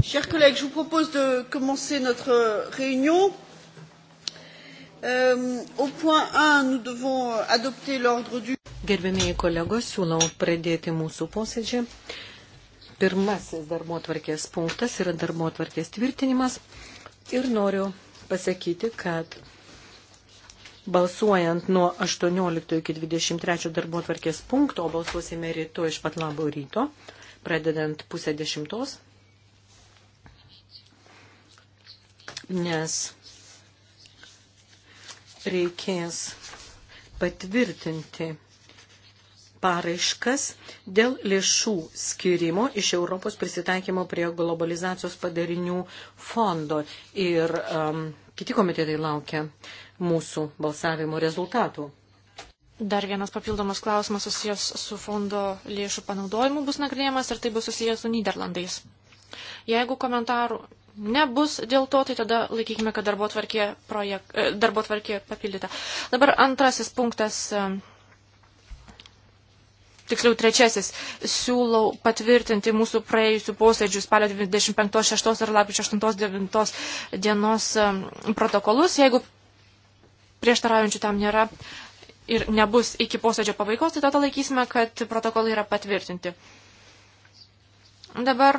Chers collègues, je vous propose de commencer notre réunion. Euh, au point 1, nous devons adopter l'ordre du. Gerbėmiai kolegos, siūlau pradėti mūsų posėdžią. Pirmasis darbo tvarkės punktas yra darbo tvarkės tvirtinimas. Ir noriu pasakyti, kad balsuojant nuo 18 iki 23 darbo tvarkės punkto, balsuosime ryto iš pat labo ryto, pradedant pusę dešimtos nes reikės patvirtinti paraiškas dėl lėšų skirimo iš Europos prisitaikymo prie globalizacijos padarinių fondo. Ir um, kiti komitetai laukia mūsų balsavimo rezultatų. Dar vienas papildomas klausimas susijęs su fondo lėšų panaudojimu bus nagrinėjamas ir tai bus susijęs su Niderlandais. Jeigu komentarų nebus dėl to, tai tada laikykime, kad darbo tvarkė, projek... E, darbo tvarkė papildyta. Dabar antrasis punktas, e, tiksliau trečiasis, siūlau patvirtinti mūsų praėjusių posėdžių spalio 25, 6 ir lapkričio 8, 9 dienos e, protokolus. Jeigu prieštaraujančių tam nėra ir nebus iki posėdžio pabaigos, tai tada laikysime, kad protokolai yra patvirtinti. Dabar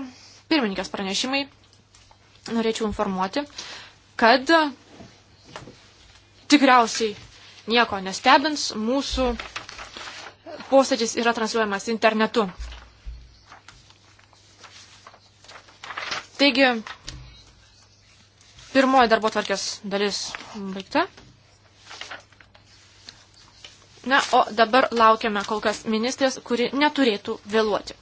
pirmininkės pranešimai norėčiau informuoti, kad tikriausiai nieko nestebins, mūsų posėdis yra transliuojamas internetu. Taigi, pirmoji darbo tvarkės dalis baigta. Na, o dabar laukiame kol kas ministrės, kuri neturėtų vėluoti.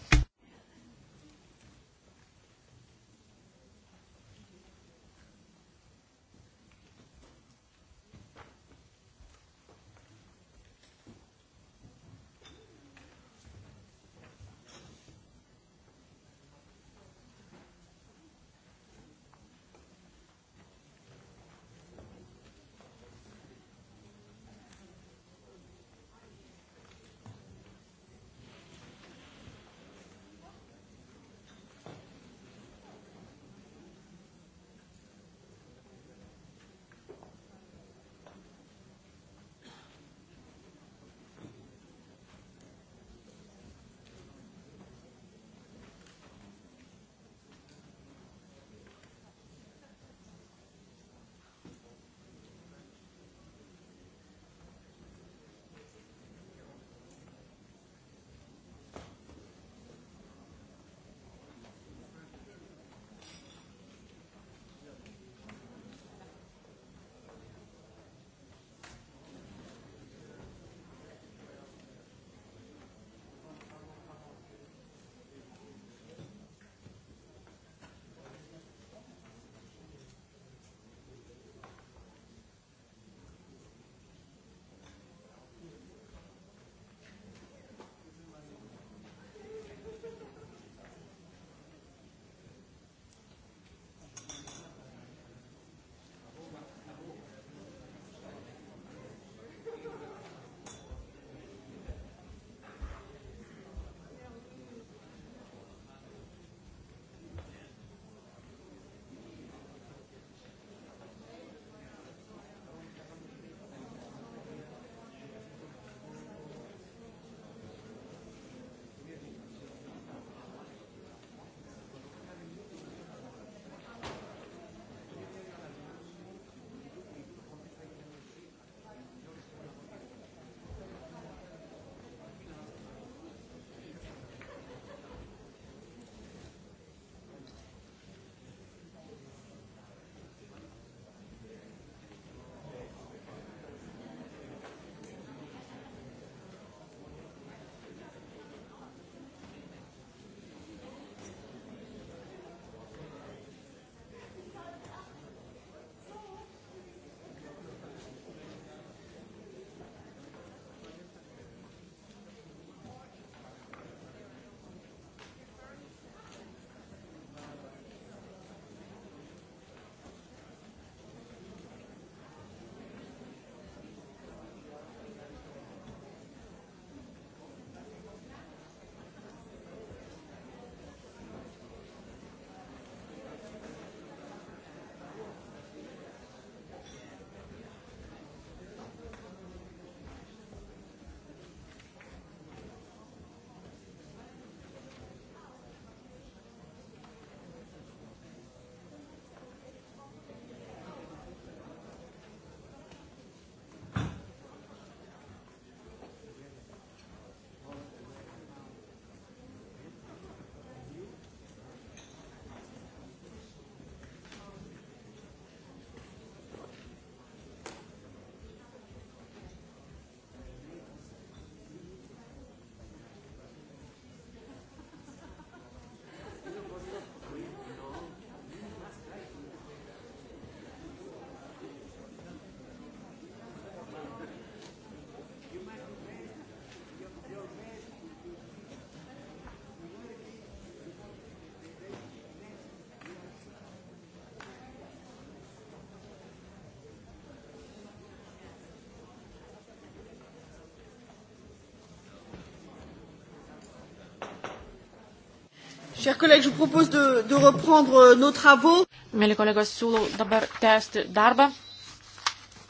Chers collègues, je vous propose de, de reprendre euh, nos travaux. Mėly kolegos, siūlau dabar tęsti darbą,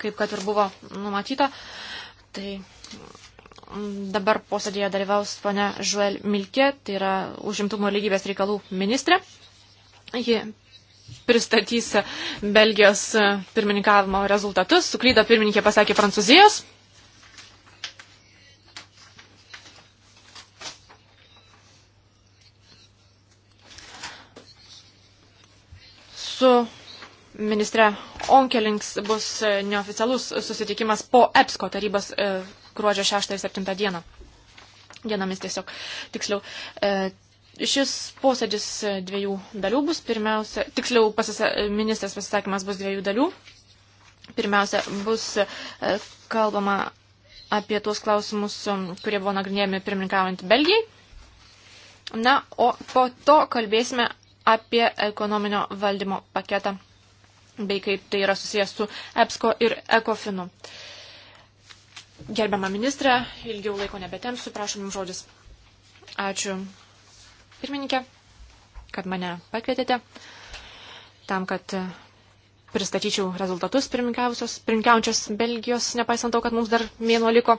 kaip kad ir buvo numatyta. Tai mm, dabar posėdėje dalyvaus ponia Žuel Milkė, tai yra užimtumo lygybės reikalų ministrė. Ji pristatys Belgijos e, pirmininkavimo rezultatus. Suklyda pirmininkė pasakė Prancūzijos. su ministre Onkelings bus e, neoficialus susitikimas po EPSCO tarybos e, gruodžio 6 ir 7 dieną. Dienomis tiesiog tiksliau. E, šis posėdis dviejų dalių bus pirmiausia, tiksliau pasisa, ministras pasisakymas bus dviejų dalių. Pirmiausia, bus kalbama apie tuos klausimus, kurie buvo nagrinėjami pirmininkaujant Belgijai. Na, o po to kalbėsime apie ekonominio valdymo paketą bei kaip tai yra susijęs su EPSCO ir ECOFINu. Gerbiama ministrė, ilgiau laiko nebetemsiu, prašom jums žodis. Ačiū pirmininkė, kad mane pakvietėte tam, kad pristatyčiau rezultatus pirmininkiausios Belgijos, nepaisant to, kad mums dar mėnuo liko.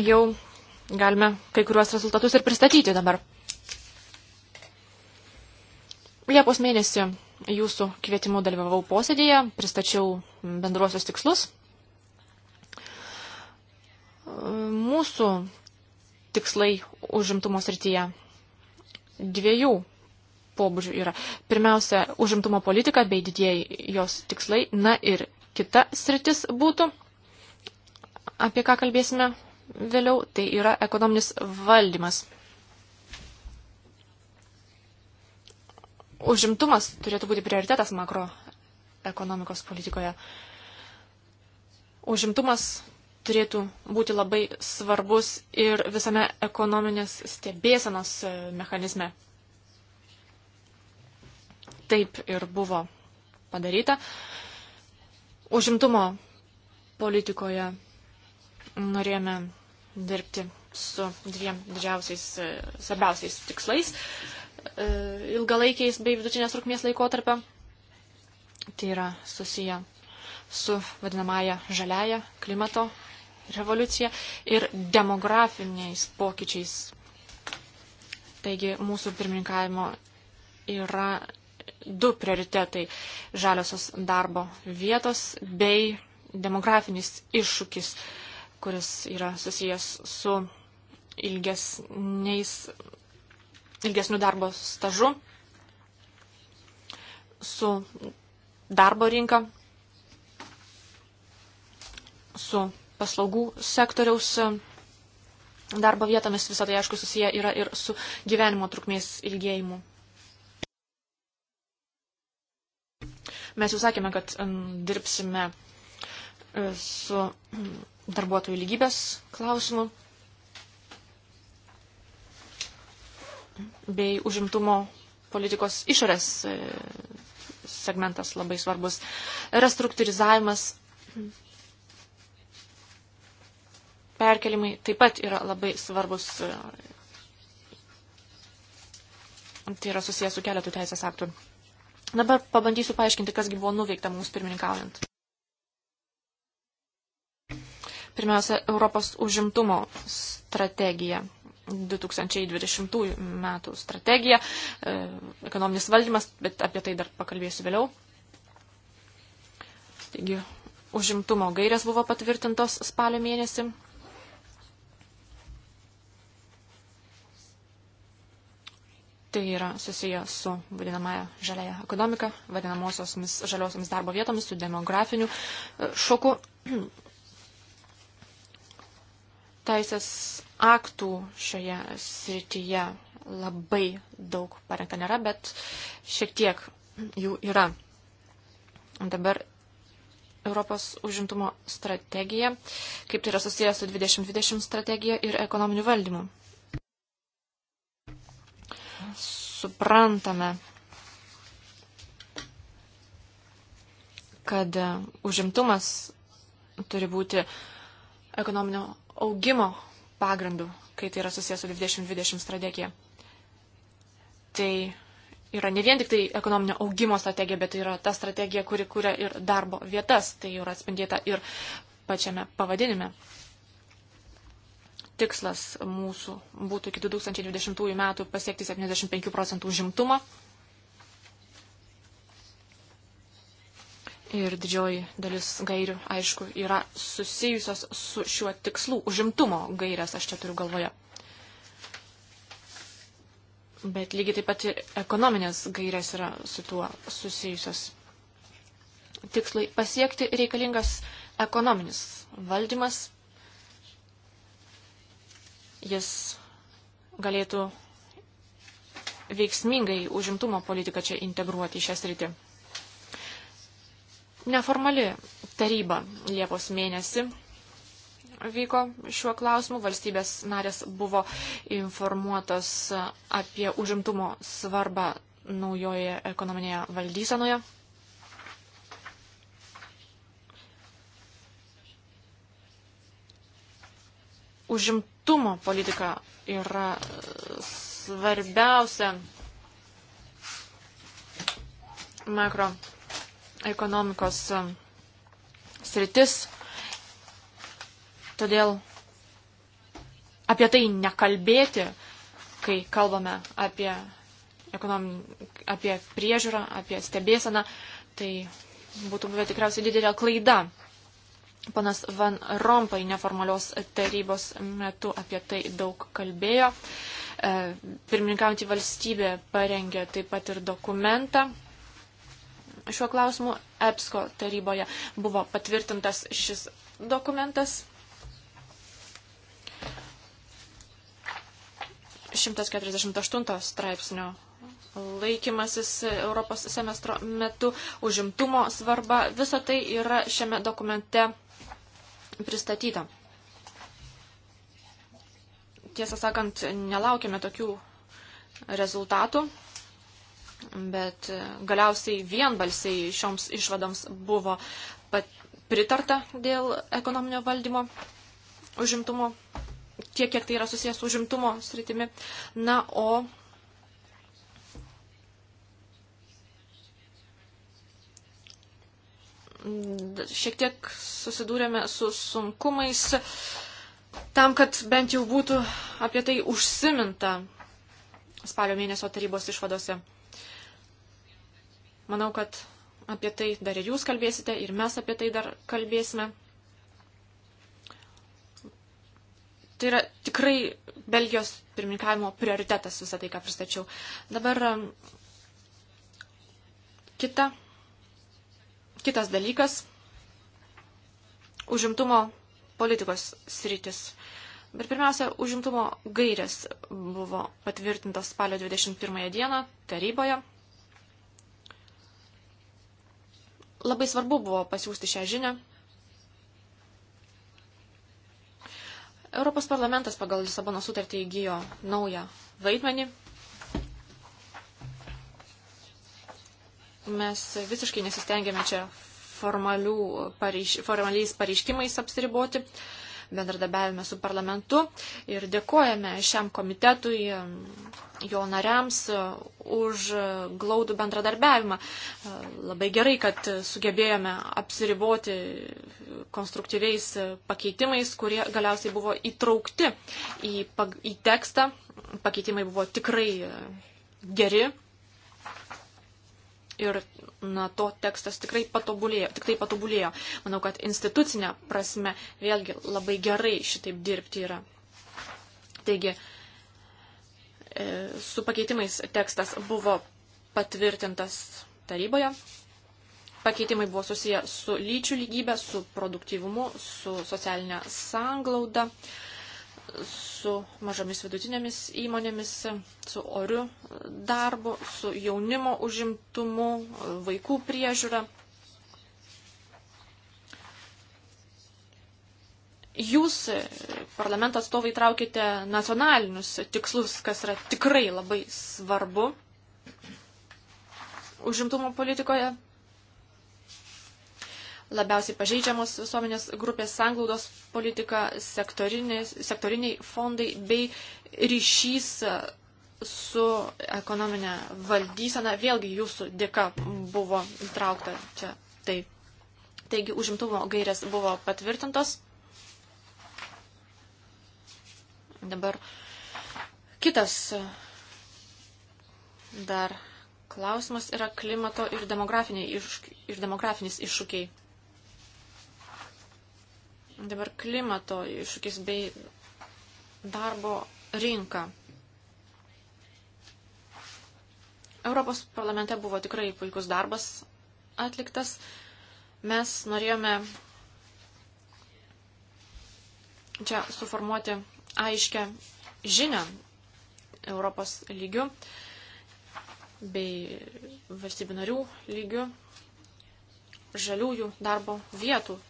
jau galime kai kuriuos rezultatus ir pristatyti dabar. Liepos mėnesį jūsų kvietimu dalyvavau posėdėje, pristačiau bendruosius tikslus. Mūsų tikslai užimtumo srityje dviejų pobūdžių yra. Pirmiausia, užimtumo politika bei didieji jos tikslai. Na ir kita sritis būtų, apie ką kalbėsime vėliau, tai yra ekonominis valdymas. Užimtumas turėtų būti prioritetas makroekonomikos politikoje. Užimtumas turėtų būti labai svarbus ir visame ekonominės stebėsenos e, mechanizme. Taip ir buvo padaryta. Užimtumo politikoje norėjome dirbti su dviem didžiausiais, e, svarbiausiais tikslais e, - ilgalaikiais bei vidutinės trukmės laikotarpio. Tai yra susiję su vadinamąją žaliają klimato revoliucija ir demografiniais pokyčiais. Taigi mūsų pirmininkavimo yra du prioritetai - žaliosios darbo vietos bei demografinis iššūkis. Uh, kuris yra susijęs su ilgesniu darbo stažu, su darbo rinka, su paslaugų sektoriaus e, darbo vietomis visą tai aišku susiję yra ir su gyvenimo trukmės ilgėjimu. Mes jau sakėme, kad dirbsime e, su darbuotojų lygybės klausimų bei užimtumo politikos išorės e, segmentas labai svarbus. Restruktūrizavimas, perkelimai taip pat yra labai svarbus. E, tai yra susijęs su keletu teisės aktų. Dabar pabandysiu paaiškinti, kasgi buvo nuveikta mums pirmininkaujant. Pirmiausia, Europos užimtumo strategija. 2020 metų strategija, e, ekonominis valdymas, bet apie tai dar pakalbėsiu vėliau. Taigi, užimtumo gairės buvo patvirtintos spalio mėnesį. Tai yra susiję su vadinamąją žaliąją ekonomiką, vadinamosiomis žaliosiomis darbo vietomis, su demografiniu e, šoku teisės aktų šioje srityje labai daug parengta nėra, bet šiek tiek jų yra. Dabar Europos užimtumo strategija, kaip tai yra susijęs su 2020 strategija ir ekonominiu valdymu. Suprantame, kad užimtumas turi būti ekonominio augimo pagrindu, kai tai yra susijęs su 2020 strategija. Tai yra ne vien tik tai ekonominio augimo strategija, bet tai yra ta strategija, kuri kūrė ir darbo vietas. Tai yra atspindėta ir pačiame pavadinime. Tikslas mūsų būtų iki 2020 metų pasiekti 75 procentų užimtumą Ir didžioji dalis gairių, aišku, yra susijusios su šiuo tikslu, užimtumo gairias aš čia turiu galvoje. Bet lygiai taip pat ekonominės gairias yra su tuo susijusios. Tikslai pasiekti reikalingas ekonominis valdymas. Jis galėtų veiksmingai užimtumo politiką čia integruoti į šią sritį. Neformali taryba Liepos mėnesį vyko šiuo klausimu. Valstybės narės buvo informuotos apie užimtumo svarbą naujoje ekonominėje valdysenoje. Užimtumo politika yra svarbiausia makro ekonomikos e, sritis. Todėl apie tai nekalbėti, kai kalbame apie, ekonomi, apie priežiūrą, apie stebėseną, tai būtų buvę tikriausiai didelė klaida. Panas Van Rompai neformalios tarybos metu apie tai daug kalbėjo. E, Pirmininkaujantį valstybę parengė taip pat ir dokumentą šiuo klausimu EPSCO taryboje buvo patvirtintas šis dokumentas. 148 straipsnio laikymasis Europos semestro metu, užimtumo svarba, visa tai yra šiame dokumente pristatyta. Tiesą sakant, nelaukime tokių rezultatų, bet e, galiausiai vienbalsiai šioms išvadoms buvo pritarta dėl ekonominio valdymo užimtumo, tiek kiek tai yra susijęs su užimtumo sritimi. Na, o šiek tiek susidūrėme su sunkumais tam, kad bent jau būtų apie tai užsiminta spalio mėnesio tarybos išvadose. Manau, kad apie tai dar ir jūs kalbėsite, ir mes apie tai dar kalbėsime. Tai yra tikrai Belgijos pirmininkavimo prioritetas visą tai, ką pristačiau. Dabar um, kita, kitas dalykas - užimtumo politikos sritis. Bet pirmiausia, užimtumo gairės buvo patvirtintos spalio 21 dieną taryboje. Labai svarbu buvo pasiūsti šią žinią. Europos parlamentas pagal Lisabono sutartį įgyjo naują vaidmenį. Mes visiškai nesistengėme čia formalių pareiš, formaliais pareiškimais apsiriboti. Uh, bendradarbiavime su parlamentu ir dėkojame šiam komitetui, jo nariams už glaudų bendradarbiavimą. Labai gerai, kad sugebėjome apsiriboti konstruktyviais pakeitimais, kurie galiausiai buvo įtraukti į, į tekstą. Pakeitimai buvo tikrai geri, ir na, to tekstas tikrai patobulėjo, tik tai patobulėjo. Manau, kad institucinė prasme vėlgi labai gerai šitaip dirbti yra. Taigi, e, su pakeitimais tekstas buvo patvirtintas taryboje. Pakeitimai buvo susiję su lyčių lygybė, su produktyvumu, su socialinė sanglauda. Uh, su mažomis vidutinėmis įmonėmis, su oriu darbu, su jaunimo užimtumu, vaikų priežiūra. Jūs, parlamento atstovai, traukite nacionalinius tikslus, kas yra tikrai labai svarbu užimtumo politikoje, labiausiai pažeidžiamos visuomenės grupės sanglaudos politika, sektoriniai fondai bei ryšys su ekonominė valdysena. Vėlgi jūsų dėka buvo įtraukta čia tai. Taigi užimtumo gairės buvo patvirtintos. Dabar kitas dar klausimas yra klimato ir, ir demografinis iššūkiai. Dabar klimato iššūkis bei darbo rinka. Europos parlamente buvo tikrai puikus darbas atliktas. Mes norėjome čia suformuoti aiškę žinę Europos lygių bei valstybių narių lygių žaliųjų darbo vietų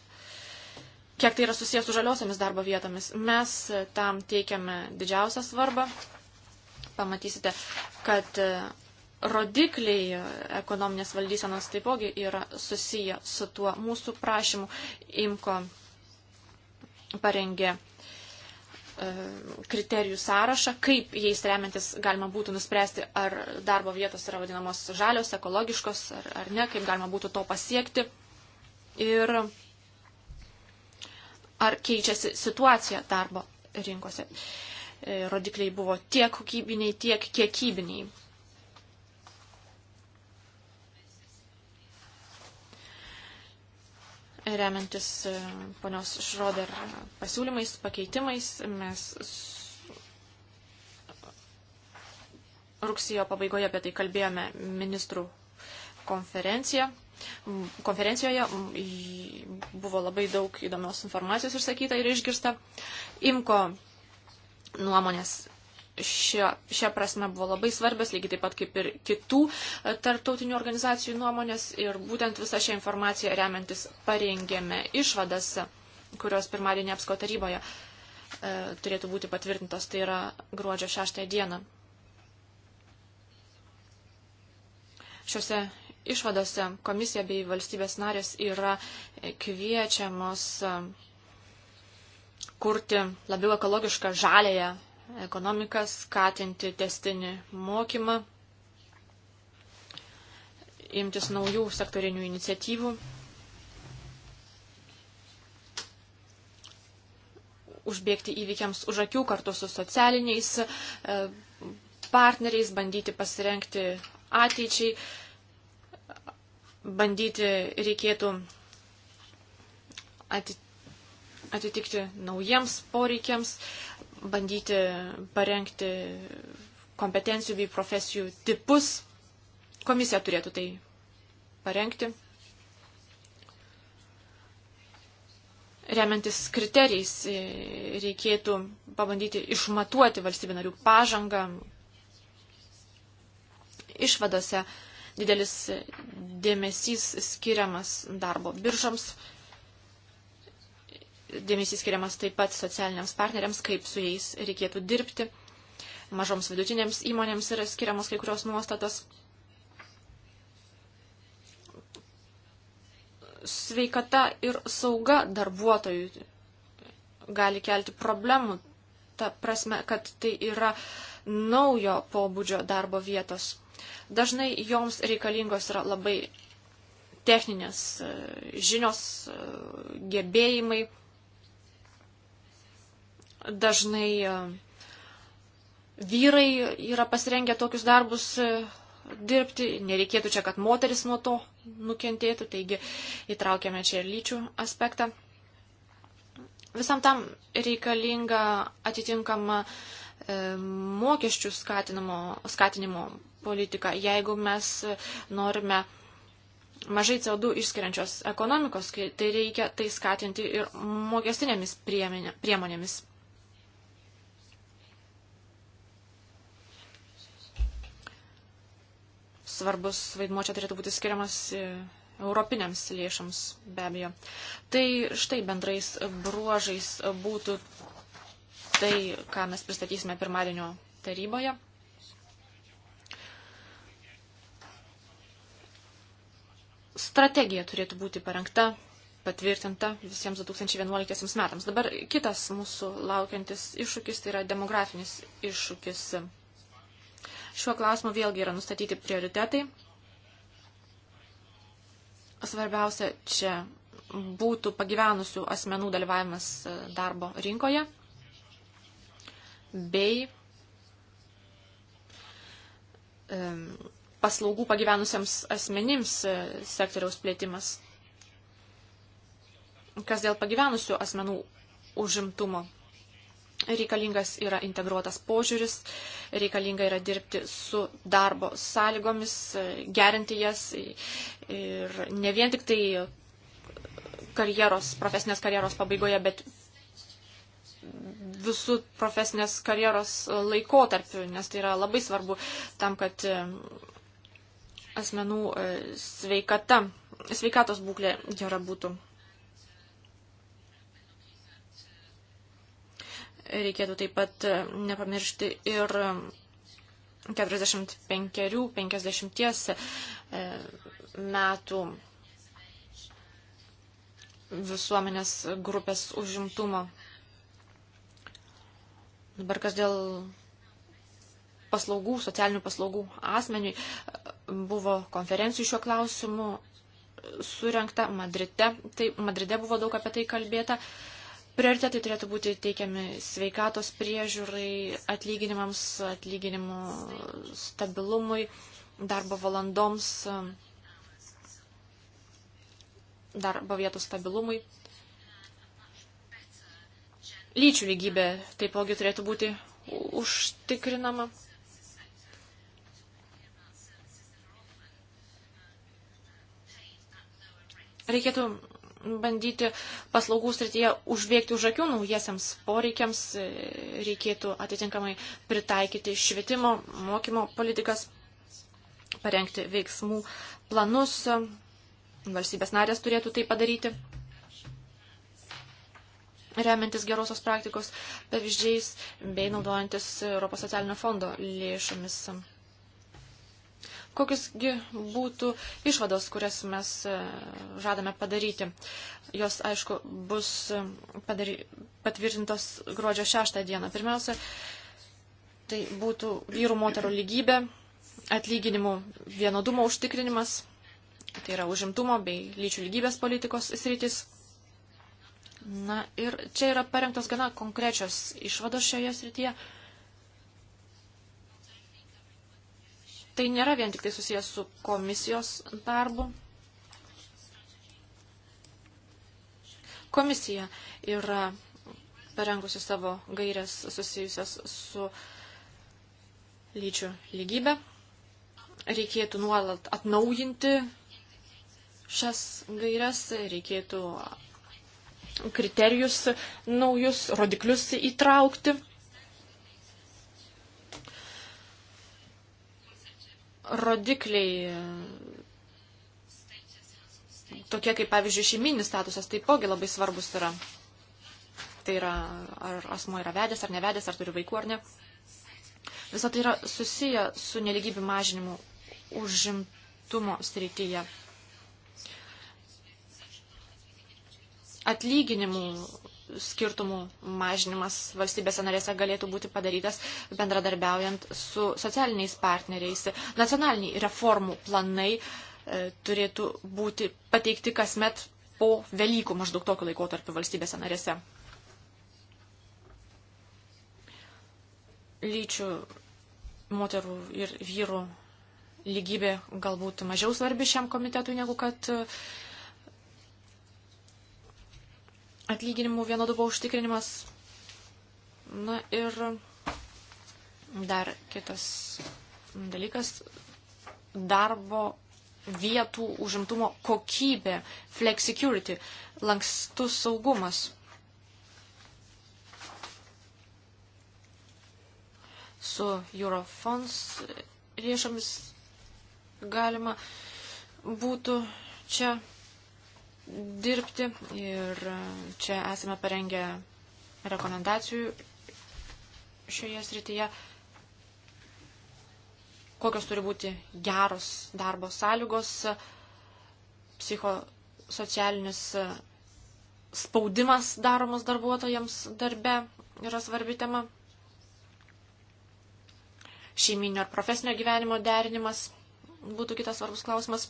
kiek tai yra susijęs su žaliosiomis darbo vietomis. Mes tam teikiame didžiausią svarbą. Pamatysite, kad e, rodikliai e, ekonominės valdysenos taipogi yra susiję su tuo mūsų prašymu. Imko parengė e, kriterijų sąrašą, kaip jais remiantis galima būtų nuspręsti, ar darbo vietos yra vadinamos žalios, ekologiškos ar, ar ne, kaip galima būtų to pasiekti. Ir ar keičiasi situacija darbo rinkose. E, rodikliai buvo tiek kokybiniai, tiek kiekybiniai. Remiantis e, ponios Šroder pasiūlymais, pakeitimais, mes rugsėjo pabaigoje apie tai kalbėjome ministrų konferenciją Mm, konferencijoje mm, buvo labai daug įdomios informacijos išsakyta ir išgirsta. Imko nuomonės šia, šia prasme buvo labai svarbios, lygiai taip pat kaip ir kitų e, tarptautinių organizacijų nuomonės. Ir būtent visą šią informaciją remiantis parengėme išvadas, kurios pirmadienį apsko taryboje e, turėtų būti patvirtintos, tai yra gruodžio 6 dieną. Šiuose išvadose komisija bei valstybės narės yra kviečiamos e, kurti labiau ekologišką žalėją ekonomiką, skatinti testinį mokymą, imtis naujų sektorinių iniciatyvų, užbėgti įvykiams už akių kartu su socialiniais e, partneriais, bandyti pasirenkti ateičiai, bandyti reikėtų atitikti naujiems poreikiams, bandyti parengti kompetencijų bei profesijų tipus. Komisija turėtų tai parengti. Remiantis kriterijais e, reikėtų pabandyti išmatuoti valstybių narių pažangą išvadose didelis dėmesys skiriamas darbo biržams, dėmesys skiriamas taip pat socialiniams partneriams, kaip su jais reikėtų dirbti. Mažoms vidutinėms įmonėms yra skiriamos kai kurios nuostatos. Sveikata ir sauga darbuotojų gali kelti problemų ta prasme, kad tai yra naujo pobūdžio darbo vietos. Dažnai joms reikalingos yra labai techninės e, žinios, e, gebėjimai. Dažnai e, vyrai yra pasirengę tokius darbus dirbti, nereikėtų čia, kad moteris nuo to nukentėtų, taigi įtraukėme čia ir lyčių aspektą. Visam tam reikalinga atitinkama e, mokesčių skatinimo, skatinimo politika. Jeigu mes norime mažai CO2 išskiriančios ekonomikos, tai reikia tai skatinti ir mokestinėmis priemonėmis. Svarbus vaidmuo čia turėtų būti skiriamas e, europiniams lėšams be abejo. Tai štai bendrais bruožais būtų tai, ką mes pristatysime pirmadienio taryboje. Strategija turėtų būti parengta, patvirtinta visiems 2011 metams. Dabar kitas mūsų laukiantis iššūkis tai yra demografinis iššūkis. Šiuo klausimu vėlgi yra nustatyti prioritetai Svarbiausia čia būtų pagyvenusių asmenų dalyvavimas e, darbo rinkoje bei paslaugų pagyvenusiems asmenims e, sektoriaus plėtimas. Kas dėl pagyvenusių asmenų užimtumo? reikalingas yra integruotas požiūris, reikalinga yra dirbti su darbo sąlygomis, gerinti jas ir ne vien tik tai karjeros, profesinės karjeros pabaigoje, bet visų profesinės karjeros laikotarpiu, nes tai yra labai svarbu tam, kad asmenų sveikata, sveikatos būklė gera būtų. Reikėtų taip pat e, nepamiršti ir 45-50 e, e, metų visuomenės grupės užimtumo. Dabar kas dėl paslaugų, socialinių paslaugų asmeniui buvo konferencijų šiuo klausimu surinkta Madride. Tai Madride buvo daug apie tai kalbėta. E, Prioritetai turėtų būti teikiami sveikatos priežiūrai, atlyginimams, atlyginimų stabilumui, darbo valandoms, darbo vietų stabilumui. Lyčių lygybė taipogi turėtų būti užtikrinama. Reikėtų bandyti paslaugų srityje užbėgti už akių naujiesiams poreikiams, e, reikėtų atitinkamai pritaikyti švietimo, mokymo politikas, parengti veiksmų planus, valstybės narės turėtų tai padaryti remiantis gerosios praktikos pavyzdžiais bei naudojantis Europos socialinio fondo lėšomis. Kokiusgi būtų išvados, kurias mes e, žadame padaryti? Jos, aišku, bus e, padary... patvirtintos gruodžio 6 dieną. Pirmiausia, tai būtų vyrų moterų lygybė, atlyginimų vienodumo užtikrinimas, tai yra užimtumo bei lyčių lygybės politikos sritis. Na ir čia yra parengtos gana konkrečios išvados šioje srityje. Tai nėra vien tik tai susijęs su komisijos darbu. Komisija yra parengusi savo gairias susijusias su lyčių lygybė. Reikėtų nuolat atnaujinti šias gairias, reikėtų kriterijus naujus, rodiklius įtraukti. rodikliai, tokie kaip, pavyzdžiui, šeiminis statusas, taipogi labai svarbus yra. Tai yra, ar asmo yra vedęs, ar nevedęs, ar turi vaikų, ar ne. Visą tai yra susiję su neligybių mažinimu užimtumo srityje. Atlyginimų skirtumų mažinimas valstybėse narėse galėtų būti padarytas bendradarbiaujant su socialiniais partneriais. Nacionaliniai reformų planai e, turėtų būti pateikti kasmet po Velykų maždaug tokiu laikotarpiu valstybėse narėse. Lyčių moterų ir vyrų lygybė galbūt mažiau svarbi šiam komitetui negu kad uh, atlyginimų vienodumo užtikrinimas. Na ir dar kitas dalykas - darbo vietų užimtumo kokybė, flexicurity, lankstus saugumas. Su Eurofons lėšomis galima būtų čia dirbti ir e, čia esame parengę rekomendacijų šioje srityje, kokios turi būti geros darbo sąlygos, psichosocialinis e, spaudimas daromas darbuotojams darbe yra svarbi tema, šeiminio ar profesinio gyvenimo derinimas būtų kitas svarbus klausimas.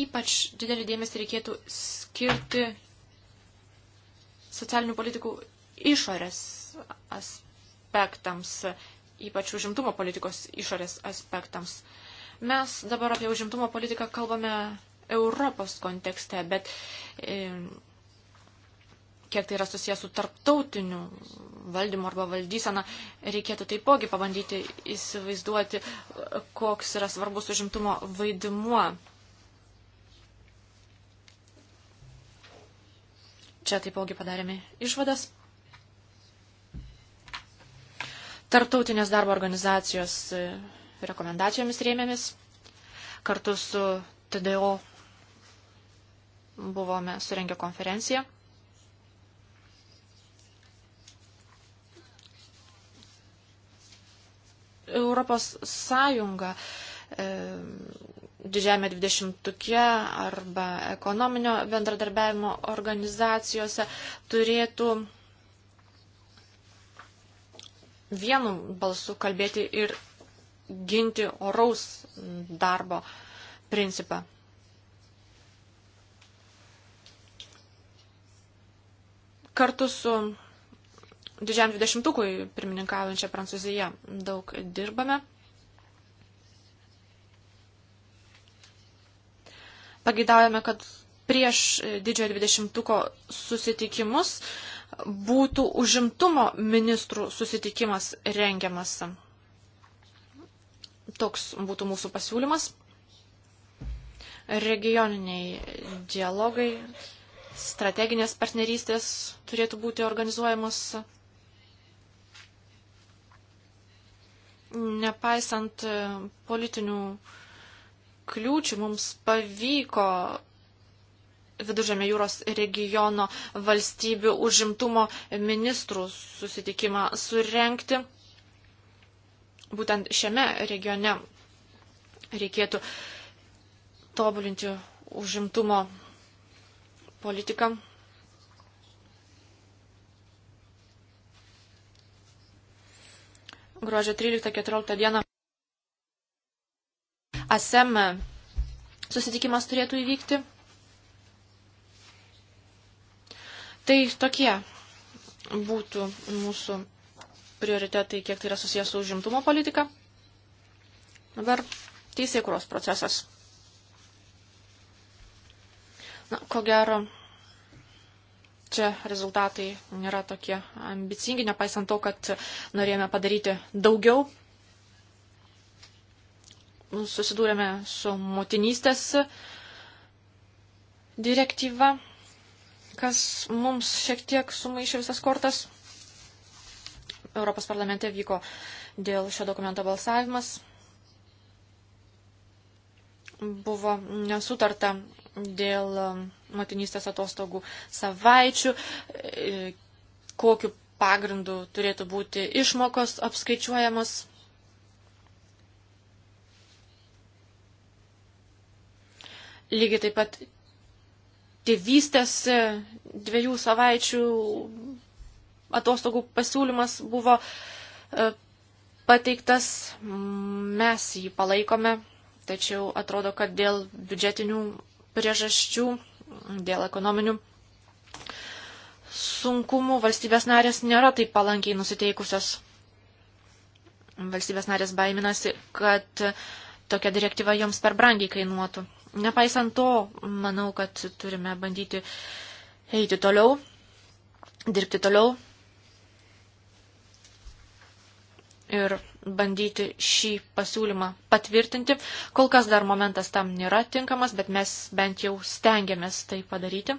Ypač didelį dėmesį reikėtų skirti socialinių politikų išorės aspektams, ypač užimtumo politikos išorės aspektams. Mes dabar apie užimtumo politiką kalbame Europos kontekste, bet e, kiek tai yra susijęs su tarptautiniu valdymu arba valdysena, reikėtų taipogi pabandyti įsivaizduoti, koks yra svarbus užimtumo vaidmuo Čia taipogi padarėme išvadas. Tartautinės darbo organizacijos e, rekomendacijomis rėmėmis. Kartu su TDO buvome surengę konferenciją. Europos Sąjunga e, didžiame dvidešimtuke arba ekonominio bendradarbiavimo organizacijose turėtų vienu balsu kalbėti ir ginti oraus darbo principą. Kartu su didžiam dvidešimtukui pirmininkaujančia Prancūzija daug dirbame. Pagaidaujame, kad prieš e, didžiojo dvidešimtuko susitikimus būtų užimtumo ministrų susitikimas rengiamas. Toks būtų mūsų pasiūlymas. Regioniniai dialogai, strateginės partnerystės turėtų būti organizuojamos. Nepaisant e, politinių uh, kliūčių mums pavyko Viduržėmė jūros regiono valstybių užimtumo ministrų susitikimą surenkti. Būtent šiame regione reikėtų tobulinti užimtumo politiką. Gruodžio 13-14 dieną ASEM susitikimas turėtų įvykti. Tai tokie būtų mūsų prioritetai, kiek tai yra susijęs su užimtumo politika. Dabar teisėkuros procesas. Na, ko gero, čia rezultatai nėra tokie ambicingi, nepaisant to, kad norėjome padaryti daugiau susidūrėme su motinystės direktyva, kas mums šiek tiek sumaišė visas kortas. Europos parlamente vyko dėl šio dokumento balsavimas. Buvo nesutarta dėl motinystės atostogų savaičių, e, kokiu pagrindu turėtų būti išmokos apskaičiuojamos Lygiai taip pat tėvystės e, dviejų savaičių atostogų pasiūlymas buvo e, pateiktas, mes jį palaikome, tačiau atrodo, kad dėl biudžetinių priežasčių, dėl ekonominių sunkumų valstybės narės nėra taip palankiai nusiteikusios. Valstybės narės baiminasi, kad tokia direktyva joms per brangiai kainuotų. Nepaisant to, manau, kad turime bandyti eiti toliau, dirbti toliau ir bandyti šį pasiūlymą patvirtinti. Kol kas dar momentas tam nėra tinkamas, bet mes bent jau stengiamės tai padaryti.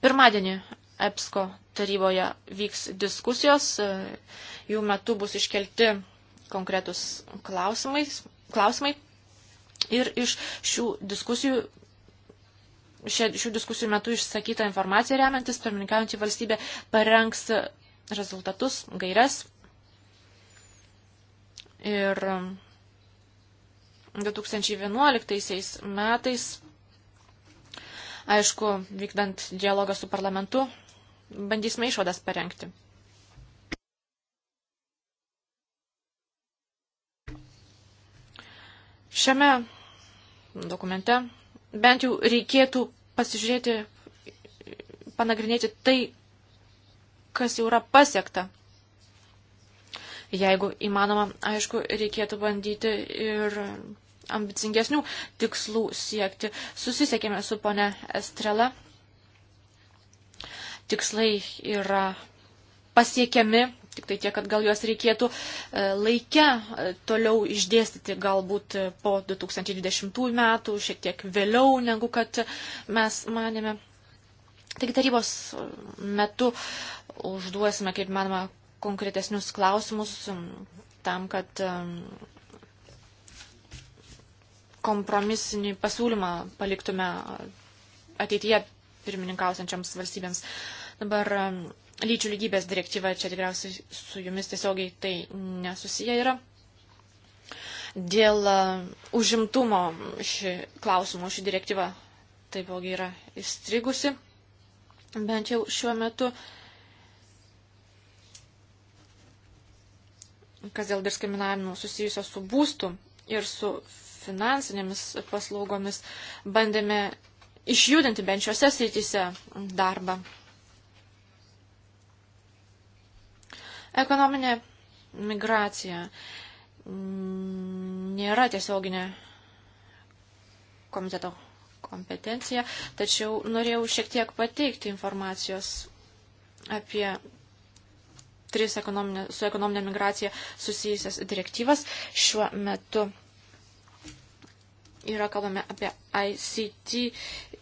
Pirmadienį EPSCO taryboje vyks diskusijos, jų metu bus iškelti konkretus klausimai. Ir iš šių diskusijų šių diskusijų metu išsakytą informaciją remiantis, pirmininkaujantį valstybę parengs rezultatus, gairias. Ir 2011 metais, aišku, vykdant dialogą su parlamentu, bandysime išvadas parengti. Šiame dokumente bent jau reikėtų pasižiūrėti, panagrinėti tai, kas jau yra pasiekta. Jeigu įmanoma, aišku, reikėtų bandyti ir ambicingesnių tikslų siekti. Susisiekėme su pone Estrela. Tikslai yra pasiekiami, Tik tai tiek, kad gal juos reikėtų e, laikę e, toliau išdėstyti galbūt e, po 2020 metų, šiek tiek vėliau negu kad mes manėme. Taigi tarybos metu užduosime, kaip manoma, konkretesnius klausimus tam, kad kompromisinį pasiūlymą paliktume ateityje pirmininkausiančiams valstybėms. Dabar lyčių lygybės direktyva čia tikriausiai su jumis tiesiogiai tai nesusiję yra. Dėl e, užimtumo ši klausimų, ši direktyva taipogi yra įstrigusi, bent jau šiuo metu. Kas dėl diskriminavimo susijusio su būstu ir su finansinėmis paslaugomis, bandėme išjudinti bent šiuose srityse darbą Ekonominė migracija nėra tiesioginė komiteto kompetencija, tačiau norėjau šiek tiek pateikti informacijos apie tris ekonominė, su ekonominė migracija susijusias direktyvas. Šiuo metu yra kalbame apie ICT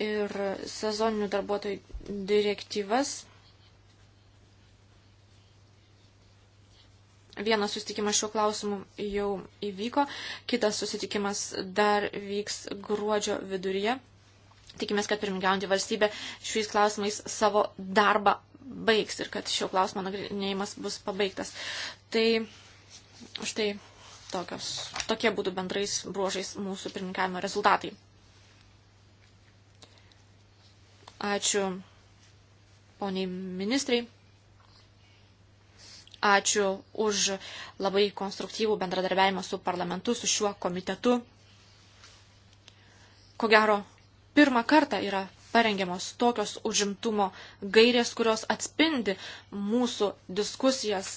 ir sezoninių darbuotojų direktyvas. Vienas susitikimas šiuo klausimu jau įvyko, kitas susitikimas dar vyks gruodžio viduryje. Tikimės, kad pirmingiaujantį valstybę šiais klausimais savo darbą baigs ir kad šio klausimo nagrinėjimas bus pabaigtas. Tai štai tokios, tokie būtų bendrais bruožais mūsų pirmininkavimo rezultatai. Ačiū poniai ministrai. Ačiū už labai konstruktyvų bendradarbiavimą su parlamentu, su šiuo komitetu. Ko gero, pirmą kartą yra parengiamos tokios užimtumo gairės, kurios atspindi mūsų diskusijas,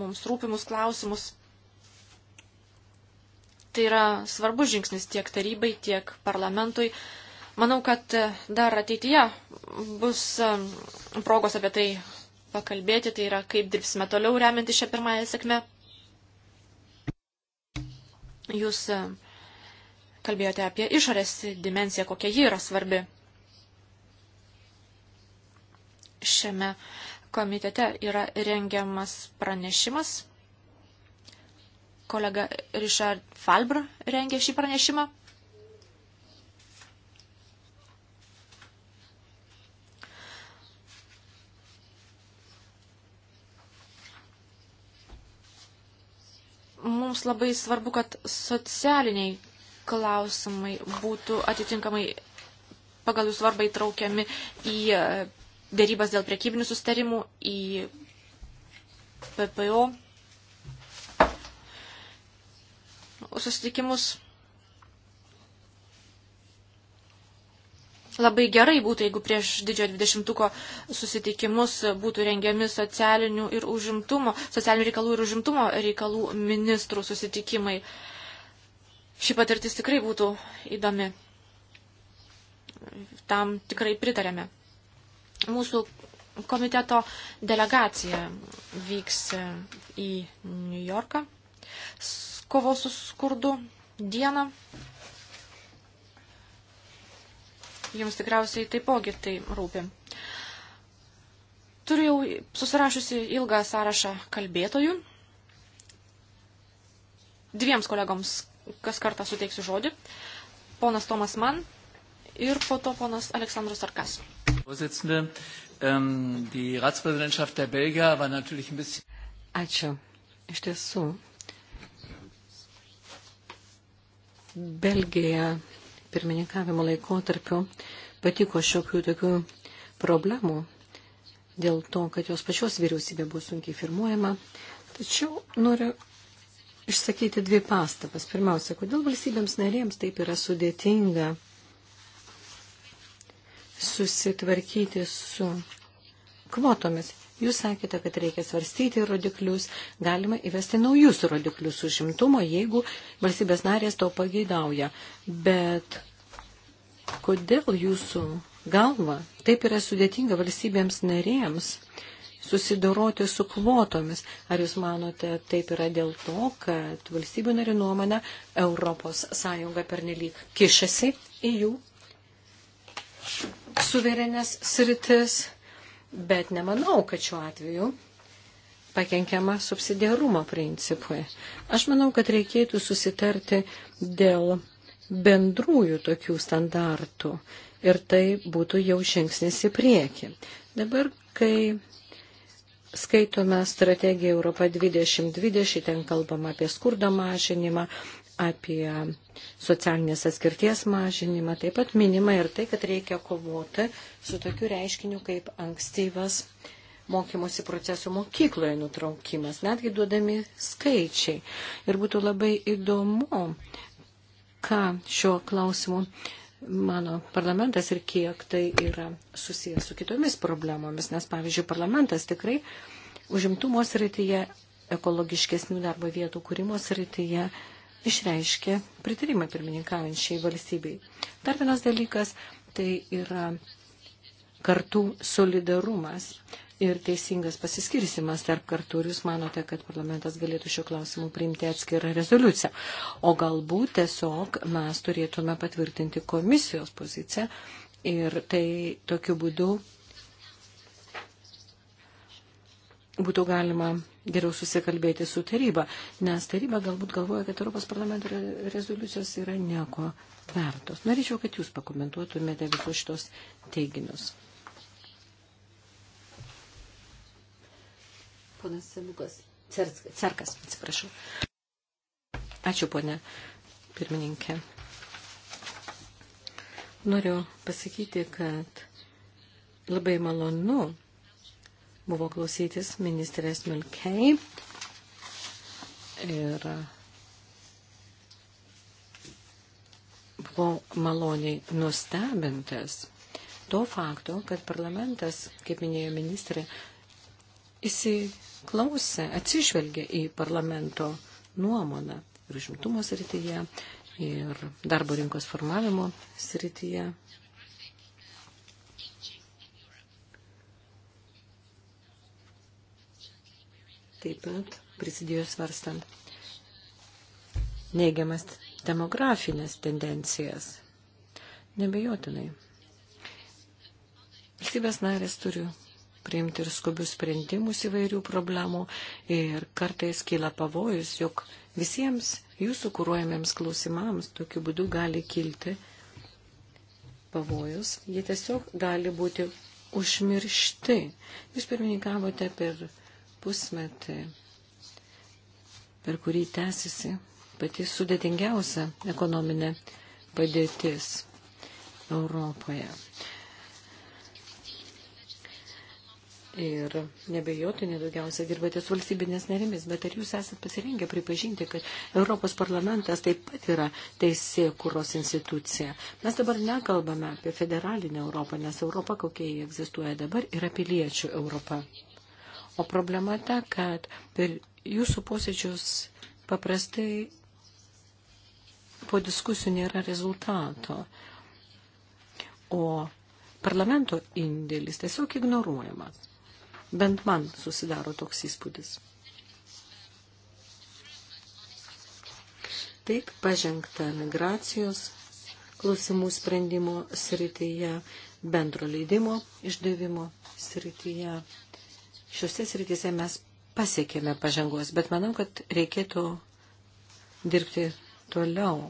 mums rūpimus klausimus. Tai yra svarbus žingsnis tiek tarybai, tiek parlamentui. Manau, kad dar ateityje bus progos apie tai pakalbėti, tai yra kaip dirbsime toliau remiantį šią pirmąją sėkmę. Jūs e, kalbėjote apie išorės dimenciją, kokia ji yra svarbi. Šiame komitete yra rengiamas pranešimas. Kolega Richard Falbr rengė šį pranešimą. mums labai svarbu, kad socialiniai klausimai būtų atitinkamai pagal jų svarbą įtraukiami į e, dėrybas dėl priekybinių sustarimų, į PPO susitikimus. Labai gerai būtų, jeigu prieš didžiojo dvidešimtuko susitikimus būtų rengiami socialinių, ir užimtumo, socialinių reikalų ir užimtumo reikalų ministrų susitikimai. Ši patirtis tikrai būtų įdomi. Tam tikrai pritarėme. Mūsų komiteto delegacija vyks į Niujorką. Kovos su skurdu dieną Jums tikriausiai taipogi tai rūpi. Turiu jau susirašusi ilgą sąrašą kalbėtojų. Dviems kolegoms kas kartą suteiksiu žodį. Ponas Tomas Mann ir po to ponas Aleksandras Arkas. Ähm, Ačiū. Iš tiesų, Belgija pirmininkavimo laikotarpiu patiko šiokių tokių problemų dėl to, kad jos pačios vyriausybė buvo sunkiai firmuojama. Tačiau noriu išsakyti dvi pastabas. Pirmiausia, kodėl valstybėms narėms taip yra sudėtinga susitvarkyti su kvotomis. Jūs sakėte, kad reikia svarstyti rodiklius, galima įvesti naujus rodiklius užimtumo, jeigu valstybės narės to pageidauja. Bet kodėl jūsų galva taip yra sudėtinga valstybėms narėms susidoroti su kvotomis. Ar jūs manote, taip yra dėl to, kad valstybių narių nuomonė Europos Sąjunga pernelyg kišasi į jų suverenės sritis Bet nemanau, kad šiuo atveju pakenkiama subsidiarumo principui. Aš manau, kad reikėtų susitarti dėl bendrųjų tokių standartų ir tai būtų jau žingsnis į priekį. Dabar, kai skaitome strategiją Europa 2020, ten kalbama apie skurdo mažinimą, apie socialinės atskirties mažinimą, taip pat minima ir tai, kad reikia kovoti su tokiu reiškiniu kaip ankstyvas mokymosi procesų mokykloje nutraukimas, netgi duodami skaičiai. Ir būtų labai įdomu, ką šiuo klausimu mano parlamentas ir kiek tai yra susijęs su kitomis problemomis, nes, pavyzdžiui, parlamentas tikrai užimtumo srityje, ekologiškesnių darbo vietų kūrimo srityje išreiškė pritarimą pirmininkaujančiai valstybei. Dar vienas dalykas tai yra kartų solidarumas ir teisingas pasiskirsimas tarp kartų. Ir jūs manote, kad parlamentas galėtų šio klausimu priimti atskirą rezoliuciją. O galbūt tiesiog mes turėtume patvirtinti komisijos poziciją ir tai tokiu būdu būtų galima geriau susikalbėti su taryba, nes taryba galbūt galvoja, kad Europos parlamento rezoliucijos yra nieko vertos. Norėčiau, kad jūs pakomentuotumėte visus šitos teiginius. Ponas Sebukas. Cerkas, atsiprašau. Ačiū, ponė pirmininkė. Noriu pasakyti, kad labai malonu buvo klausytis ministrės Milkei ir e, buvau maloniai nustebintas to fakto, kad parlamentas, kaip minėjo ministrė, įsiklausė, atsižvelgė į parlamento nuomonę ir užimtumo srityje, ir darbo rinkos formavimo srityje, taip pat prisidėjo svarstant neigiamas demografinės tendencijas. Nebejotinai. Valstybės narės turi priimti ir skubius sprendimus įvairių problemų ir kartais kyla pavojus, jog visiems jūsų kūruojamiems klausimams tokiu būdu gali kilti pavojus. Jie tiesiog gali būti užmiršti. Jūs pirmininkavote per pusmetį, per kurį tęsiasi pati sudėtingiausia ekonominė padėtis Europoje. Ir nebejotinė daugiausia dirbate su valstybinės nerimis, bet ar jūs esate pasirengę pripažinti, kad Europos parlamentas taip pat yra teisė kūros institucija? Mes dabar nekalbame apie federalinę Europą, nes Europa, kokia jį egzistuoja dabar, yra piliečių Europa. O problema ta, kad per jūsų posėdžius paprastai po diskusijų nėra rezultato. O parlamento indėlis tiesiog ignoruojamas. Bent man susidaro toks įspūdis. Taip pažengta migracijos klausimų sprendimo srityje, bendro leidimo išdavimo srityje šiuose srityse mes pasiekėme pažangos, bet manau, kad reikėtų dirbti toliau.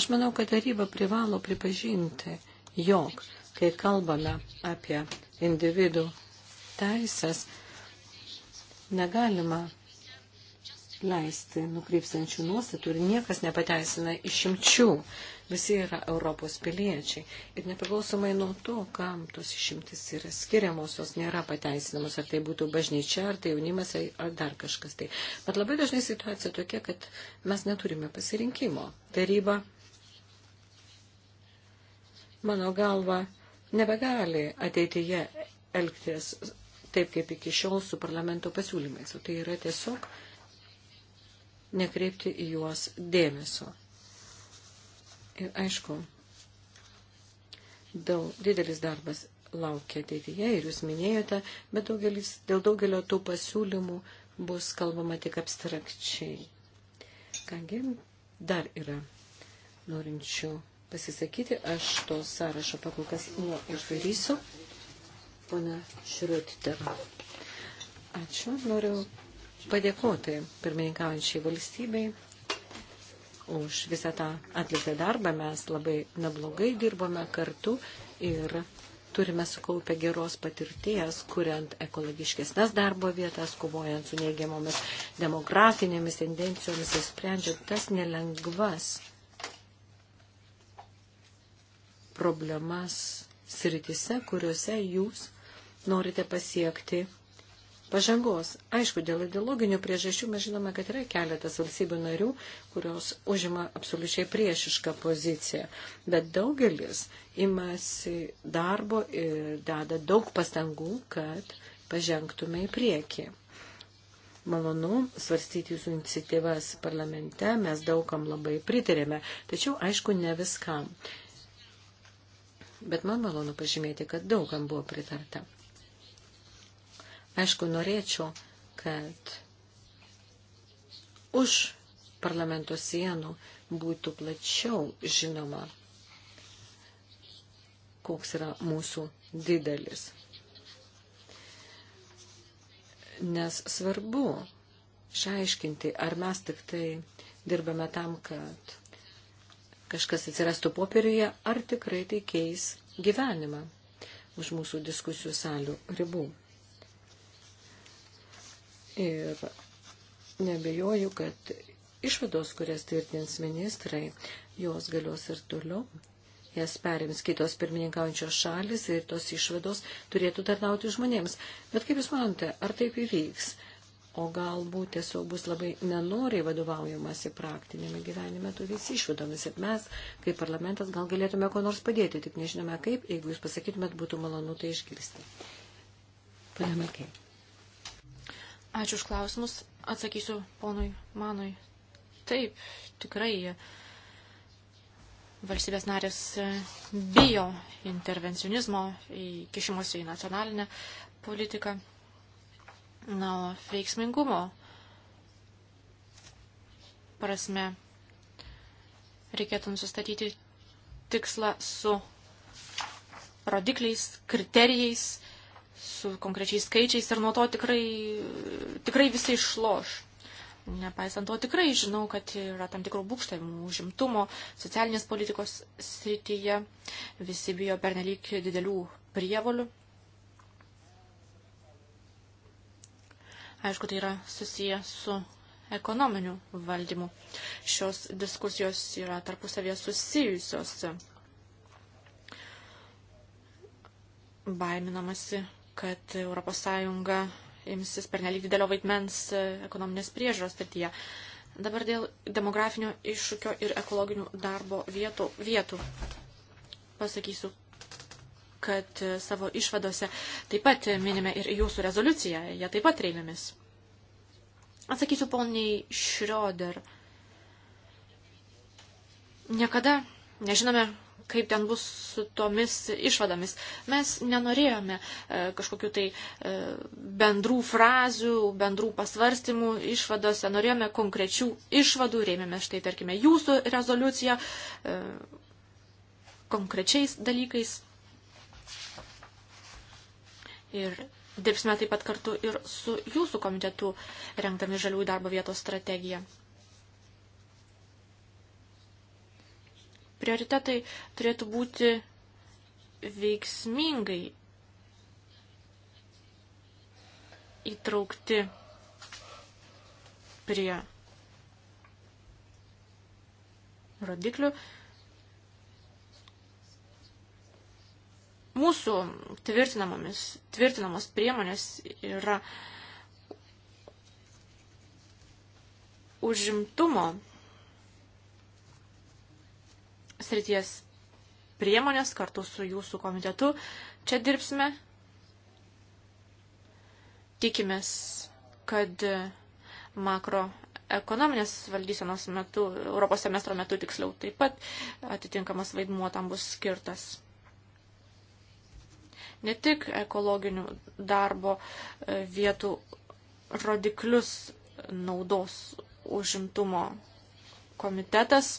Aš manau, kad taryba privalo pripažinti, jog, kai kalbame apie individų teisės, negalima leisti nukrypstančių nuostatų ir niekas nepateisina išimčių. Visi yra Europos piliečiai. Ir nepriklausomai nuo to, kam tos išimtis yra skiriamos, jos nėra pateisinamos, ar tai būtų bažnyčia, ar tai jaunimas, ar dar kažkas tai. Bet labai dažnai situacija tokia, kad mes neturime pasirinkimo. Taryba, mano galva, nebegali ateityje elgtis taip, kaip iki šiol su parlamento pasiūlymais. O tai yra tiesiog nekreipti į juos dėmesio. Ir aišku, daug, didelis darbas laukia ateityje ir jūs minėjote, bet daugelis, dėl daugelio tų pasiūlymų bus kalbama tik abstrakčiai. Kągi, dar yra norinčių pasisakyti, aš to sąrašo pakol kas neuždarysiu. Pana Šriutitera. Ačiū, noriu padėkoti pirmininkaujančiai valstybei už visą tą atliktą darbą. Mes labai neblogai dirbome kartu ir turime sukaupę geros patirties, kuriant ekologiškesnės darbo vietas, kovojant su neigiamomis demografinėmis tendencijomis ir sprendžiant tas nelengvas problemas sritise, kuriuose jūs norite pasiekti pažangos. Aišku, dėl ideologinių priežasčių mes žinome, kad yra keletas valstybių narių, kurios užima absoliučiai priešišką poziciją, bet daugelis imasi darbo ir deda daug pastangų, kad pažengtume į priekį. Malonu svarstyti jūsų iniciatyvas parlamente, mes daugam labai pritarėme, tačiau aišku ne viskam. Bet man malonu pažymėti, kad daugam buvo pritarta. Aišku, norėčiau, kad už parlamento sienų būtų plačiau žinoma, koks yra mūsų didelis. Nes svarbu šaiškinti, ar mes tik tai dirbame tam, kad kažkas atsirastų popieriuje, ar tikrai tai keis gyvenimą už mūsų diskusijų salių ribų. Ir nebejoju, kad išvados, kurias tvirtins ministrai, jos galios ir toliau. Jas perims kitos pirmininkaujančios šalis ir tos išvados turėtų tarnauti žmonėms. Bet kaip Jūs manote, ar taip įvyks? O galbūt tiesiog bus labai nenoriai vadovaujamasi praktinėme gyvenime tokiais išvadomis. Ir mes, kaip parlamentas, gal galėtume ko nors padėti, tik nežinome kaip. Jeigu jūs pasakytumėt, būtų malonu tai išgirsti. Pane Malkiai. Ačiū už klausimus. Atsakysiu ponui Manui. Taip, tikrai valstybės narės e, bijo intervencionizmo, kišimosi į nacionalinę politiką. Na, o veiksmingumo prasme reikėtų nusistatyti tikslą su rodikliais, kriterijais, su konkrečiais skaičiais ir nuo to tikrai, tikrai visi išloš. Nepaisant to, tikrai žinau, kad yra tam tikrų būkštavimų užimtumo, socialinės politikos srityje, visi bijo pernelyg didelių prievolių. Aišku, tai yra susiję su ekonominiu valdymu. Šios diskusijos yra tarpusavėje susijusios. Baiminamasi kad ES imsis per nelik didelio vaidmens e, ekonominės priežaros srityje. Dabar dėl demografinio iššūkio ir ekologinių darbo vietų. vietų. Pasakysiu, kad e, savo išvadose taip pat minime ir jūsų rezoliuciją, jie taip pat reimiamis. Atsakysiu poniai Šrioder. Niekada nežinome, kaip ten bus su tomis išvadomis. Mes nenorėjome e, kažkokių tai e, bendrų frazių, bendrų pasvarstymų išvadose, norėjome konkrečių išvadų, rėmėme štai, tarkime, jūsų rezoliuciją e, konkrečiais dalykais. Ir dirbsime taip pat kartu ir su jūsų komitetu, rengdami žaliųjų darbo vietos strategiją. prioritetai turėtų būti veiksmingai įtraukti prie rodiklių. Mūsų tvirtinamomis, tvirtinamos priemonės yra užimtumo srities priemonės kartu su jūsų komitetu. Čia dirbsime. Tikimės, kad makroekonominės valdysenos metu, Europos semestro metu tiksliau, taip pat atitinkamas vaidmuo tam bus skirtas. Ne tik ekologinių darbo e, vietų rodiklius naudos užimtumo komitetas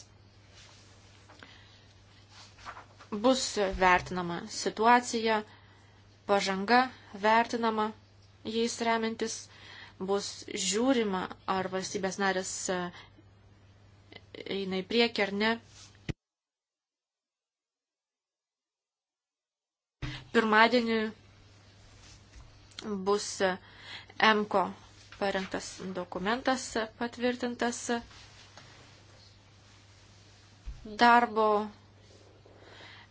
bus vertinama situacija, pažanga vertinama jais remintis, bus žiūrima, ar valstybės narės e, eina į priekį ar ne. Pirmadienį bus EMKO parengtas dokumentas patvirtintas darbo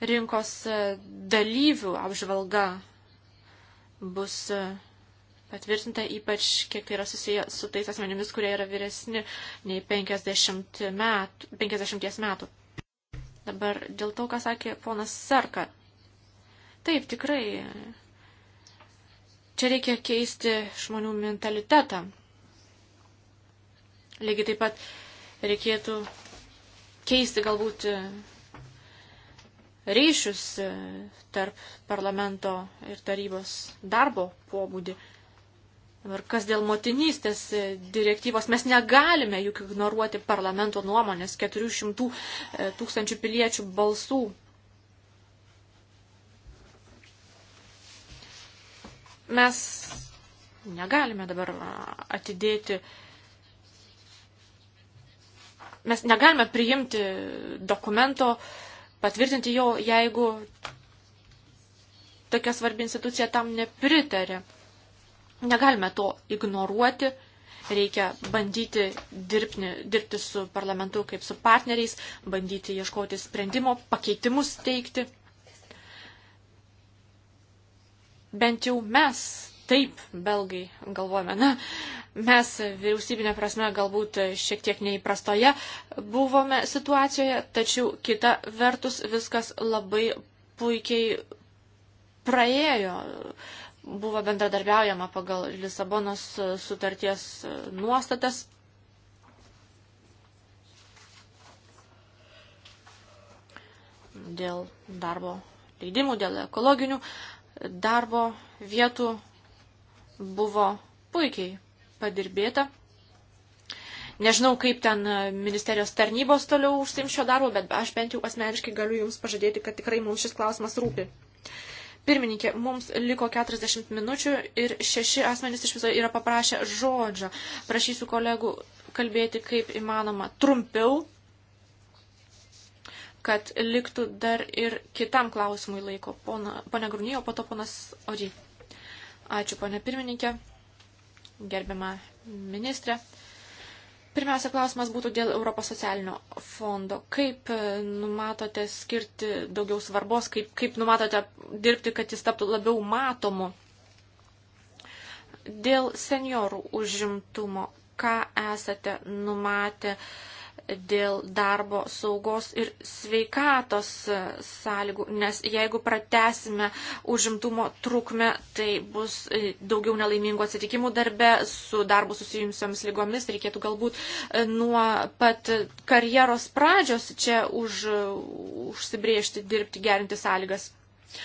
rinkos e, dalyvių apžvalga bus e, patvirtinta, ypač kiek tai yra susiję su tais asmenimis, kurie yra vyresni nei 50 metų. 50 metų. Dabar dėl to, ką sakė ponas Sarka. Taip, tikrai. Čia reikia keisti žmonių mentalitetą. Lygiai taip pat reikėtų keisti galbūt ryšius e, tarp parlamento ir tarybos darbo pobūdį. Ir kas dėl motinystės e, direktyvos, mes negalime juk ignoruoti parlamento nuomonės 400 e, tūkstančių piliečių balsų. Mes negalime dabar atidėti, mes negalime priimti dokumento, patvirtinti jo, jeigu tokia svarbi institucija tam nepritarė. Negalime to ignoruoti, reikia bandyti dirbti, dirbti su parlamentu kaip su partneriais, bandyti ieškoti sprendimo, pakeitimus teikti. Bent jau mes taip, belgai galvojame, na, mes vyriausybinė prasme galbūt šiek tiek neįprastoje buvome situacijoje, tačiau kita vertus viskas labai puikiai praėjo. Buvo bendradarbiaujama pagal Lisabonos sutarties nuostatas. Dėl darbo leidimų, dėl ekologinių darbo vietų buvo puikiai padirbėta. Nežinau, kaip ten ministerijos tarnybos toliau užsim šio darbo, bet aš bent jau asmeniškai galiu Jums pažadėti, kad tikrai mums šis klausimas rūpi. Pirmininkė, mums liko 40 minučių ir šeši asmenys iš viso yra paprašę žodžio. Prašysiu kolegų kalbėti kaip įmanoma trumpiau, kad liktų dar ir kitam klausimui laiko. Pone Grunijo, po to ponas Ory. Ačiū, ponė pirmininkė, gerbiama ministrė. Pirmiausia, klausimas būtų dėl Europos socialinio fondo. Kaip e, numatote skirti daugiau svarbos, kaip, kaip numatote dirbti, kad jis taptų labiau matomu? Dėl seniorų užimtumo, ką esate numatę? Uh, dėl darbo saugos ir sveikatos sąlygų, nes jeigu pratesime užimtumo trukmę, tai bus e, daugiau nelaimingų atsitikimų darbe su darbu susijusiams lygomis, reikėtų galbūt e, nuo pat karjeros pradžios čia už, užsibriežti, dirbti, gerinti sąlygas. Uh,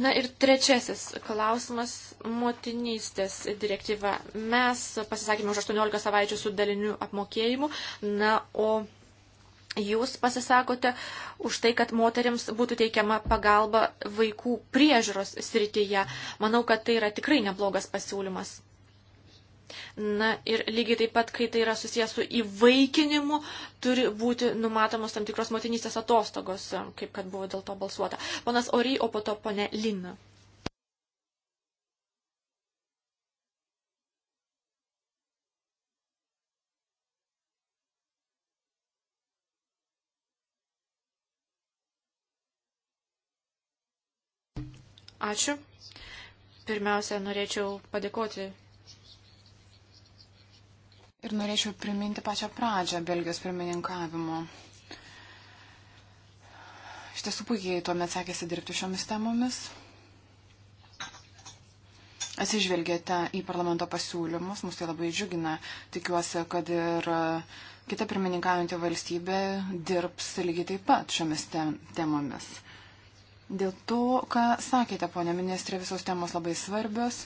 Na ir trečiasis klausimas - motinystės direktyva. Mes pasisakėme už 18 savaičių su daliniu apmokėjimu, na, o jūs pasisakote už tai, kad moteriams būtų teikiama pagalba vaikų priežiūros srityje. Manau, kad tai yra tikrai neblogas pasiūlymas. Na ir lygiai taip pat, kai tai yra susijęs su įvaikinimu, turi būti numatomos tam tikros motinystės atostogos, kaip kad buvo dėl to balsuota. Ponas Ory, o po to ponė Lina. Ačiū. Pirmiausia, norėčiau padėkoti Ir norėčiau priminti pačią pradžią Belgijos pirmininkavimo. Iš tiesų puikiai tuomet sekėsi dirbti šiomis temomis. Atsižvelgėte į parlamento pasiūlymus, mus tai labai džiugina. Tikiuosi, kad ir kita pirmininkaujantį valstybę dirbs lygiai taip pat šiomis temomis. Dėl to, ką sakėte, ponė ministrė, visos temos labai svarbios.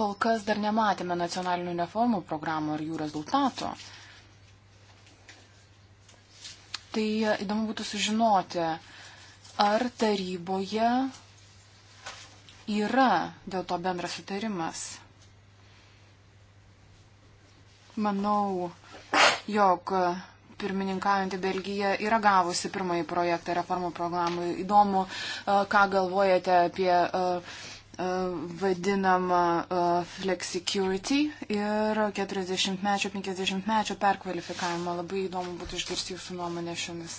kol kas dar nematėme nacionalinių reformų programų ir jų rezultato. Tai įdomu būtų sužinoti, ar taryboje yra dėl to bendras sutarimas. Manau, jog pirmininkaujantį Belgiją yra gavusi pirmąjį projektą reformų programų. Įdomu, ką galvojate apie E, vadinama e, flexicurity ir 40-mečio, 50-mečio perkvalifikavimą. Labai įdomu būtų išgirsti jūsų nuomonę šiomis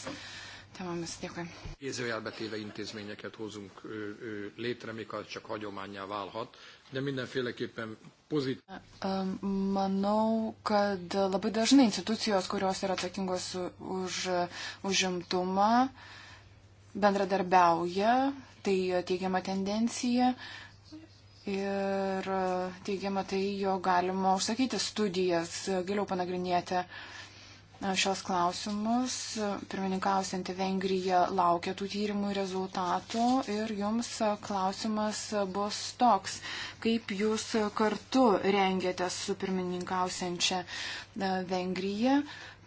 temomis. Dėkui. Kézőjelbetéve intézményeket hozunk létre, mik csak hagyományá válhat, de mindenféleképpen pozitív. E, manau, kad labai dažnai institucijos, kurios yra atsakingos už užimtumą, bendradarbiauja, tai teigiama tendencija. Ir e, teigiama tai, jo galima užsakyti studijas, e, giliau panagrinėti e, šios klausimus. Pirmininkausianti Vengrija laukia tų tyrimų rezultatų ir jums klausimas bus toks, kaip jūs kartu rengėtės su pirmininkausiančia Vengrija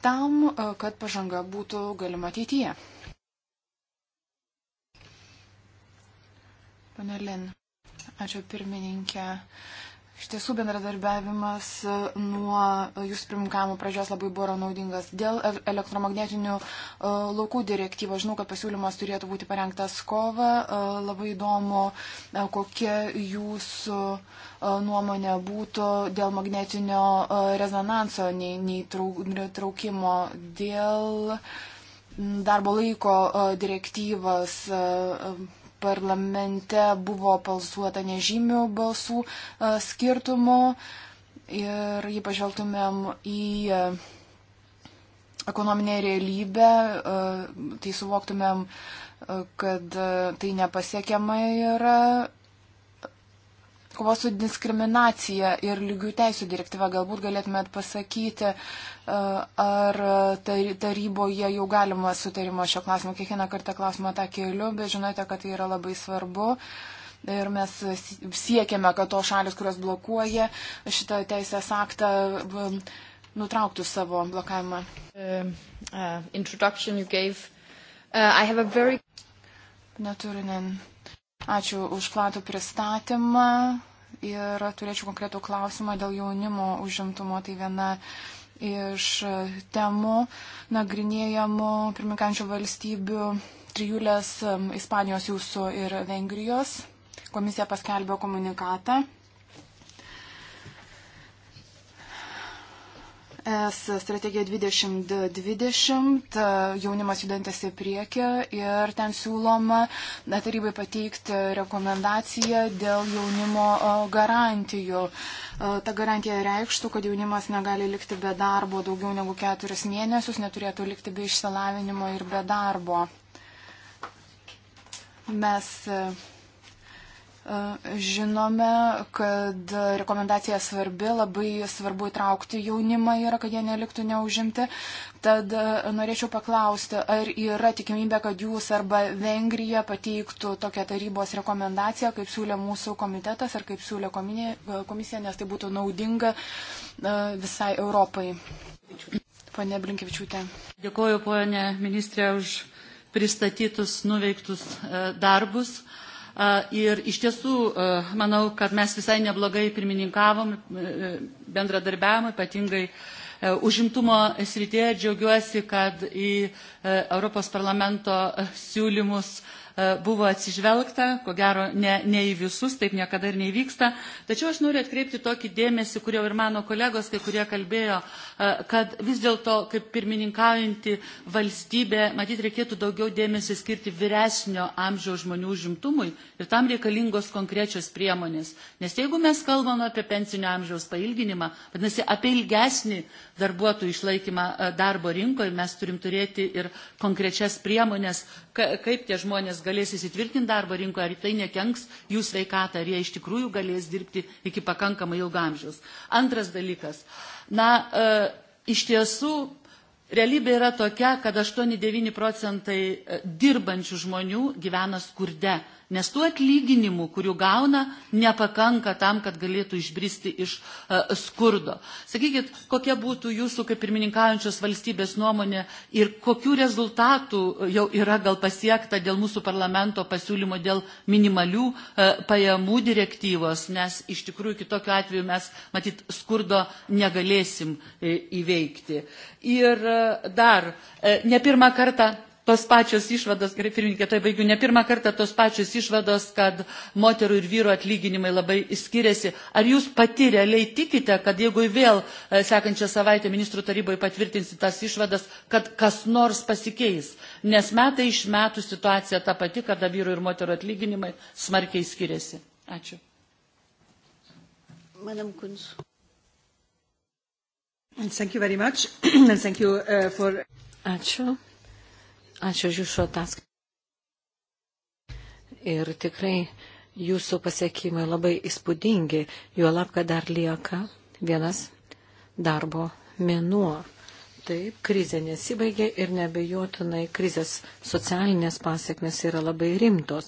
tam, kad pažanga būtų galima ateityje. Pane Lin. Ačiū pirmininkė. Iš tiesų bendradarbiavimas e, nuo jūsų primkamų pradžios labai buvo naudingas. Dėl elektromagnetinių e, laukų direktyvos žinau, kad pasiūlymas turėtų būti parengtas kovą. E, labai įdomu, kokia jūsų nuomonė būtų dėl magnetinio rezonanso neįtraukimo, dėl darbo laiko direktyvas parlamente buvo balsuota nežymių balsų e, skirtumų ir jei pažvelgtumėm į e, ekonominę realybę, e, tai suvoktumėm, kad tai nepasiekiama yra kovos su diskriminacija ir lygių teisų direktyva. Galbūt galėtumėt pasakyti, e, ar taryboje jau galima sutarimo šio klausimo. Kiekvieną kartą klausimą tą keliu, bet žinote, kad tai yra labai svarbu. Ir mes siekiame, kad to šalis, kurios blokuoja šitą teisės aktą, nutrauktų savo blokavimą. Um, uh, uh, very... Neturinin Ačiū už platų pristatymą ir turėčiau konkretų klausimą dėl jaunimo užimtumo. Tai viena iš temų nagrinėjamų pirmininkančių valstybių trijulės um, Ispanijos jūsų ir Vengrijos. Komisija paskelbė komunikatą Es strategija 2020, jaunimas judantis į priekį ir ten siūloma na, tarybai pateikti rekomendaciją dėl jaunimo garantijų. Ta garantija reikštų, kad jaunimas negali likti be darbo daugiau negu keturis mėnesius, neturėtų likti be išsilavinimo ir be darbo. Mes Žinome, kad rekomendacija svarbi, labai svarbu įtraukti jaunimą yra, kad jie neliktų neužimti. Tad norėčiau paklausti, ar yra tikimybė, kad jūs arba Vengrija pateiktų tokią tarybos rekomendaciją, kaip siūlė mūsų komitetas ar kaip siūlė komisija, nes tai būtų naudinga visai Europai. Pane Blinkevičiūtė. Dėkuoju, ponė ministrė, už pristatytus nuveiktus e, darbus. Ir iš tiesų, manau, kad mes visai neblogai pirmininkavom e, e, bendradarbiavimą, ypatingai e, užimtumo srityje. Džiaugiuosi, kad į Europos parlamento siūlymus E, buvo atsižvelgta, ko gero ne, ne į visus, taip niekada ir nevyksta. Tačiau aš noriu atkreipti tokį dėmesį, kurio ir mano kolegos, kai kurie kalbėjo, e, kad vis dėlto kaip pirmininkaujanti valstybė, matyt, reikėtų daugiau dėmesio skirti vyresnio amžiaus žmonių užimtumui ir tam reikalingos konkrečios priemonės. Nes jeigu mes kalbame apie pensinio amžiaus pailginimą, vadinasi, apie ilgesnį darbuotojų išlaikymą e, darbo rinkoje, mes turim turėti ir konkrečias priemonės, kaip tie žmonės galės įsitvirtinti darbo rinkoje, ar tai nekenks jų sveikatą, ar jie iš tikrųjų galės dirbti iki pakankamai ilgamžiaus. Antras dalykas. Na, e, iš tiesų Realybė yra tokia, kad 8-9 procentai e, dirbančių žmonių gyvena skurde, Nes tų atlyginimų, kurių gauna, nepakanka tam, kad galėtų išbristi iš uh, skurdo. Sakykit, kokia būtų jūsų kaip pirmininkaujančios valstybės nuomonė ir kokių rezultatų e, jau yra gal pasiekta dėl mūsų parlamento pasiūlymo dėl minimalių uh, pajamų direktyvos, nes iš tikrųjų kitokiu atveju mes, matyt, skurdo negalėsim uh, įveikti. Ir dar ne pirmą kartą tos pačios išvados, gerai, pirmininkė, tai baigiu, ne pirmą kartą tos pačios išvados, kad moterų ir vyrų atlyginimai labai skiriasi. Ar jūs pati realiai tikite, kad jeigu vėl e, sekančią savaitę ministrų taryboje patvirtinsit tas išvadas, kad kas nors pasikeis? Nes metai iš metų situacija ta pati, kada vyrų ir moterų atlyginimai smarkiai skiriasi. Ačiū. Madam Kunz. Thank you very much and thank you uh, for Ačiū. Ačiū už jūsų ataskaitą. Ir tikrai jūsų pasiekimai labai įspūdingi, juolab, kad dar lieka vienas darbo mėnuo. Taip, krizė nesibaigė ir nebejotinai krizės socialinės pasiekmes yra labai rimtos.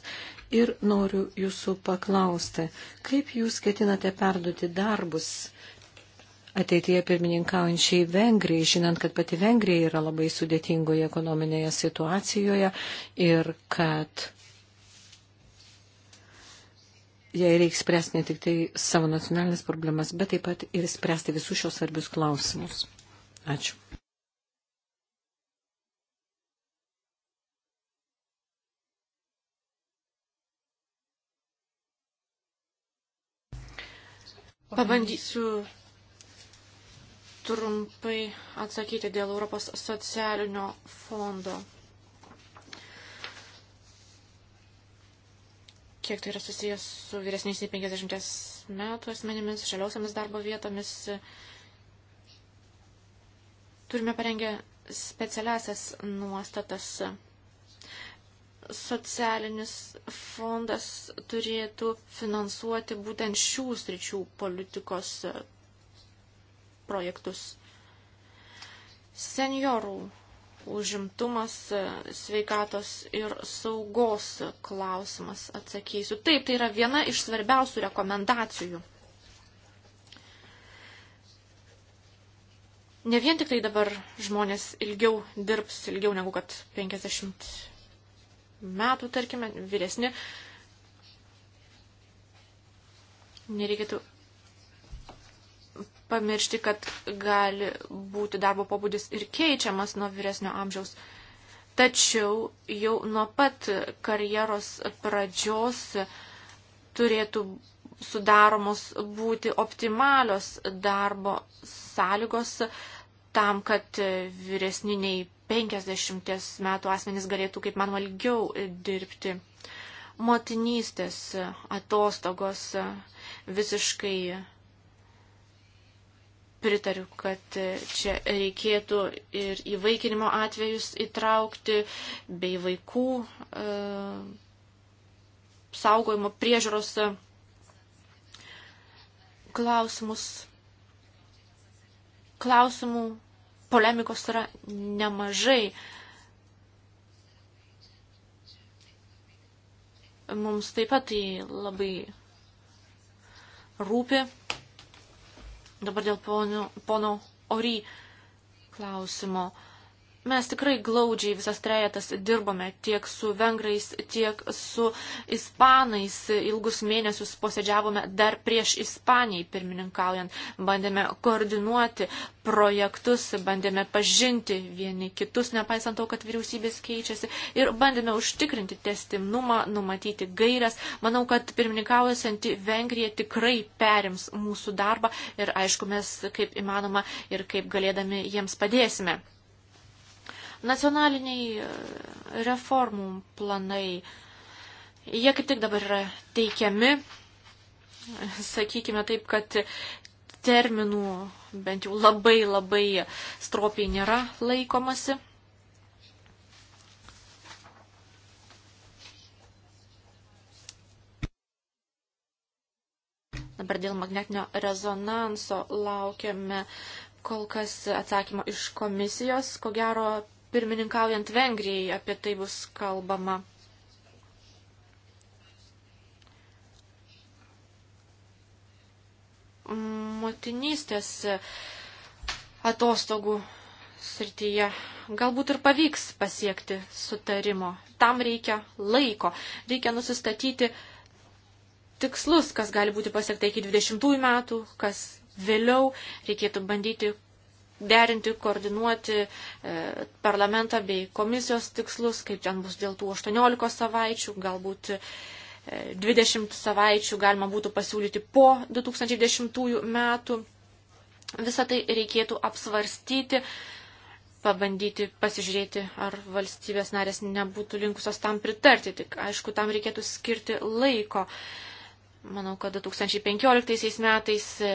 Ir noriu jūsų paklausti, kaip jūs ketinate perduoti darbus ateityje pirmininkaujančiai Vengrijai, žinant, kad pati Vengrija yra labai sudėtingoje ekonominėje situacijoje ir kad jai reiks spręsti ne tik tai savo nacionalinės problemas, bet taip pat ir spręsti visus šios svarbius klausimus. Ačiū. Pabandysiu trumpai atsakyti dėl Europos socialinio fondo. Kiek tai yra susijęs su vyresniais nei 50 metų asmenimis, žaliausiamis darbo vietomis. Turime parengę specialiasias nuostatas. Socialinis fondas turėtų finansuoti būtent šių sričių politikos projektus. Seniorų užimtumas, sveikatos ir saugos klausimas atsakysiu. Taip, tai yra viena iš svarbiausių rekomendacijų. Ne vien tik tai dabar žmonės ilgiau dirbs, ilgiau negu kad 50 metų, tarkime, vyresni. Nereikėtų pamiršti, kad gali būti darbo pobūdis ir keičiamas nuo vyresnio amžiaus. Tačiau jau nuo pat karjeros pradžios turėtų sudaromos būti optimalios darbo sąlygos tam, kad vyresniniai 50 metų asmenys galėtų kaip man ilgiau dirbti. Motinystės atostogos visiškai pritariu, kad čia reikėtų ir įvaikinimo atvejus įtraukti, bei vaikų e, saugojimo priežiūros e, klausimus. Klausimų polemikos yra nemažai. Mums taip pat tai labai rūpi. Dabar dėl pono, pono Ory klausimo. Mes tikrai glaudžiai visas trejetas dirbome tiek su vengrais, tiek su ispanais. Ilgus mėnesius posėdžiavome dar prieš Ispanijai pirmininkaujant. Bandėme koordinuoti projektus, bandėme pažinti vieni kitus, nepaisant to, kad vyriausybės keičiasi. Ir bandėme užtikrinti testimnumą, numatyti gairias. Manau, kad pirmininkaujanti Vengrija tikrai perims mūsų darbą ir aišku, mes kaip įmanoma ir kaip galėdami jiems padėsime. Nacionaliniai e, reformų planai, jie kaip tik dabar yra teikiami, sakykime taip, kad terminų bent jau labai labai stropiai nėra laikomasi. Dabar dėl magnetinio rezonanso laukiame kol kas atsakymą iš komisijos. Ko gero, pirmininkaujant Vengrijai apie tai bus kalbama. Motinystės atostogų srityje galbūt ir pavyks pasiekti sutarimo. Tam reikia laiko. Reikia nusistatyti tikslus, kas gali būti pasiekta iki 20 metų, kas vėliau reikėtų bandyti derinti, koordinuoti e, parlamentą bei komisijos tikslus, kaip ten bus dėl tų 18 savaičių, galbūt 20 e, savaičių galima būtų pasiūlyti po 2010 metų. Visą tai reikėtų apsvarstyti, pabandyti pasižiūrėti, ar valstybės narės nebūtų linkusios tam pritarti, tik aišku, tam reikėtų skirti laiko. E, Manau, kad 2015 metais e,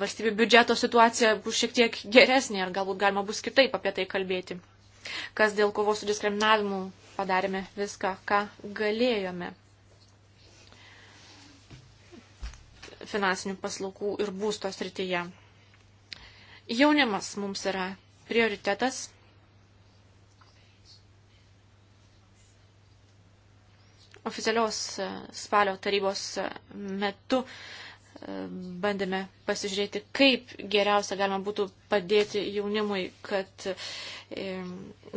valstybių biudžeto situacija bus šiek tiek geresnė ir galbūt galima bus kitaip apie tai kalbėti. Kas dėl kovos su diskriminavimu padarėme viską, ką galėjome. finansinių paslaugų ir būsto srityje. Jaunimas mums yra prioritetas oficialios e, spalio tarybos e, metu e, bandėme pasižiūrėti, kaip geriausia galima būtų padėti jaunimui, kad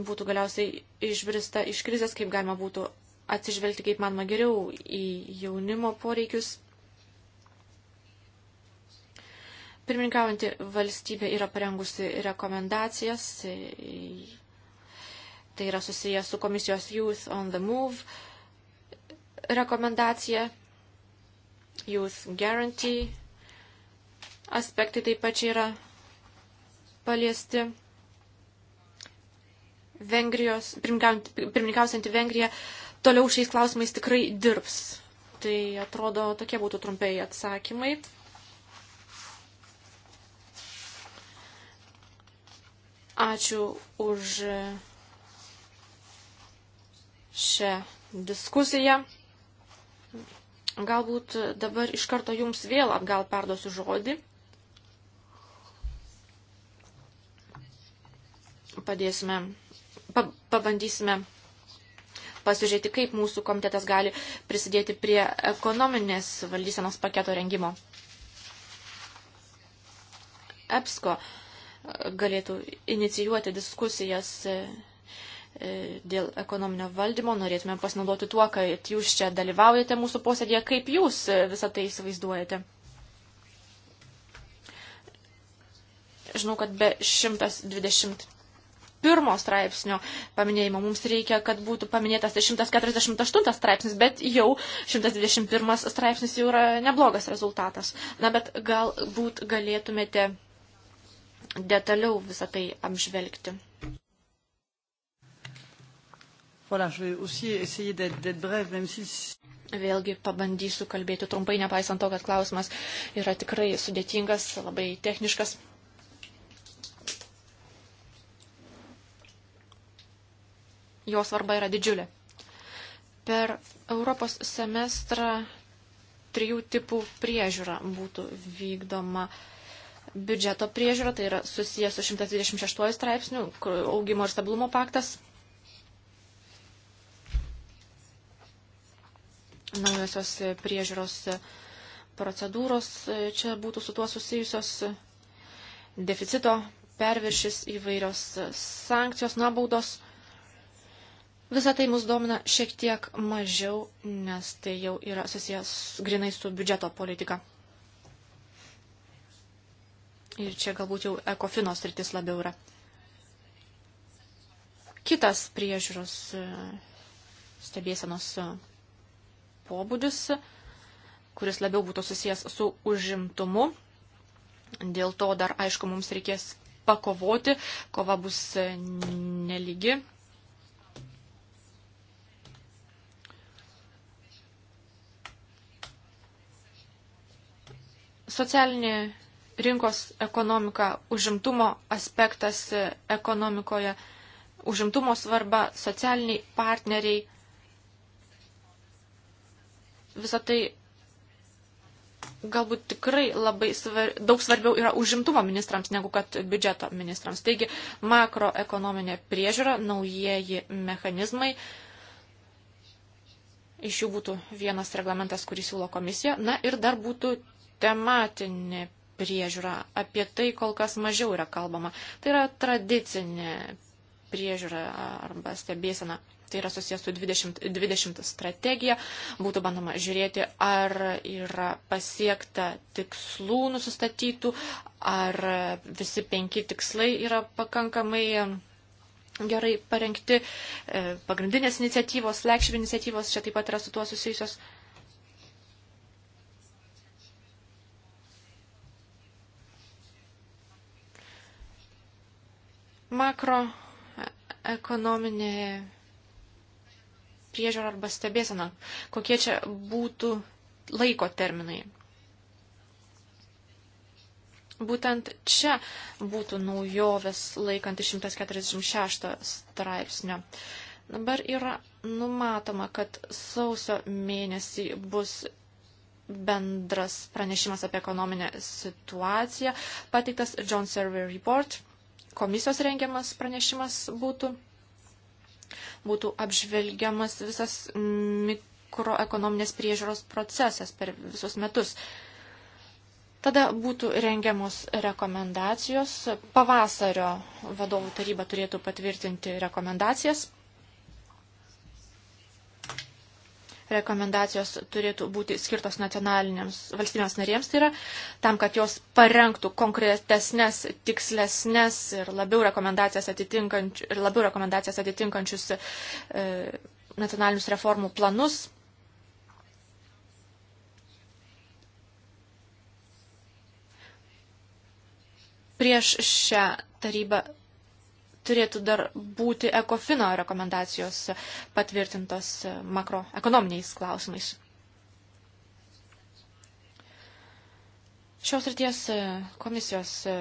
būtų galiausiai išbrista iš krizės, kaip galima būtų atsižvelgti, kaip manoma, geriau į jaunimo poreikius. Pirmininkaujanti valstybė yra parengusi rekomendacijas. Tai yra susijęs su komisijos Youth on the Move rekomendacija, Youth Guarantee aspektai taip pat čia yra paliesti. Vengrijos, pirmininkausianti Vengrija toliau šiais klausimais tikrai dirbs. Tai atrodo, tokie būtų trumpai atsakymai. Ačiū už šią diskusiją. Galbūt dabar iš karto jums vėl atgal perduosiu žodį. Padėsime, pa, pabandysime pasižiūrėti, kaip mūsų komitetas gali prisidėti prie ekonominės valdysenos paketo rengimo. EPSCO galėtų inicijuoti diskusijas E, dėl ekonominio valdymo. Norėtume pasinaudoti tuo, kad jūs čia dalyvaujate mūsų posėdėje. Kaip jūs e, visą tai įsivaizduojate? Žinau, kad be 121 straipsnio paminėjimo mums reikia, kad būtų paminėtas 148 straipsnis, bet jau 121 straipsnis jau yra neblogas rezultatas. Na, bet galbūt galėtumėte detaliau visą tai apžvelgti. Voilà, je vais aussi essayer d'être brève, même si... Vėlgi pabandysiu kalbėti trumpai, nepaisant to, kad klausimas yra tikrai sudėtingas, labai techniškas. Jo svarba yra didžiulė. Per Europos semestrą trijų tipų priežiūra būtų vykdoma biudžeto priežiūra, tai yra susijęs su 126 straipsniu, augimo ir stabilumo paktas, naujosios priežiūros procedūros čia būtų su tuo susijusios, deficito perviršis įvairios sankcijos, nabaudos. Visą tai mus domina šiek tiek mažiau, nes tai jau yra susijęs grinai su biudžeto politika. Ir čia galbūt jau ekofinos rytis labiau yra. Kitas priežiūros e, stebėsenos e, pobūdis, kuris labiau būtų susijęs su užimtumu. Dėl to dar, aišku, mums reikės pakovoti, kova bus neligi. Socialinė rinkos ekonomika, užimtumo aspektas ekonomikoje, užimtumo svarba, socialiniai partneriai visą tai galbūt tikrai labai svar, daug svarbiau yra užimtumo ministrams negu kad biudžeto ministrams. Taigi makroekonominė priežiūra, naujieji mechanizmai. Iš jų būtų vienas reglamentas, kurį siūlo komisija. Na ir dar būtų tematinė priežiūra. Apie tai kol kas mažiau yra kalbama. Tai yra tradicinė priežiūra arba stebėsena tai yra susijęs su 20, 20 strategija, būtų bandoma žiūrėti, ar yra pasiekta tikslų nusistatytų, ar visi penki tikslai yra pakankamai gerai parengti, e, pagrindinės iniciatyvos, lekšvių iniciatyvos čia taip pat yra su tuo susijusios. Makroekonominė priežiūra arba stebėsena. Kokie čia būtų laiko terminai? Būtent čia būtų naujovės laikant 146 straipsnio. Dabar yra numatoma, kad sausio mėnesį bus bendras pranešimas apie ekonominę situaciją, pateiktas John Server Report, komisijos rengiamas pranešimas būtų būtų apžvelgiamas visas mikroekonominės priežiūros procesas per visus metus. Tada būtų rengiamos rekomendacijos. Pavasario vadovų taryba turėtų patvirtinti rekomendacijas. rekomendacijos turėtų būti skirtos nacionaliniams valstybėms narėms, tai yra tam, kad jos parengtų konkretesnės, tikslesnės ir labiau rekomendacijas, atitinkanč, ir labiau rekomendacijas atitinkančius e, nacionalinius reformų planus. Prieš šią tarybą turėtų dar būti ekofino rekomendacijos patvirtintos e, makroekonominiais klausimais. Šios ryties e, komisijos e,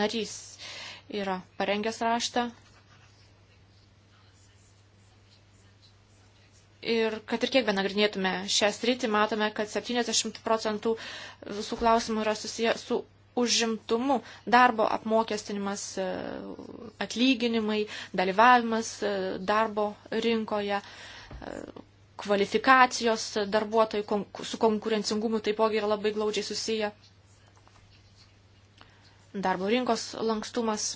narys yra parengęs raštą. Ir kad ir kiek benagrinėtume šią sritį, matome, kad 70 procentų visų klausimų yra susiję su užimtumu, darbo apmokestinimas, e, atlyginimai, dalyvavimas e, darbo rinkoje, e, kvalifikacijos darbuotojų su konkurencingumu taipogi yra labai glaudžiai susiję, darbo rinkos lankstumas.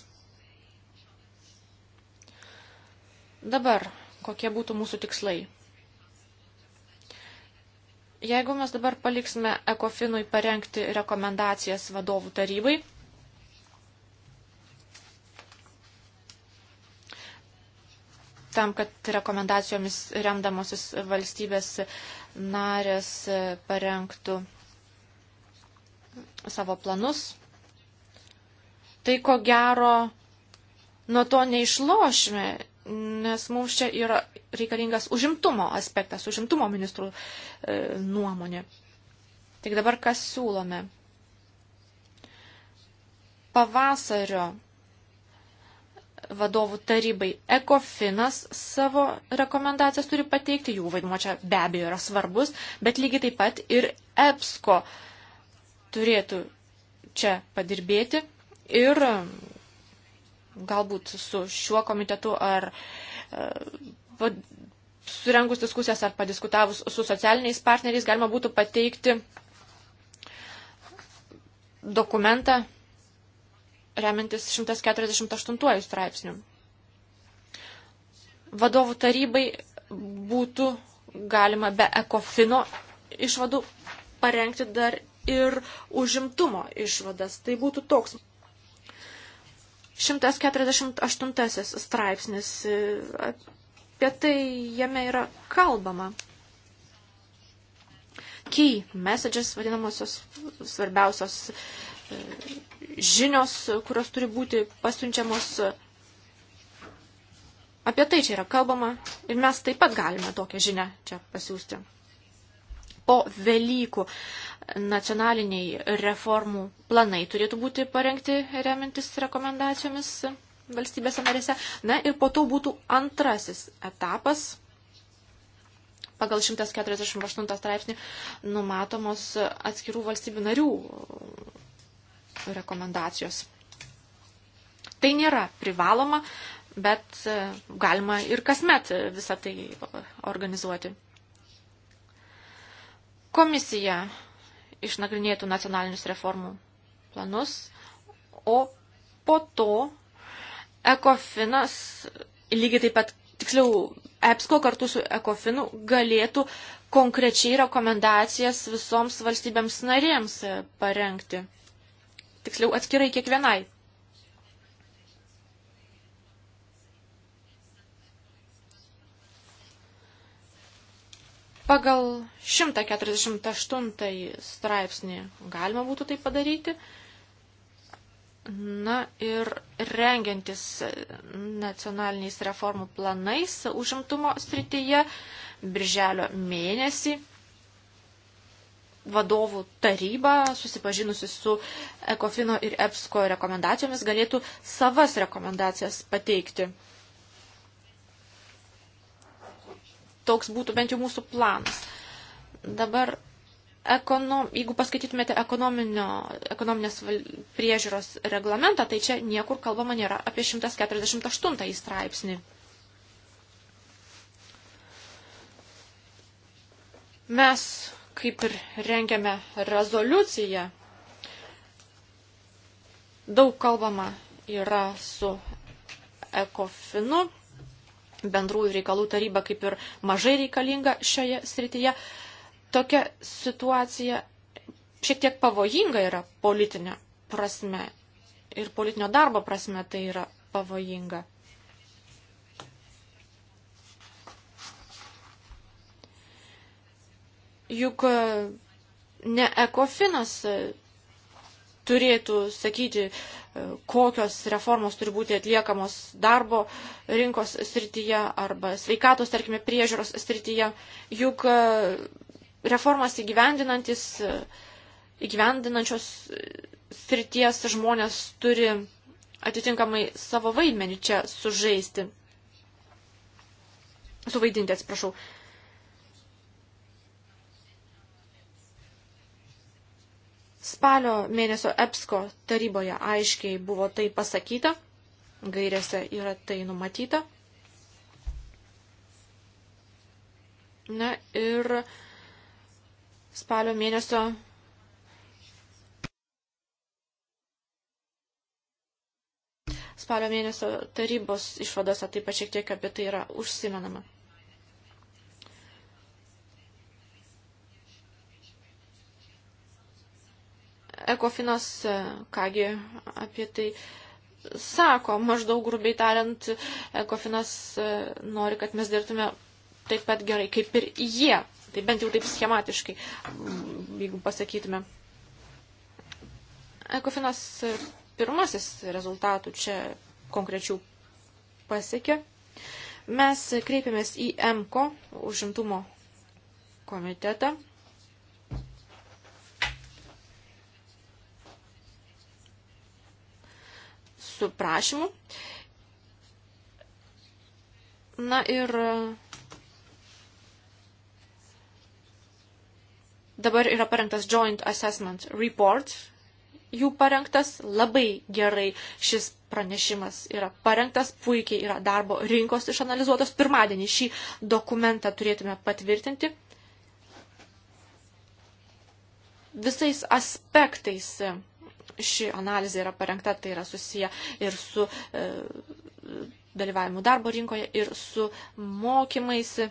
Dabar kokie būtų mūsų tikslai? Jeigu mes dabar paliksime Ekofinui parengti rekomendacijas vadovų tarybai, tam, kad rekomendacijomis remdamosis valstybės narės parengtų savo planus, tai ko gero nuo to neišlošime nes mums čia yra reikalingas užimtumo aspektas, užimtumo ministrų e, nuomonė. Tik dabar kas siūlome? Pavasario vadovų tarybai ECOFINAS savo rekomendacijas turi pateikti, jų vaidmo čia be abejo yra svarbus, bet lygiai taip pat ir EPSCO turėtų čia padirbėti ir galbūt su šiuo komitetu ar e, surengus diskusijas ar padiskutavus su socialiniais partneriais galima būtų pateikti dokumentą remintis 148 straipsnių. Vadovų tarybai būtų galima be ekofino išvadų parengti dar ir užimtumo išvadas. Tai būtų toks 148 straipsnis. Apie tai jame yra kalbama. Key messages, vadinamosios svarbiausios e, žinios, kurios turi būti pasiunčiamos. Apie tai čia yra kalbama ir mes taip pat galime tokią žinią čia pasiūsti po Velykų. Nacionaliniai reformų planai turėtų būti parengti remintis rekomendacijomis valstybėse narėse. Na ir po to būtų antrasis etapas. Pagal 148 straipsnį numatomos atskirų valstybių narių rekomendacijos. Tai nėra privaloma, bet galima ir kasmet visą tai organizuoti. Komisija išnagrinėtų nacionalinius reformų planus, o po to Ekofinas lygiai taip pat, tiksliau, EPSCO kartu su Ekofinu galėtų konkrečiai rekomendacijas visoms valstybėms narėms parengti. Tiksliau, atskirai kiekvienai. Pagal 148 straipsnį galima būtų tai padaryti. Na ir rengiantis nacionaliniais reformų planais užimtumo srityje, birželio mėnesį vadovų taryba, susipažinusi su Ekofino ir EPSCO rekomendacijomis, galėtų savas rekomendacijas pateikti. toks būtų bent jau mūsų planas. Dabar, ekonom, jeigu paskaitytumėte ekonominės priežiūros reglamentą, tai čia niekur kalbama nėra apie 148 straipsnį. Mes kaip ir rengiame rezoliuciją. Daug kalbama yra su ekofinu bendrųjų reikalų taryba kaip ir mažai reikalinga šioje srityje. Tokia situacija šiek tiek pavojinga yra politinė prasme ir politinio darbo prasme tai yra pavojinga. Juk e, ne ekofinas e, turėtų sakyti, e, kokios reformos turi būti atliekamos darbo rinkos srityje arba sveikatos, tarkime, priežiūros srityje. Juk e, reformas įgyvendinantis, e, įgyvendinančios srities žmonės turi atitinkamai savo vaidmenį čia sužaisti. Suvaidinti, atsiprašau. Spalio mėnesio EPSCO taryboje aiškiai buvo tai pasakyta, gairėse yra tai numatyta. Na ir spalio mėnesio spalio mėnesio tarybos išvadose taip pat šiek tiek apie tai yra užsimenama. Ekofinas, e, kągi apie tai sako, maždaug grubiai tariant, Ekofinas e, nori, kad mes dirbtume taip pat gerai kaip ir jie. Tai bent jau taip schematiškai, jeigu pasakytume. Ekofinas e, pirmasis rezultatų čia konkrečių pasiekė. Mes kreipėmės į MKO užimtumo komitetą jūsų prašymu. Na ir dabar yra parengtas Joint Assessment Report, jų parengtas labai gerai šis pranešimas yra parengtas, puikiai yra darbo rinkos išanalizuotos. Pirmadienį šį dokumentą turėtume patvirtinti. Visais aspektais ši analizė yra parengta, tai yra susiję ir su e, dalyvavimu darbo rinkoje, ir su mokymaisi.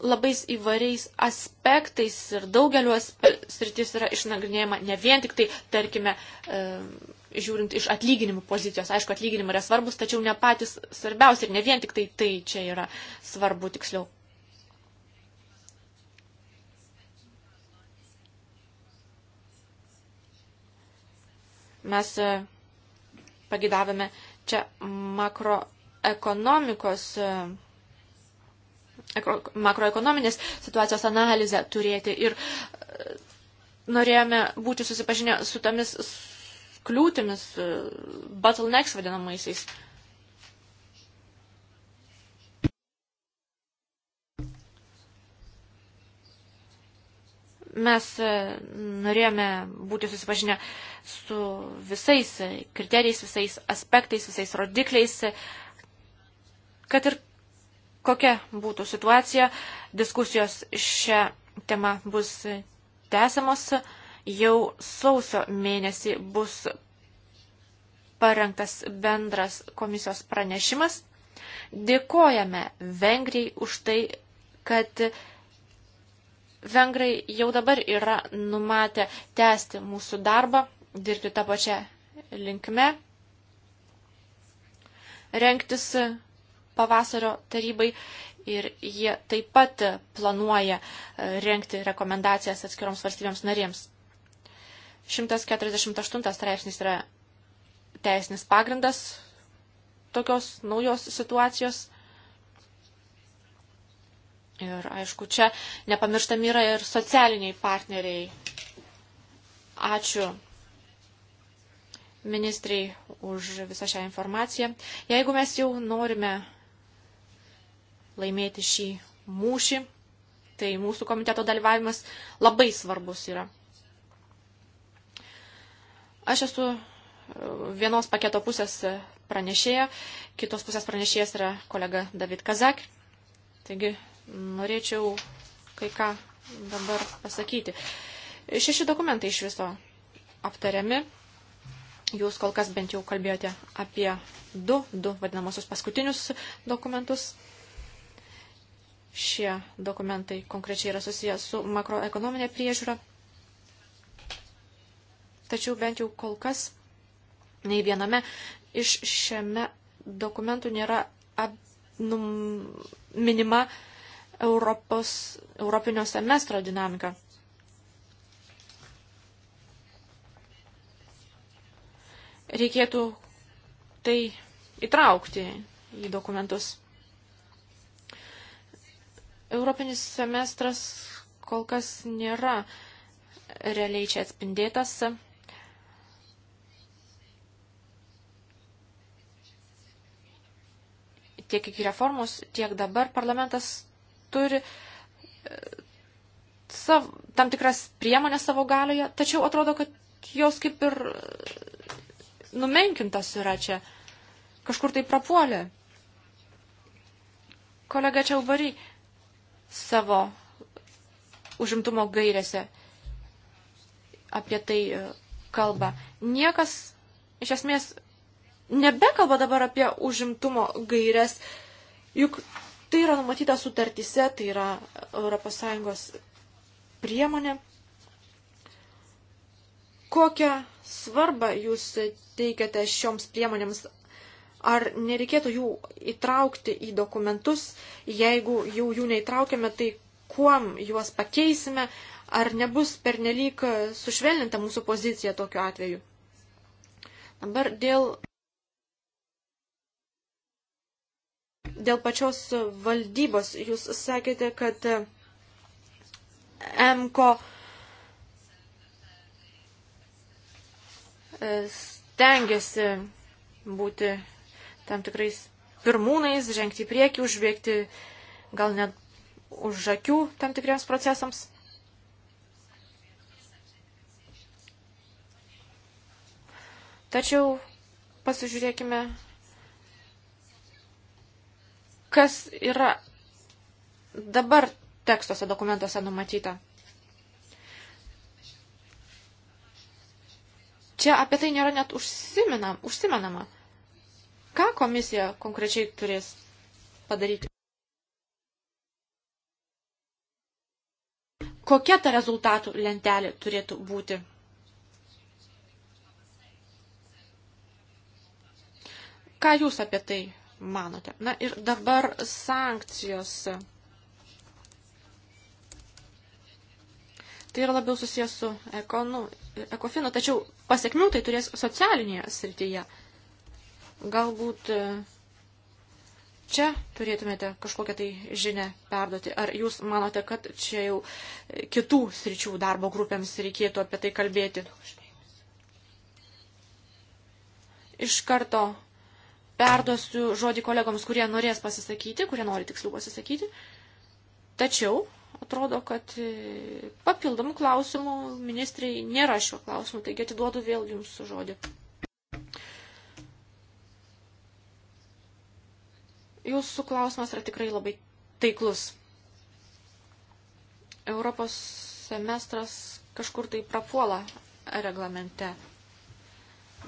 Labais įvairiais aspektais ir daugeliu sritis yra išnagrinėjama ne vien tik tai, tarkime, e, žiūrint iš atlyginimų pozicijos. Aišku, atlyginimai yra svarbus, tačiau ne patys svarbiausi ir ne vien tik tai tai čia yra svarbu tiksliau Mes e, pagidavome čia makroekonomikos e, makroekonominės situacijos analizę turėti ir e, norėjome būti susipažinę su tomis kliūtimis, bottlenecks vadinamaisiais. Mes e, norėjome būti susipažinę su visais kriterijais, visais aspektais, visais rodikliais, kad ir kokia būtų situacija, diskusijos šią temą bus tęsiamos. Jau sausio mėnesį bus parengtas bendras komisijos pranešimas. Dėkojame Vengrijai už tai, kad vengrai jau dabar yra numatę tęsti mūsų darbą, dirbti tą pačią linkme, renktis pavasario tarybai ir jie taip pat planuoja e, renkti rekomendacijas atskiroms valstybėms narėms. 148 straipsnis yra teisinis pagrindas tokios naujos situacijos. Ir aišku, čia nepamirštami yra ir socialiniai partneriai. Ačiū ministrai už visą šią informaciją. Jeigu mes jau norime laimėti šį mūšį, tai mūsų komiteto dalyvavimas labai svarbus yra. Aš esu vienos paketo pusės pranešėja, kitos pusės pranešėjas yra kolega David Kazak. Taigi norėčiau kai ką dabar pasakyti. Šeši dokumentai iš viso aptariami. Jūs kol kas bent jau kalbėjote apie du, du vadinamosius paskutinius dokumentus. Šie dokumentai konkrečiai yra susijęs su makroekonominė priežiūra. Tačiau bent jau kol kas nei viename iš šiame dokumentų nėra ab, num, minima Europos, Europinio semestro dinamiką. Reikėtų tai įtraukti į dokumentus. Europinis semestras kol kas nėra realiai čia atspindėtas. Tiek iki reformos, tiek dabar parlamentas turi e, sav, tam tikras priemonės savo galioje, tačiau atrodo, kad jos kaip ir e, numenkintas yra čia, kažkur tai prapuolė. Kolega Čiaubary savo užimtumo gairėse apie tai e, kalba. Niekas iš esmės nebekalba dabar apie užimtumo gairias, juk Tai yra numatyta sutartyse, tai yra ES priemonė. Kokią svarbą jūs teikiate šioms priemonėms? Ar nereikėtų jų įtraukti į dokumentus? Jeigu jau jų neįtraukiame, tai kuom juos pakeisime? Ar nebus pernelyg sušvelninta mūsų pozicija tokiu atveju? Dabar dėl dėl pačios valdybos jūs sakėte, kad MKO stengiasi būti tam tikrais pirmūnais, žengti į priekį, užbėgti gal net už akių tam tikriems procesams. Tačiau pasižiūrėkime kas yra dabar tekstuose, dokumentuose numatyta. Čia apie tai nėra net užsimenama. Ką komisija konkrečiai turės padaryti? Kokia ta rezultatų lentelė turėtų būti? Ką jūs apie tai manote? Na ir dabar sankcijos. Tai yra labiau susijęs su ekonu, ekofinu, tačiau pasiekmių tai turės socialinėje srityje. Galbūt e, čia turėtumėte kažkokią tai žinę perduoti. Ar jūs manote, kad čia jau kitų sričių darbo grupėms reikėtų apie tai kalbėti? Iš karto perduosiu žodį kolegoms, kurie norės pasisakyti, kurie nori tiksliau pasisakyti. Tačiau atrodo, kad e, papildomų klausimų ministrai nėra šiuo klausimu, taigi atiduodu vėl jums žodį. Jūsų klausimas yra tikrai labai taiklus. Europos semestras kažkur tai prapuola reglamente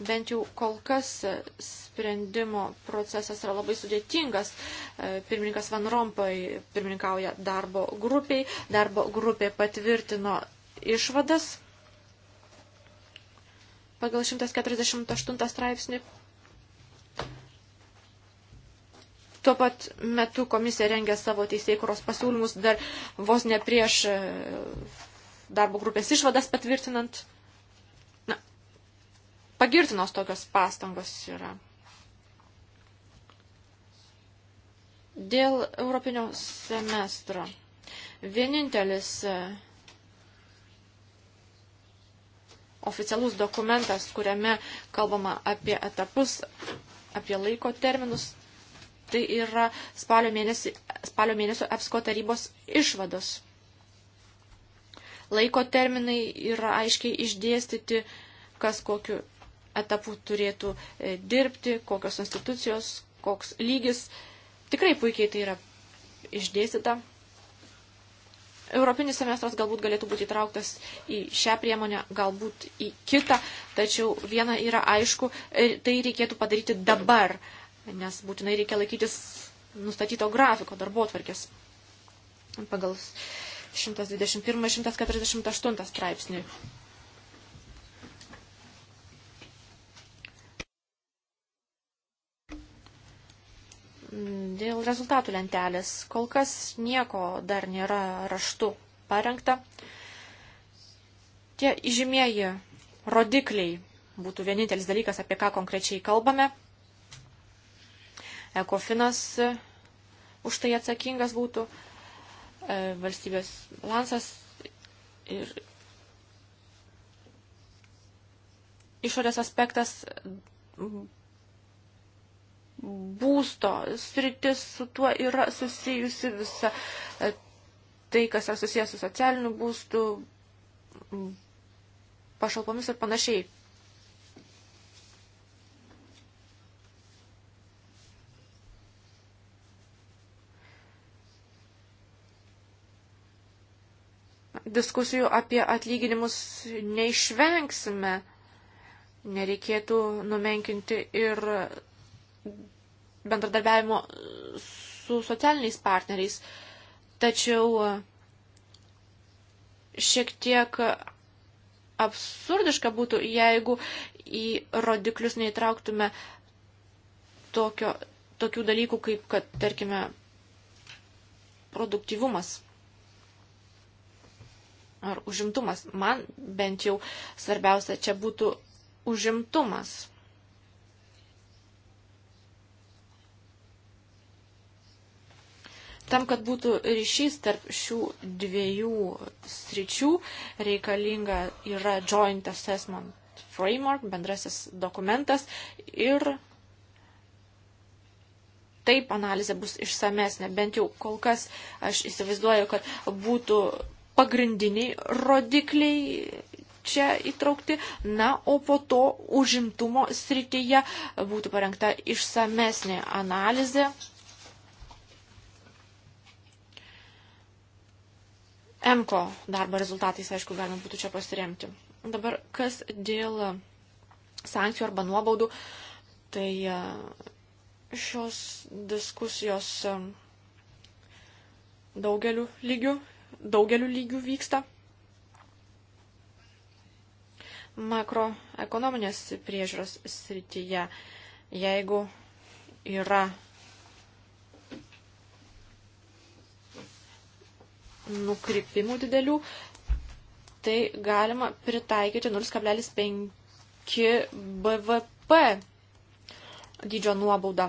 bent jau kol kas sprendimo procesas yra labai sudėtingas. E, pirmininkas Van Rompai pirmininkauja darbo grupiai. Darbo grupė patvirtino išvadas pagal 148 straipsnį. Tuo pat metu komisija rengia savo teisėkuros pasiūlymus dar vos ne prieš e, darbo grupės išvadas patvirtinant pagirtinos tokios pastangos yra. Dėl europinio semestro. Vienintelis e, oficialus dokumentas, kuriame kalbama apie etapus, apie laiko terminus, tai yra spalio, mėnesį, spalio mėnesio EPSCO tarybos išvados. Laiko terminai yra aiškiai išdėstyti, kas kokiu etapų turėtų e, dirbti, kokios institucijos, koks lygis. Tikrai puikiai tai yra išdėstyta. Europinis semestras galbūt galėtų būti įtrauktas į šią priemonę, galbūt į kitą, tačiau viena yra aišku, e, tai reikėtų padaryti dabar, nes būtinai reikia laikytis nustatyto grafiko darbo atvarkės pagal 121-148 straipsnį. dėl rezultatų lentelės. Kol kas nieko dar nėra raštu parengta. Tie įžymieji rodikliai būtų vienintelis dalykas, apie ką konkrečiai kalbame. Ekofinas e, už tai atsakingas būtų, e, valstybės lansas ir išorės aspektas būsto sritis su tuo yra susijusi visa e, tai, kas yra susijęs su socialiniu būstu, pašalpomis ir panašiai. Diskusijų apie atlyginimus neišvengsime. Nereikėtų numenkinti ir bendradarbiavimo su socialiniais partneriais. Tačiau e, šiek tiek absurdiška būtų, jeigu į rodiklius neįtrauktume tokio, tokių dalykų, kaip, kad, tarkime, produktyvumas ar užimtumas. Man bent jau svarbiausia čia būtų užimtumas. Tam, kad būtų ryšys tarp šių dviejų sričių, reikalinga yra Joint Assessment Framework, bendrasis dokumentas ir taip analizė bus išsamesnė. Bent jau kol kas aš įsivaizduoju, kad būtų pagrindiniai rodikliai čia įtraukti, na, o po to užimtumo srityje būtų parengta išsamesnė analizė MKO darbo rezultatais, aišku, galima būtų čia pasiremti. Dabar, kas dėl sankcijų arba nuobaudų, tai e, šios diskusijos e, daugeliu lygių, daugeliu lygių vyksta. Makroekonominės priežiūros srityje, jeigu yra nukrypimų didelių, tai galima pritaikyti 0,5 BVP dydžio nuobaudą.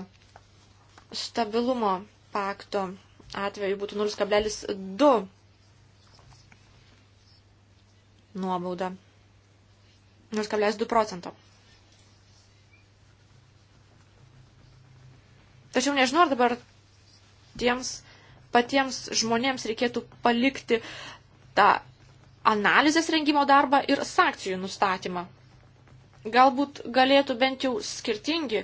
Stabilumo pakto atveju būtų 0,2 nuobauda. 0,2 procento. Tačiau nežinau, ar dabar tiems patiems žmonėms reikėtų palikti tą analizės rengimo darbą ir sankcijų nustatymą. Galbūt galėtų bent jau skirtingi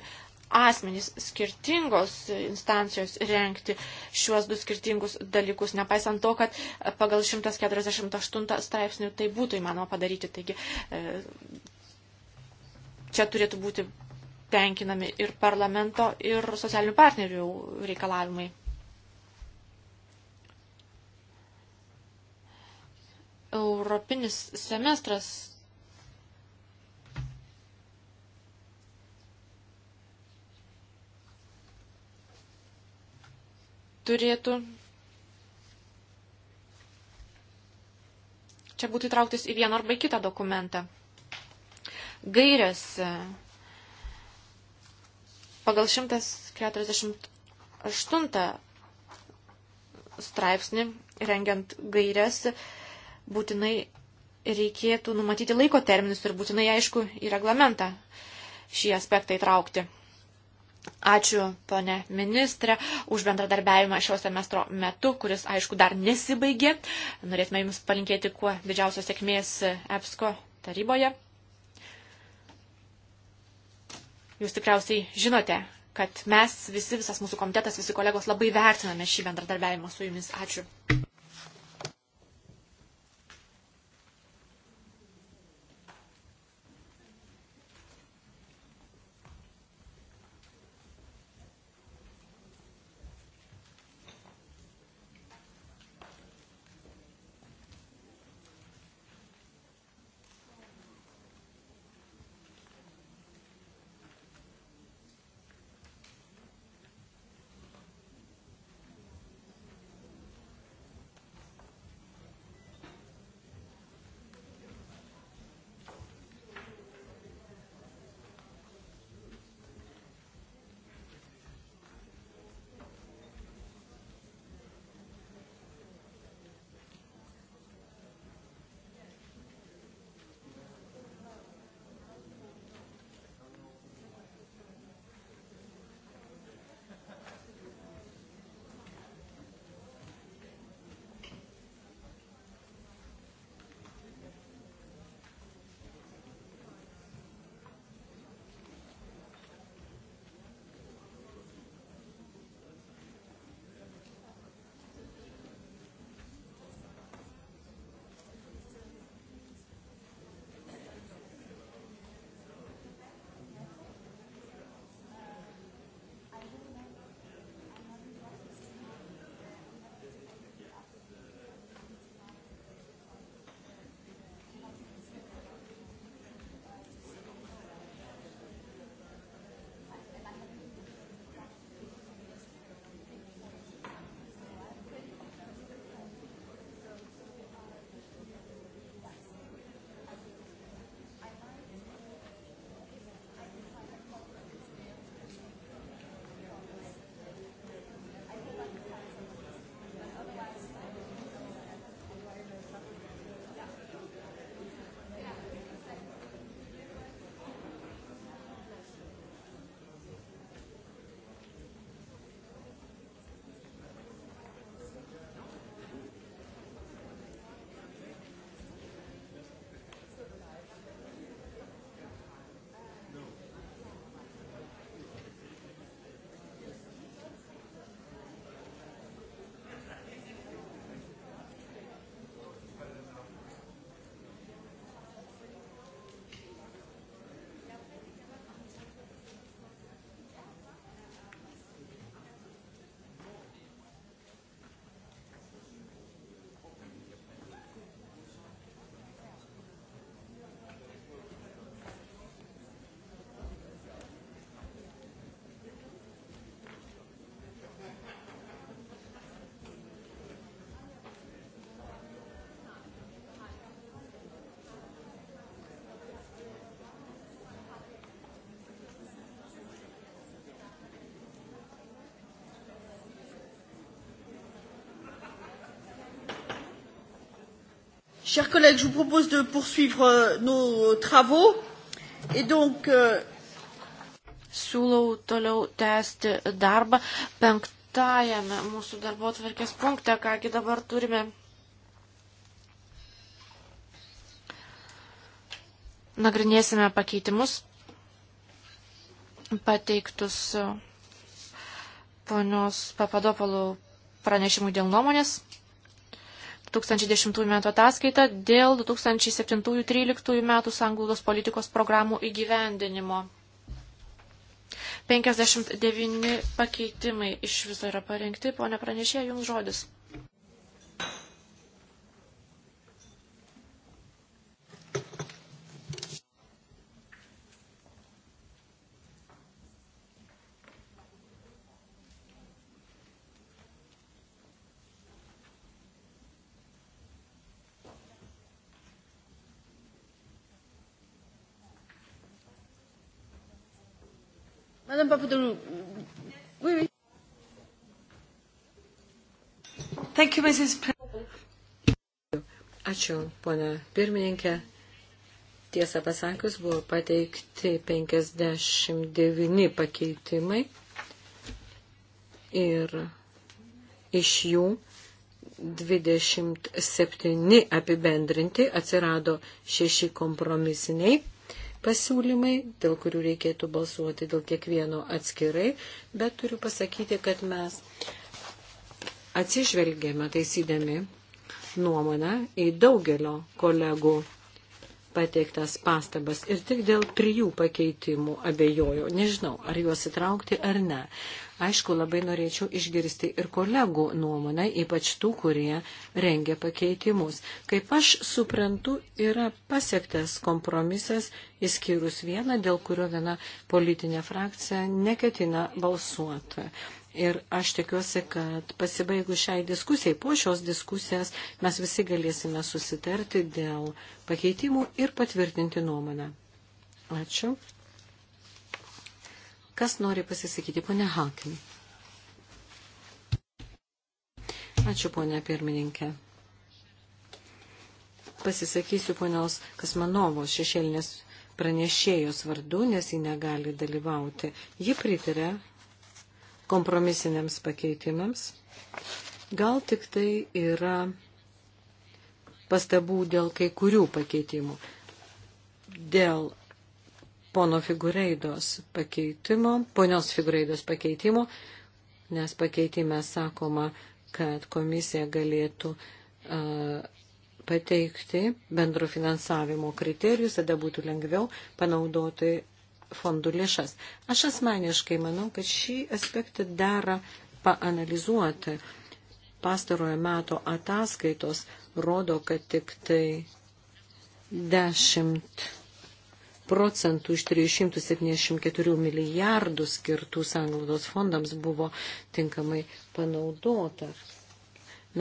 asmenys, skirtingos instancijos renkti šiuos du skirtingus dalykus, nepaisant to, kad pagal 148 straipsnių tai būtų įmanoma padaryti. Taigi e, čia turėtų būti tenkinami ir parlamento, ir socialinių partnerių reikalavimai. europinis semestras. Turėtų čia būtų įtrauktis į vieną arba į kitą dokumentą. Gairės e, pagal 148 straipsnį rengiant gairės būtinai reikėtų numatyti laiko terminus ir būtinai, aišku, į reglamentą šį aspektą įtraukti. Ačiū, pane ministrė, už bendradarbiavimą šio semestro metu, kuris, aišku, dar nesibaigė. Norėtume Jums palinkėti kuo didžiausios sėkmės EPSCO taryboje. Jūs tikriausiai žinote, kad mes visi, visas mūsų komitetas, visi kolegos labai vertiname šį bendradarbiavimą su Jumis. Ačiū. Chers collègues, je vous propose de poursuivre euh, nos euh, travaux et donc. Euh, Siūlau toliau tęsti darbą penktajame mūsų darbo atvarkės punkte, kągi dabar turime. Nagrinėsime pakeitimus pateiktus uh, ponios Papadopolų pranešimų dėl nuomonės. 2010 m. ataskaitą dėl 2007-2013 m. sanglaudos politikos programų įgyvendinimo. 59 pakeitimai iš viso yra parengti. Pone pranešė, jums žodis. Madame Papadoulou. Oui, oui. Thank you, Mrs. Ačiū, ponė pirmininkė. Tiesą pasakius, buvo pateikti 59 pakeitimai ir iš jų 27 apibendrinti atsirado 6 kompromisiniai pasiūlymai, dėl kurių reikėtų balsuoti dėl kiekvieno atskirai, bet turiu pasakyti, kad mes atsižvelgėme taisydami nuomonę į daugelio kolegų pateiktas pastabas ir tik dėl trijų pakeitimų abejoju. Nežinau, ar juos įtraukti ar ne. Aišku, labai norėčiau išgirsti ir kolegų nuomonę, ypač tų, kurie rengia pakeitimus. Kaip aš suprantu, yra pasiektas kompromisas, įskyrus vieną, dėl kurio viena politinė frakcija neketina balsuoti. Ir aš tikiuosi, kad pasibaigus šiai diskusijai, po šios diskusijos mes visi galėsime susitarti dėl pakeitimų ir patvirtinti nuomonę. Ačiū. Kas nori pasisakyti? Pone Hakim. Ačiū, ponė pirmininkė. Pasisakysiu ponios Kasmanovos šešėlinės pranešėjos vardu, nes ji negali dalyvauti. Ji pritarė kompromisiniams pakeitimams. Gal tik tai yra pastabų dėl kai kurių pakeitimų. Dėl pono figureidos pakeitimo, ponios figureidos pakeitimo, nes pakeitime sakoma, kad komisija galėtų uh, pateikti bendro finansavimo kriterijus, tada būtų lengviau panaudoti fondų lėšas. Aš asmeniškai manau, kad šį aspektą dera paanalizuoti. Pastarojo meto ataskaitos rodo, kad tik tai dešimt procentų iš 374 milijardų skirtų sanglaudos fondams buvo tinkamai panaudota.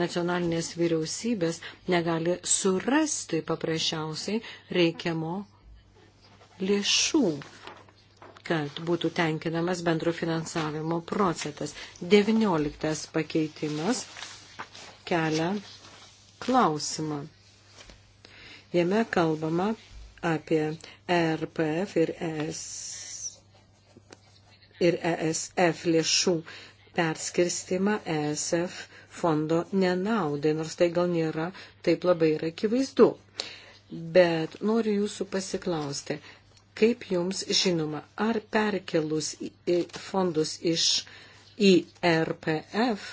Nacionalinės vyriausybės negali surasti paprasčiausiai reikiamo lėšų kad būtų tenkinamas bendro finansavimo procentas. 19 pakeitimas kelia klausimą. Jame kalbama apie RPF ir ES ir ESF lėšų perskirstimą ESF fondo nenaudai, nors tai gal nėra taip labai yra akivaizdu. Bet noriu jūsų pasiklausti, kaip jums žinoma, ar perkelus fondus iš į RPF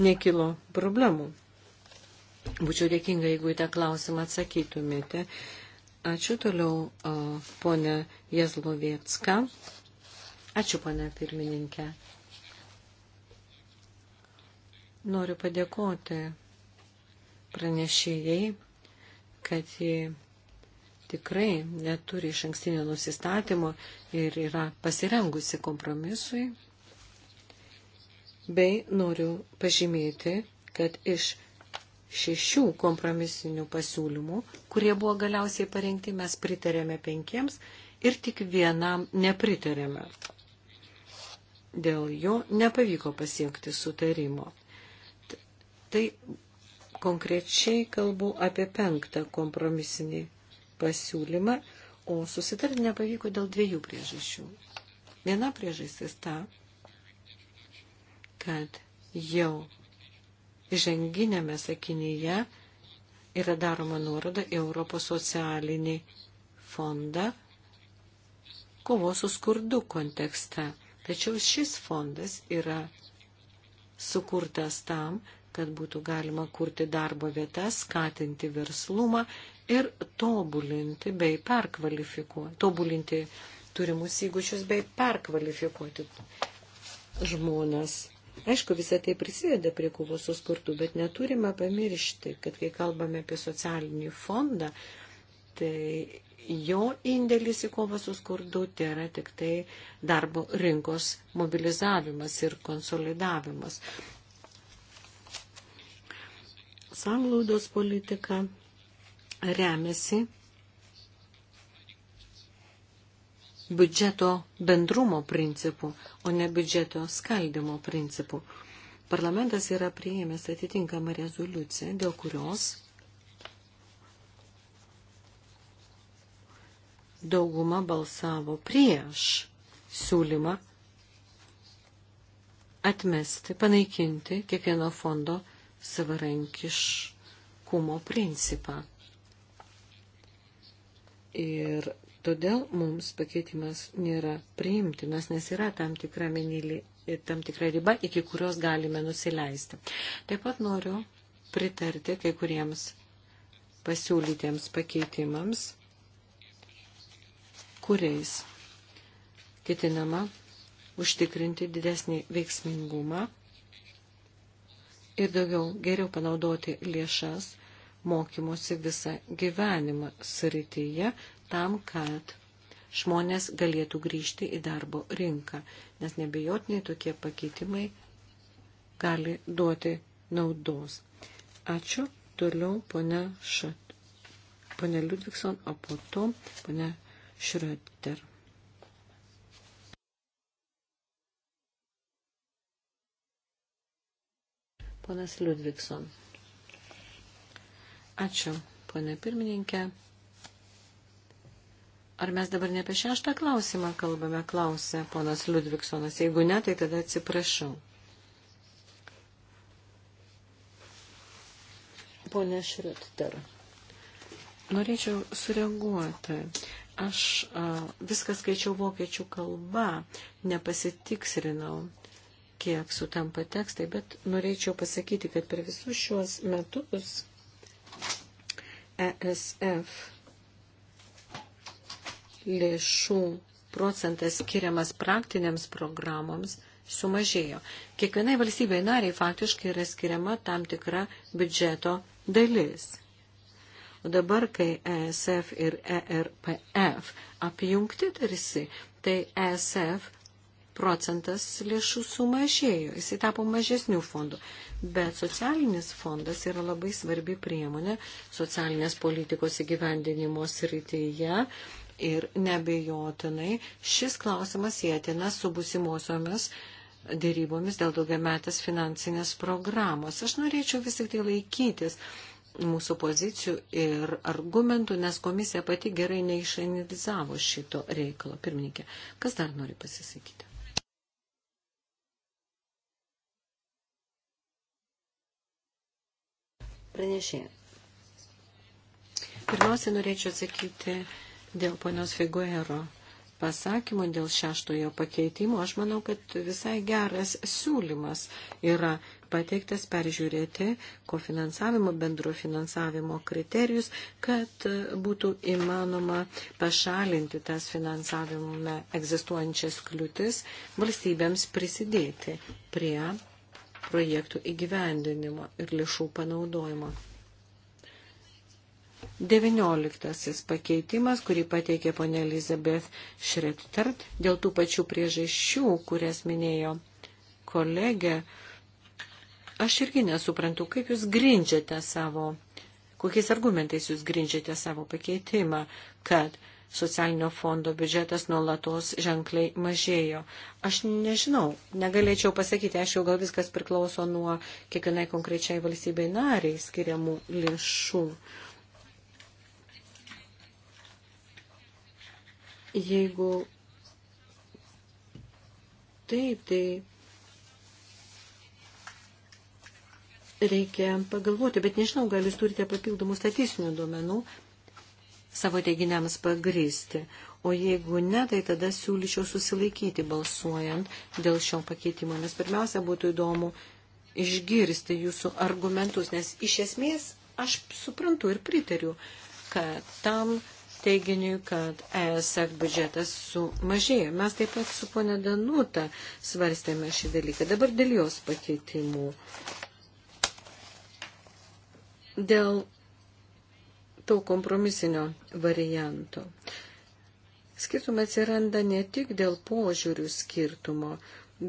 nekilo problemų? Būčiau dėkinga, jeigu į tą klausimą atsakytumėte. Ačiū toliau, ponė Jezlovietska. Ačiū, ponė pirmininkė. Noriu padėkoti pranešėjai, kad ji tikrai neturi iš ankstinio nusistatymo ir yra pasirengusi kompromisui. Bei noriu pažymėti, kad iš šešių kompromisinių pasiūlymų, kurie buvo galiausiai parengti, mes pritarėme penkiems ir tik vienam nepritarėme. Dėl jo nepavyko pasiekti sutarimo. Tai konkrečiai kalbu apie penktą kompromisinį pasiūlymą, o susitarti nepavyko dėl dviejų priežasčių. Viena priežastis ta, kad jau įženginėme sakinyje yra daroma nuoroda į Europos socialinį fondą kovos su skurdu kontekste. Tačiau šis fondas yra sukurtas tam, kad būtų galima kurti darbo vietas, skatinti verslumą ir tobulinti bei perkvalifikuoti, tobulinti turimus įgūdžius bei perkvalifikuoti žmonės. Aišku, visą tai prisideda prie kovos su skurdu, bet neturime pamiršti, kad kai kalbame apie socialinį fondą, tai jo indėlis į kovą su skurdu tai yra tik tai darbo rinkos mobilizavimas ir konsolidavimas. Sanglaudos politika remiasi biudžeto bendrumo principų, o ne biudžeto skaldimo principų. Parlamentas yra priėmęs atitinkamą rezoliuciją, dėl kurios dauguma balsavo prieš siūlymą atmesti, panaikinti kiekvieno fondo savarankiškumo principą. Ir Todėl mums pakeitimas nėra priimtinas, nes yra tam tikra menylį, tam tikra riba, iki kurios galime nusileisti. Taip pat noriu pritarti kai kuriems pasiūlytiems pakeitimams, kuriais ketinama užtikrinti didesnį veiksmingumą ir daugiau geriau panaudoti lėšas mokymosi visą gyvenimą srityje, tam, kad žmonės galėtų grįžti į darbo rinką, nes nebejotinai tokie pakeitimai gali duoti naudos. Ačiū. Toliau ponia, Šat, ponia Ludvikson, o po to ponia Šröter. Ponas Ludvikson. Ačiū, ponia pirmininkė. Ar mes dabar ne apie šeštą klausimą kalbame, klausė ponas Ludviksonas. Jeigu ne, tai tada atsiprašau. Pone Šriottar, norėčiau sureaguoti. Aš a, viską skaičiau vokiečių kalba, nepasitiksrinau, kiek sutampa tekstai, bet norėčiau pasakyti, kad per visus šiuos metus ESF lėšų procentas skiriamas praktiniams programoms sumažėjo. Kiekvienai valstybei nariai faktiškai yra skiriama tam tikra biudžeto dalis. O dabar, kai ESF ir ERPF apjungti tarsi, tai ESF procentas lėšų sumažėjo, jisai tapo mažesnių fondų. Bet socialinis fondas yra labai svarbi priemonė socialinės politikos įgyvendinimo srityje Ir nebejotinai šis klausimas sėtina su busimosiomis dėrybomis dėl daugiametės finansinės programos. Aš norėčiau vis tik tai laikytis mūsų pozicijų ir argumentų, nes komisija pati gerai neišanalizavo šito reikalo. Pirmininkė, kas dar nori pasisakyti? Pranešėja. Pirmiausia, norėčiau atsakyti Dėl ponios Figuero pasakymų, dėl šeštojo pakeitimo, aš manau, kad visai geras siūlymas yra pateiktas peržiūrėti kofinansavimo, bendro finansavimo kriterijus, kad būtų įmanoma pašalinti tas finansavime egzistuojančias kliūtis valstybėms prisidėti prie projektų įgyvendinimo ir lėšų panaudojimo. 19 pakeitimas, kurį pateikė ponė Elizabeth Schretter, dėl tų pačių priežasčių, kurias minėjo kolegė, aš irgi nesuprantu, kaip jūs grindžiate savo, kokiais argumentais jūs grindžiate savo pakeitimą, kad socialinio fondo biudžetas nuolatos ženkliai mažėjo. Aš nežinau, negalėčiau pasakyti, aš jau gal viskas priklauso nuo kiekvienai konkrečiai valstybei nariai skiriamų lėšų. Uh, Jeigu taip, tai reikia pagalvoti, bet nežinau, gal jūs turite papildomų statistinių duomenų savo teiginiams pagristi. O jeigu ne, tai tada siūlyčiau susilaikyti balsuojant dėl šio pakeitimo, nes pirmiausia būtų įdomu išgirsti jūsų argumentus, nes iš esmės aš suprantu ir pritariu, kad tam teiginiui, kad ESF biudžetas sumažėjo. Mes taip pat su ponė Danuta svarstėme šį dalyką. Dabar dėl jos pakeitimų. Dėl to kompromisinio varianto. Skirtumai atsiranda ne tik dėl požiūrių skirtumo,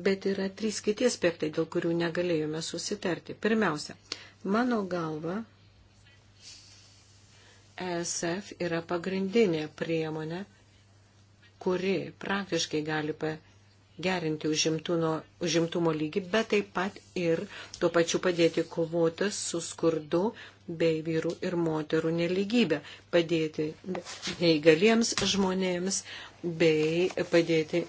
bet yra trys kiti aspektai, dėl kurių negalėjome susitarti. Pirmiausia, mano galva, ESF yra pagrindinė priemonė, kuri praktiškai gali gerinti užimtumo, užimtumo lygį, bet taip pat ir tuo pačiu padėti kovoti su skurdu bei vyrų ir moterų neligybė, padėti neįgaliems žmonėms bei padėti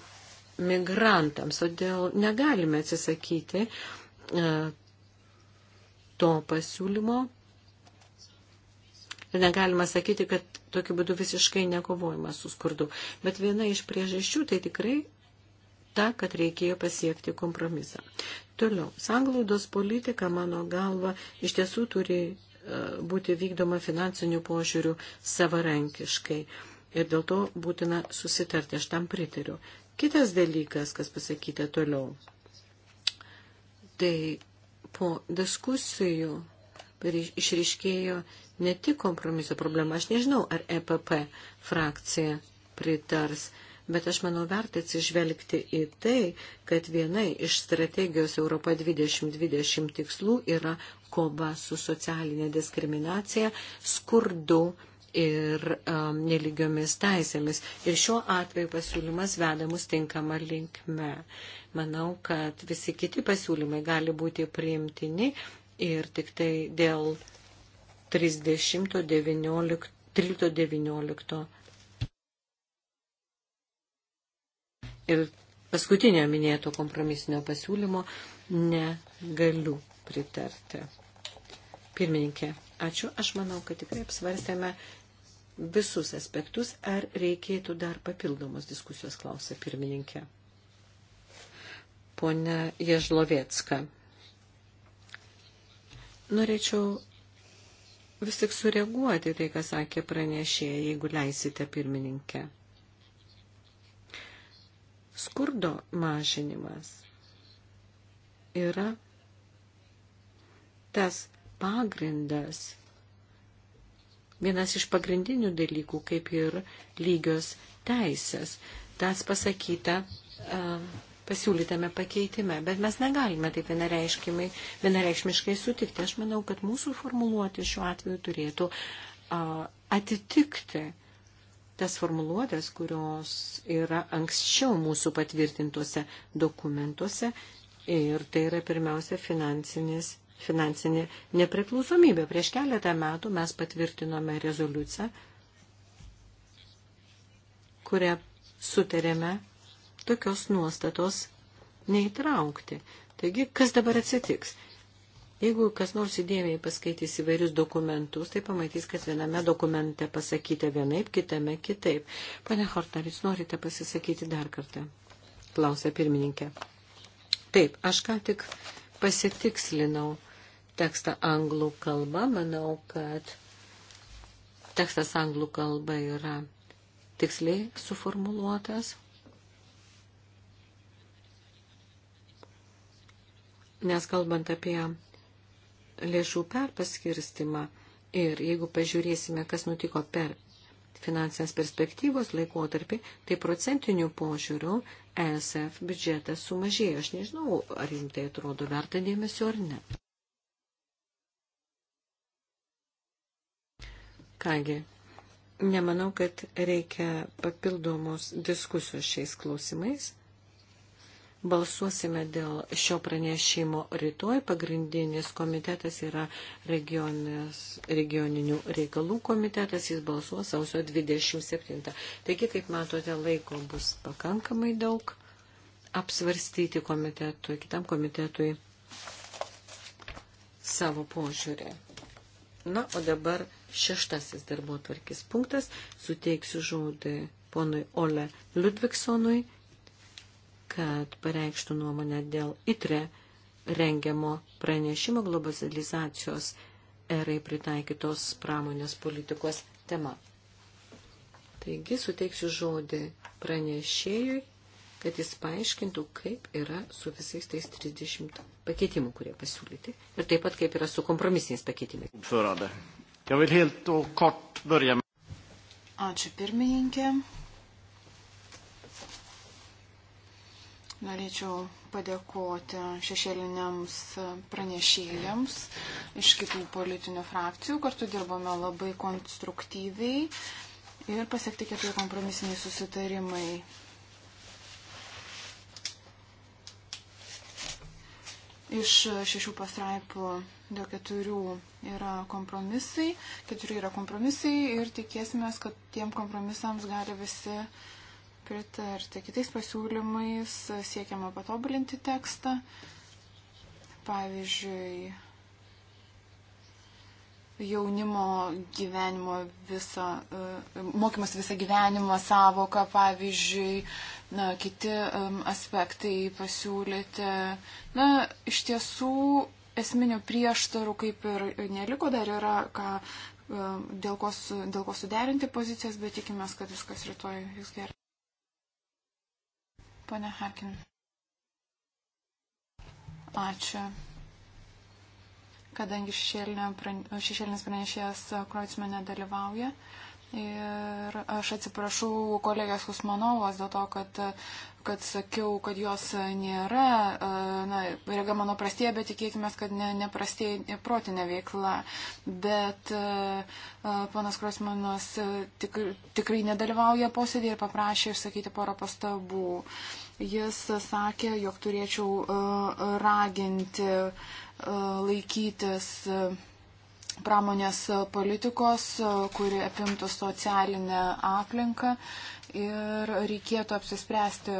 migrantams. Todėl negalime atsisakyti e, to pasiūlymo ir negalima sakyti, kad tokiu būdu visiškai nekovojama su skurdu. Bet viena iš priežasčių tai tikrai ta, kad reikėjo pasiekti kompromisą. Toliau, sanglaudos politika, mano galva, iš tiesų turi e, būti vykdoma finansinių požiūrių savarankiškai. Ir dėl to būtina susitarti, aš tam pritariu. Kitas dalykas, kas pasakyta toliau, tai po diskusijų išriškėjo ne tik kompromiso problema. Aš nežinau, ar EPP frakcija pritars, bet aš manau verta atsižvelgti į tai, kad viena iš strategijos Europa 2020 tikslų yra kova su socialinė diskriminacija, skurdu ir um, nelygiomis teisėmis. Ir šiuo atveju pasiūlymas vedamus tinkama linkme. Manau, kad visi kiti pasiūlymai gali būti priimtini ir tik tai dėl 13.19 ir paskutinio minėto kompromisinio pasiūlymo negaliu pritarti. Pirmininkė, ačiū. Aš manau, kad tikrai apsvarstėme visus aspektus, ar reikėtų dar papildomos diskusijos, klausė pirmininkė. Pone Ježlovėcka. Norėčiau vis tik sureaguoti tai, ką sakė pranešėja, jeigu leisite pirmininkę. Skurdo mažinimas yra tas pagrindas, vienas iš pagrindinių dalykų, kaip ir lygios teisės. Tas pasakyta uh, pasiūlytame pakeitime, bet mes negalime taip vienareikšmiškai sutikti. Aš manau, kad mūsų formuluoti šiuo atveju turėtų a, atitikti tas formuluotės, kurios yra anksčiau mūsų patvirtintuose dokumentuose ir tai yra pirmiausia finansinės finansinė nepriklausomybė. Prieš keletą metų mes patvirtinome rezoliuciją, kurią sutarėme tokios nuostatos neįtraukti. Taigi, kas dabar atsitiks? Jeigu kas nors įdėmiai paskaitys įvairius dokumentus, tai pamatys, kad viename dokumente pasakyta vienaip, kitame kitaip. Pane Hortar, jūs norite pasisakyti dar kartą? Klausė pirmininkė. Taip, aš ką tik pasitikslinau tekstą anglų kalbą. Manau, kad tekstas anglų kalba yra tiksliai suformuluotas. Nes kalbant apie lėšų perpaskirstimą ir jeigu pažiūrėsime, kas nutiko per finansinės perspektyvos laikotarpį, tai procentinių požiūrių ESF biudžetas sumažėjo. Aš nežinau, ar jums tai atrodo verta dėmesio ar ne. Kągi, nemanau, kad reikia papildomos diskusijos šiais klausimais. Balsuosime dėl šio pranešimo rytoj. Pagrindinis komitetas yra regionis, regioninių reikalų komitetas. Jis balsuos sausio 27. Taigi, kaip matote, laiko bus pakankamai daug apsvarstyti komitetui, kitam komitetui savo požiūrį. Na, o dabar šeštasis darbo tvarkis punktas. Suteiksiu žodį ponui Ole Ludviksonui kad pareikštų nuomonę dėl ITRE rengiamo pranešimo globalizacijos erai pritaikytos pramonės politikos tema. Taigi suteiksiu žodį pranešėjui, kad jis paaiškintų, kaip yra su visais tais 30 pakeitimų, kurie pasiūlyti ir taip pat kaip yra su kompromisiniais pakeitimais. Ačiū pirmininkė. Norėčiau padėkoti šešėliniams pranešėjams iš kitų politinių frakcijų. Kartu dirbome labai konstruktyviai ir pasiekti keturi kompromisiniai susitarimai. Iš šešių pastraipų dėl keturių yra kompromisai, keturi yra kompromisai ir tikėsime, kad tiem kompromisams gali visi uh, pritarti. Kitais pasiūlymais siekiama patobulinti tekstą. Pavyzdžiui, jaunimo gyvenimo visą, e, mokymas visą gyvenimą savoką, pavyzdžiui, na, kiti e, aspektai pasiūlyti. Na, iš tiesų esminių prieštarų kaip ir neliko, dar yra ką, e, dėl, ko, dėl ko suderinti pozicijas, bet tikimės, kad viskas rytoj jūs gerai. Pone Harkin. Ačiū. Kadangi šešėlinis pranešėjas Kreutzmann nedalyvauja, Ir aš atsiprašau kolegės Husmanovas dėl to, kad, kad sakiau, kad jos nėra, e, na, rega mano prastėja, bet tikėkime, kad ne, neprastėja protinė veikla. Bet e, e, panas Krosmanas tik, tikrai nedalyvauja posėdėje ir paprašė išsakyti porą pastabų. Jis sakė, jog turėčiau raginti laikytis pramonės politikos, kuri apimtų socialinę aplinką ir reikėtų apsispręsti,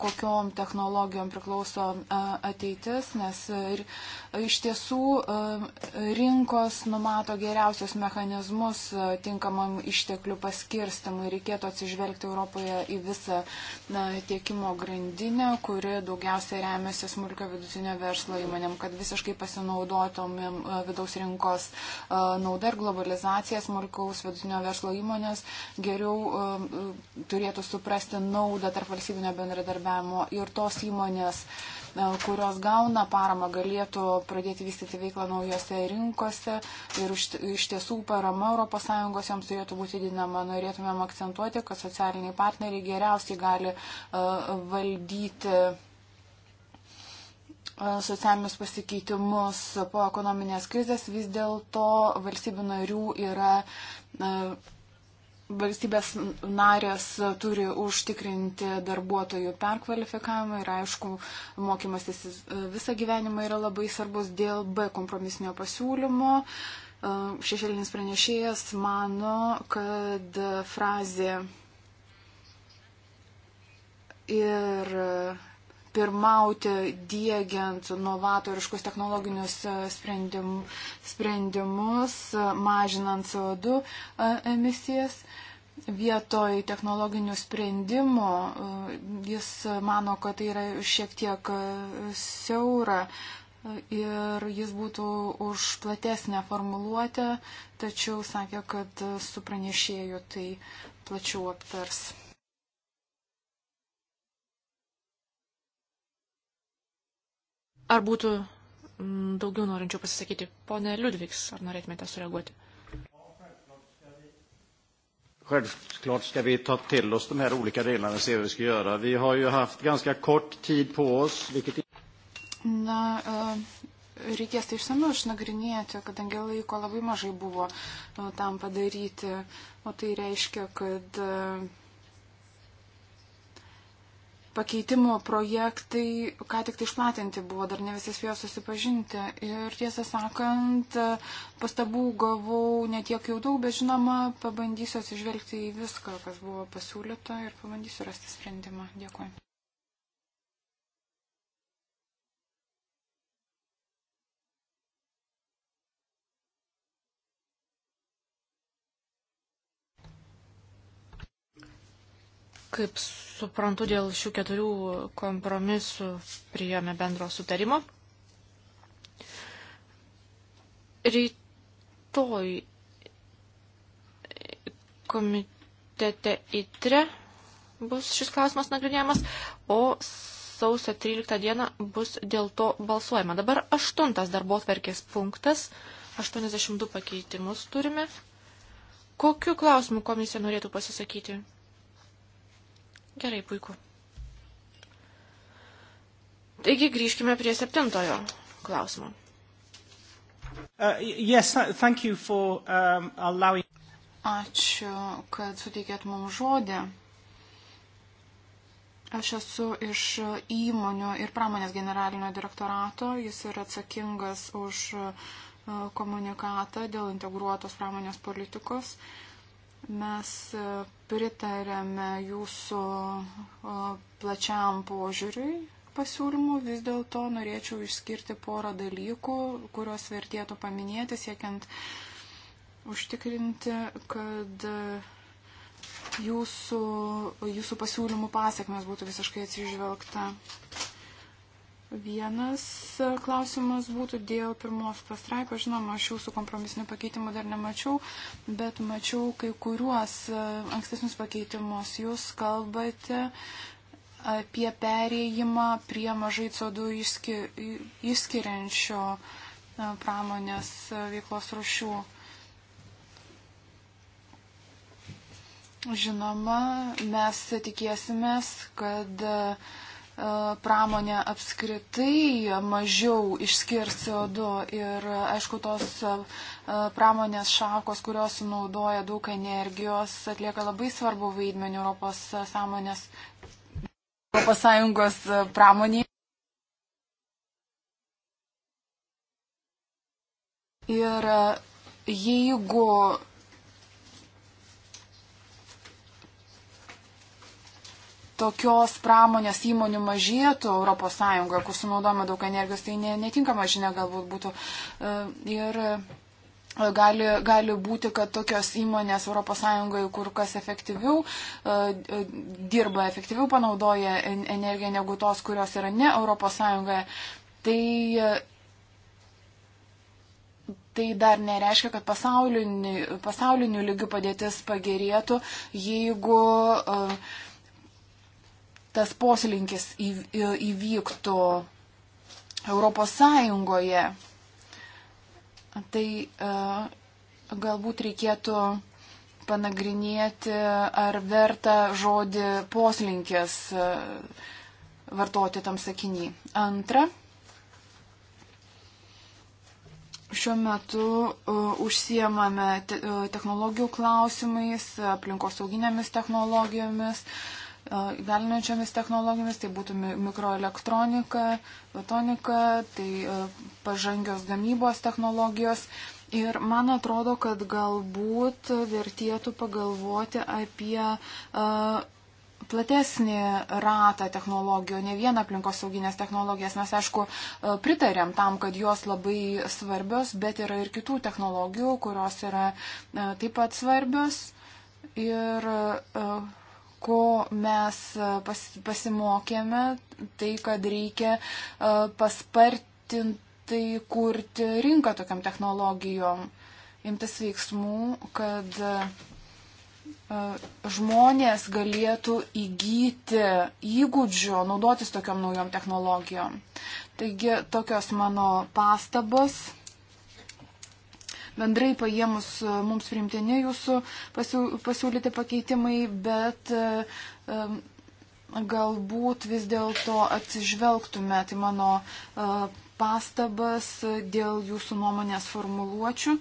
kokiom technologijom priklauso ateitis, nes iš tiesų rinkos numato geriausius mechanizmus tinkamam išteklių paskirstimui. Reikėtų atsižvelgti Europoje į visą tiekimo grandinę, kuri daugiausiai remiasi smulkio vidutinio verslo įmonėm, kad visiškai pasinaudotumėm vidaus rinkos naudą ir globalizaciją smulkaus vidutinio verslo įmonės geriau turėtų suprasti naudą tarp valstybinio bendradarbiavimo ir tos įmonės, e, kurios gauna paramą, galėtų pradėti vystyti veiklą naujose rinkose ir iš tiesų parama ES joms turėtų būti didinama. Norėtumėm akcentuoti, kad socialiniai partneriai geriausiai gali e, valdyti e, socialinius pasikeitimus po ekonominės krizės, vis dėlto valstybių narių yra valstybės narės turi užtikrinti darbuotojų perkvalifikavimą ir aišku, mokymasis visą gyvenimą yra labai svarbus dėl B kompromisinio pasiūlymo. E, šešėlinis pranešėjas mano, kad frazė ir pirmauti dėgiant novatoriškus technologinius e, sprendim, sprendimus, mažinant CO2 e, emisijas. Vietoj technologinių sprendimų e, jis mano, kad tai yra šiek tiek siaura ir jis būtų už platesnę formuluotę, tačiau sakė, kad su pranešėju tai plačiau aptars. Ar būtų mm, daugiau norinčių pasisakyti? Pone Liudviks, ar norėtumėte sureaguoti? Självklart ska vi ta till oss de här olika delarna och se hur vi ska göra. Vi har ju haft ganska kort tid på oss, vilket... Na, reikės tai išsamiau išnagrinėti, kadangi laiko labai mažai buvo tam padaryti. O tai reiškia, kad pakeitimų projektai, ką tik tai išplatinti buvo, dar ne visi spėjo susipažinti. Ir tiesą sakant, pastabų gavau netiek jau daug, bet žinoma, pabandysiu atsižvelgti į viską, kas buvo pasiūlyta ir pabandysiu rasti sprendimą. Dėkui. Kaip suprantu, dėl šių keturių kompromisų priėmė bendro sutarimo. Rytoj komitete ITRE bus šis klausimas nagrinėjamas, o sausio 13 dieną bus dėl to balsuojama. Dabar aštuntas darbo tvarkės punktas, 82 pakeitimus turime. Kokiu klausimu komisija norėtų pasisakyti? Gerai, puiku. Taigi grįžkime prie septintojo klausimo. Uh, yes, thank you for um, allowing. Ačiū, kad suteikėt mums žodį. Aš esu iš įmonių ir pramonės generalinio direktorato. Jis yra atsakingas už uh, komunikatą dėl integruotos pramonės politikos. Uh, Mes e, pritarėme jūsų e, plačiam požiūriui pasiūlymų, vis dėlto norėčiau išskirti porą dalykų, kuriuos vertėtų paminėti, siekiant užtikrinti, kad e, jūsų, jūsų pasiūlymų pasiekmes būtų visiškai atsižvelgta. Vienas e, klausimas būtų dėl pirmos pastraipos. Žinoma, aš jūsų kompromisinių pakeitimų dar nemačiau, bet mačiau kai kuriuos e, ankstesnius pakeitimus. Jūs kalbate apie perėjimą prie mažai CO2 išskiriančio e, pramonės veiklos rušių. Žinoma, mes tikėsimės, kad uh, E, pramonė apskritai mažiau išskirs CO2 ir aišku tos e, pramonės šakos, kurios sunaudoja daug energijos, atlieka labai svarbu vaidmenį Europos sąmonės, Europos Sąjungos pramonėje. Ir e, jeigu tokios pramonės įmonių mažėtų ES, kur sunaudojama daug energijos, tai netinkama žinia galbūt būtų. E, ir e, gali, gali būti, kad tokios įmonės ES kur kas efektyviau e, dirba, efektyviau panaudoja energiją negu tos, kurios yra ne ES. Tai tai dar nereiškia, kad pasauliniu, pasauliniu lygiu padėtis pagerėtų, jeigu uh, tas poslinkis įvyktų Europos Sąjungoje, tai e, galbūt reikėtų panagrinėti, ar verta žodį poslinkis e, vartoti tam sakiny. Antra, šiuo metu e, užsiemame technologijų klausimais, aplinkosauginėmis technologijomis. technologijomis galinančiomis technologijomis, tai būtų mikroelektronika, fotonika, tai pažangios gamybos technologijos. Ir man atrodo, kad galbūt vertėtų pagalvoti apie platesnį ratą technologijų, ne vien aplinkosauginės technologijas. Mes, aišku, pritarėm tam, kad jos labai svarbios, bet yra ir kitų technologijų, kurios yra taip pat svarbios. Ir uh, ko mes e, pas, pasimokėme, tai kad reikia e, paspartintai kurti rinką tokiam technologijom, imtis veiksmų, kad e, žmonės galėtų įgyti įgūdžių naudotis tokiam naujom technologijom. Taigi tokios mano pastabos bendrai paėmus e, mums primtini jūsų pasiūlyti pakeitimai, bet e, e, galbūt vis dėlto atsižvelgtumėt tai į mano pastabas dėl jūsų nuomonės formuluočių.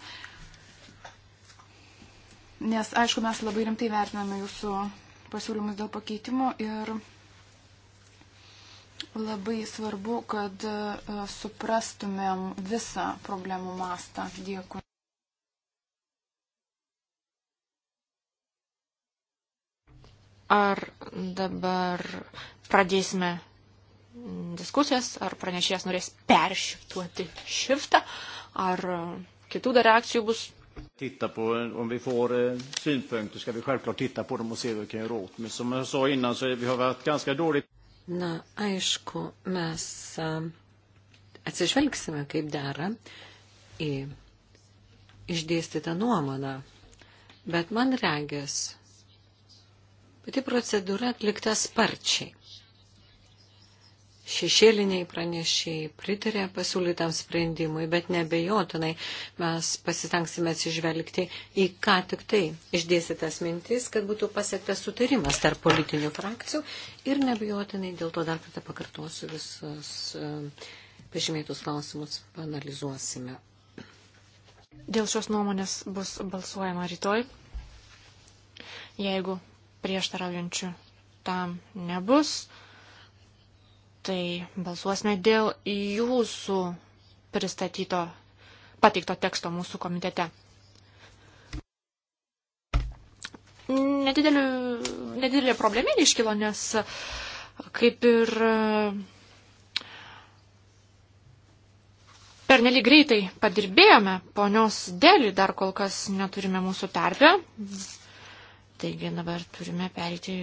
Nes, aišku, mes labai rimtai vertiname jūsų pasiūlymus dėl pakeitimo ir labai svarbu, kad suprastumėm visą problemų mastą. Dėkui. Ar dabar pradėsime diskusijas, ar pranešėjas norės peršiftuoti šiftą, ar e, kitų dar reakcijų bus. Titta på, om vi får eh, synpunkter ska vi självklart titta på dem och se vad vi kan göra åt. Men som jag sa innan så vi har varit ganska dåligt. Na, aišku, mes e, atsižvelgsime kaip dera į išdėstytą nuomonę. Bet man regės, Pati procedūra atlikta sparčiai. Šešėliniai pranešėjai pritarė pasiūlytam sprendimui, bet nebejotinai mes pasitengsime atsižvelgti į ką tik tai išdėsitas mintis, kad būtų pasiektas sutarimas tarp politinių frakcijų ir nebejotinai dėl to dar kartą pakartosiu visus e, pažymėtus klausimus, analizuosime. Dėl šios nuomonės bus balsuojama rytoj. Jeigu prieštaraujančių tam nebus. Tai balsuosime dėl jūsų pristatyto, pateikto teksto mūsų komitete. Nedidelė, nedidelė problemėlė iškilo, nes kaip ir e, pernelyg greitai padirbėjome, ponios dėlį dar kol kas neturime mūsų tarpę, Taigi dabar turime perėti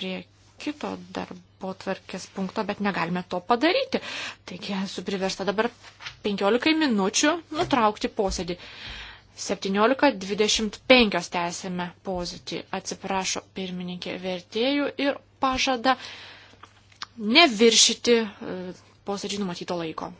prie kito darbo tvarkės punkto, bet negalime to padaryti. Taigi esu priversta dabar 15 minučių nutraukti posėdį. 17.25 tęsėme posėdį, atsiprašo pirmininkė vertėjų ir pažada neviršyti e, posėdžių numatyto laiko.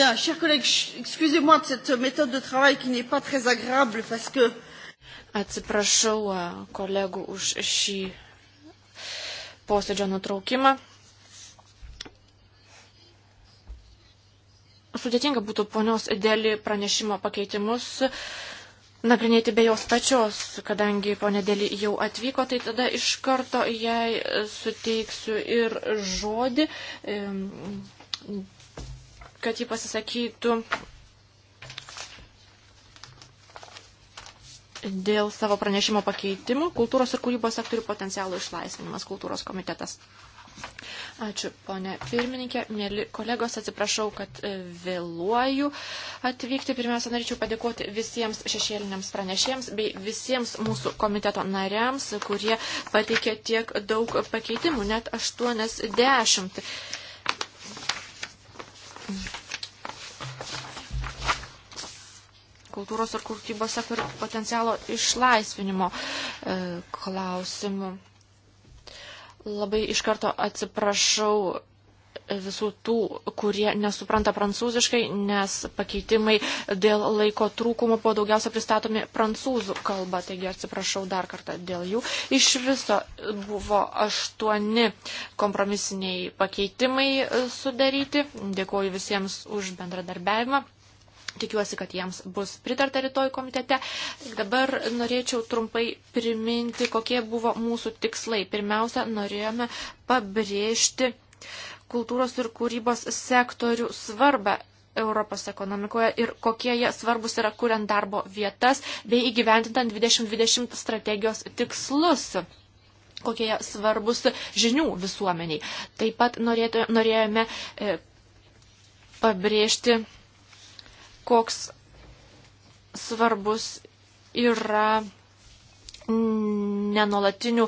Bien, chers collègues, excusez-moi de cette méthode de travail qui n'est pas très agréable parce que. Atsiprašau kolegų už šį posėdžio nutraukimą. Sudėtinga būtų ponios dėlį pranešimo pakeitimus nagrinėti be jos pačios, kadangi ponė dėlį jau atvyko, tai tada iš karto jai suteiksiu ir žodį. E, kad jį pasisakytų dėl savo pranešimo pakeitimų kultūros ir kūrybos sektorių potencialų išlaisvinimas kultūros komitetas. Ačiū, ponė pirmininkė. Mėly kolegos, atsiprašau, kad e, vėluoju atvykti. Pirmiausia, norėčiau padėkoti visiems šešėliniams pranešėjams bei visiems mūsų komiteto nariams, kurie pateikė tiek daug pakeitimų, net 80. kultūros ir kultybos sektorių potencialo išlaisvinimo e, klausimų. Labai iš karto atsiprašau visų tų, kurie nesupranta prancūziškai, nes pakeitimai dėl laiko trūkumo buvo daugiausia pristatomi prancūzų kalba, taigi atsiprašau dar kartą dėl jų. Iš viso buvo aštuoni kompromisiniai pakeitimai sudaryti. Dėkuoju visiems už bendradarbiavimą. Tikiuosi, kad jiems bus pritarta rytoj komitete. Dabar norėčiau trumpai priminti, kokie buvo mūsų tikslai. Pirmiausia, norėjome pabrėžti kultūros ir kūrybos sektorių svarbą Europos ekonomikoje ir kokie jie svarbus yra kuriant darbo vietas bei įgyventintant 2020 strategijos tikslus kokie jie svarbus žinių visuomeniai. Taip pat norėtume, norėjome e, pabrėžti koks svarbus yra nenolatinių,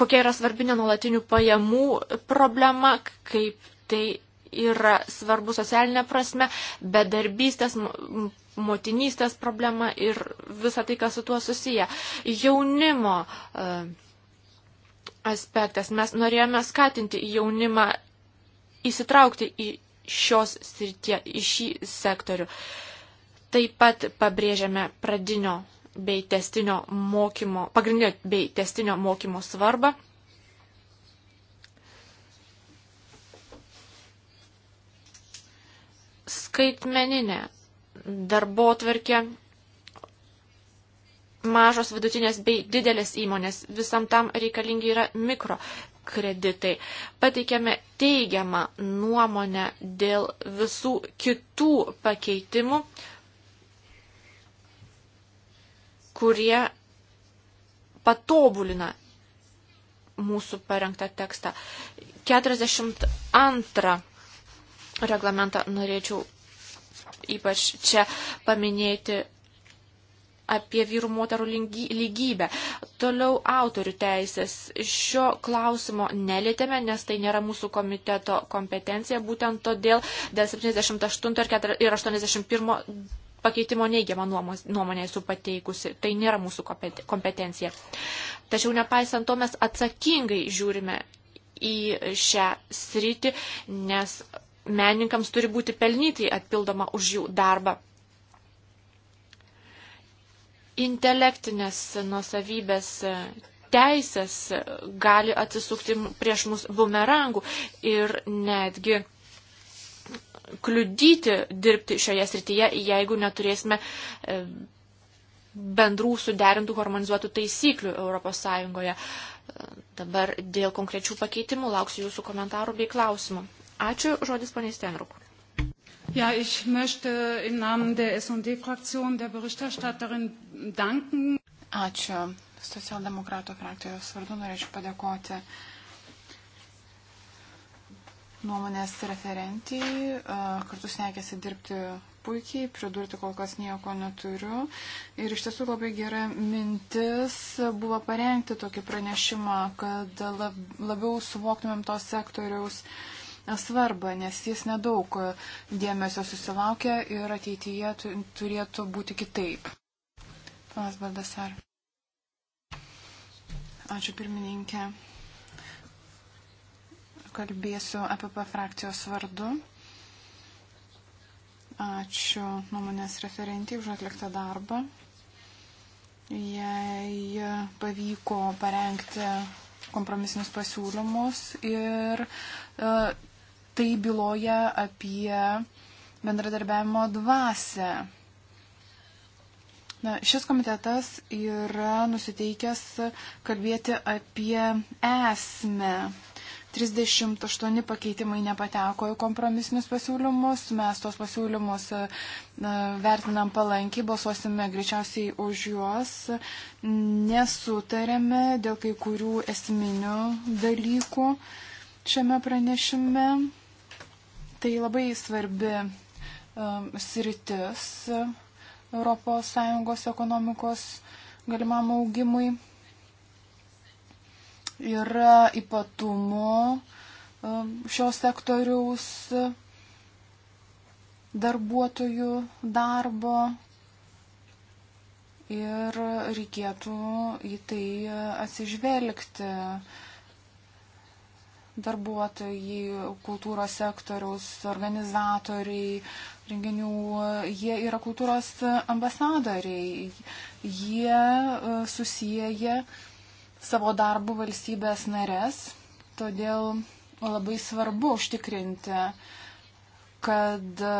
kokia yra svarbi nenolatinių pajamų problema, kaip tai yra svarbu socialinė prasme, bedarbystės, motinystės problema ir visa tai, kas su tuo susiję. Jaunimo e, aspektas. Mes norėjome skatinti jaunimą įsitraukti į šios sritie, į šį sektorių. Taip pat pabrėžiame pradinio bei testinio mokymo, pagrindinio bei testinio mokymo svarbą. Skaitmeninė darbo tvarkė mažos vidutinės bei didelės įmonės. Visam tam reikalingi yra mikro kreditai. Pateikėme teigiamą nuomonę dėl visų kitų pakeitimų, kurie patobulina mūsų parengtą tekstą. 42 reglamentą norėčiau ypač čia paminėti apie vyrų moterų lygybę. Toliau autorių teisės. Šio klausimo nelėtėme, nes tai nėra mūsų komiteto kompetencija. Būtent todėl dėl 78 ir 81 pakeitimo neigiamą nuomonę esu pateikusi. Tai nėra mūsų kompetencija. Tačiau nepaisant to mes atsakingai žiūrime į šią sritį, nes meninkams turi būti pelnytai atpildoma už jų darbą intelektinės nuosavybės e, teisės gali atsisukti prieš mus bumerangų ir netgi kliudyti dirbti šioje srityje, jeigu neturėsime e, bendrų suderintų harmonizuotų taisyklių ES. E, dabar dėl konkrečių pakeitimų lauksiu jūsų komentarų bei klausimų. Ačiū, žodis panės Tenruk. Ja, ich möchte im Namen der SD-Fraktion der Berichterstatterin danken. Ačiū. Socialdemokratų frakcijos vardu norėčiau padėkoti nuomonės referentijai. Kartu sekėsi dirbti puikiai, pridurti kol kas nieko neturiu. Ir iš tiesų labai gera mintis buvo parengti tokį pranešimą, kad labiau suvoktumėm tos sektoriaus uh, svarbą, nes jis nedaug dėmesio susilaukia ir ateityje turėtų būti kitaip. Panas Baldasar. Ačiū pirmininkė. Kalbėsiu APP frakcijos vardu. Ačiū nuomonės referentiai už atliktą darbą. Jei pavyko parengti kompromisinius pasiūlymus ir e, Tai byloja apie bendradarbiavimo dvasę. Na, šis komitetas yra nusiteikęs kalbėti apie esmę. 38 pakeitimai nepateko į kompromisinius pasiūlymus, mes tos pasiūlymus vertinam palankiai, balsuosime greičiausiai už juos, nesutarėme dėl kai kurių esminių dalykų šiame pranešime Tai labai svarbi um, sritis uh, ES ekonomikos galimam augimui. Yra ypatumų um, šio sektoriaus darbuotojų darbo ir reikėtų į tai atsižvelgti darbuotojai, kultūros sektoriaus organizatoriai, renginių, jie yra kultūros ambasadoriai, jie e, susijęja savo darbų valstybės narės, todėl labai svarbu užtikrinti, kad e,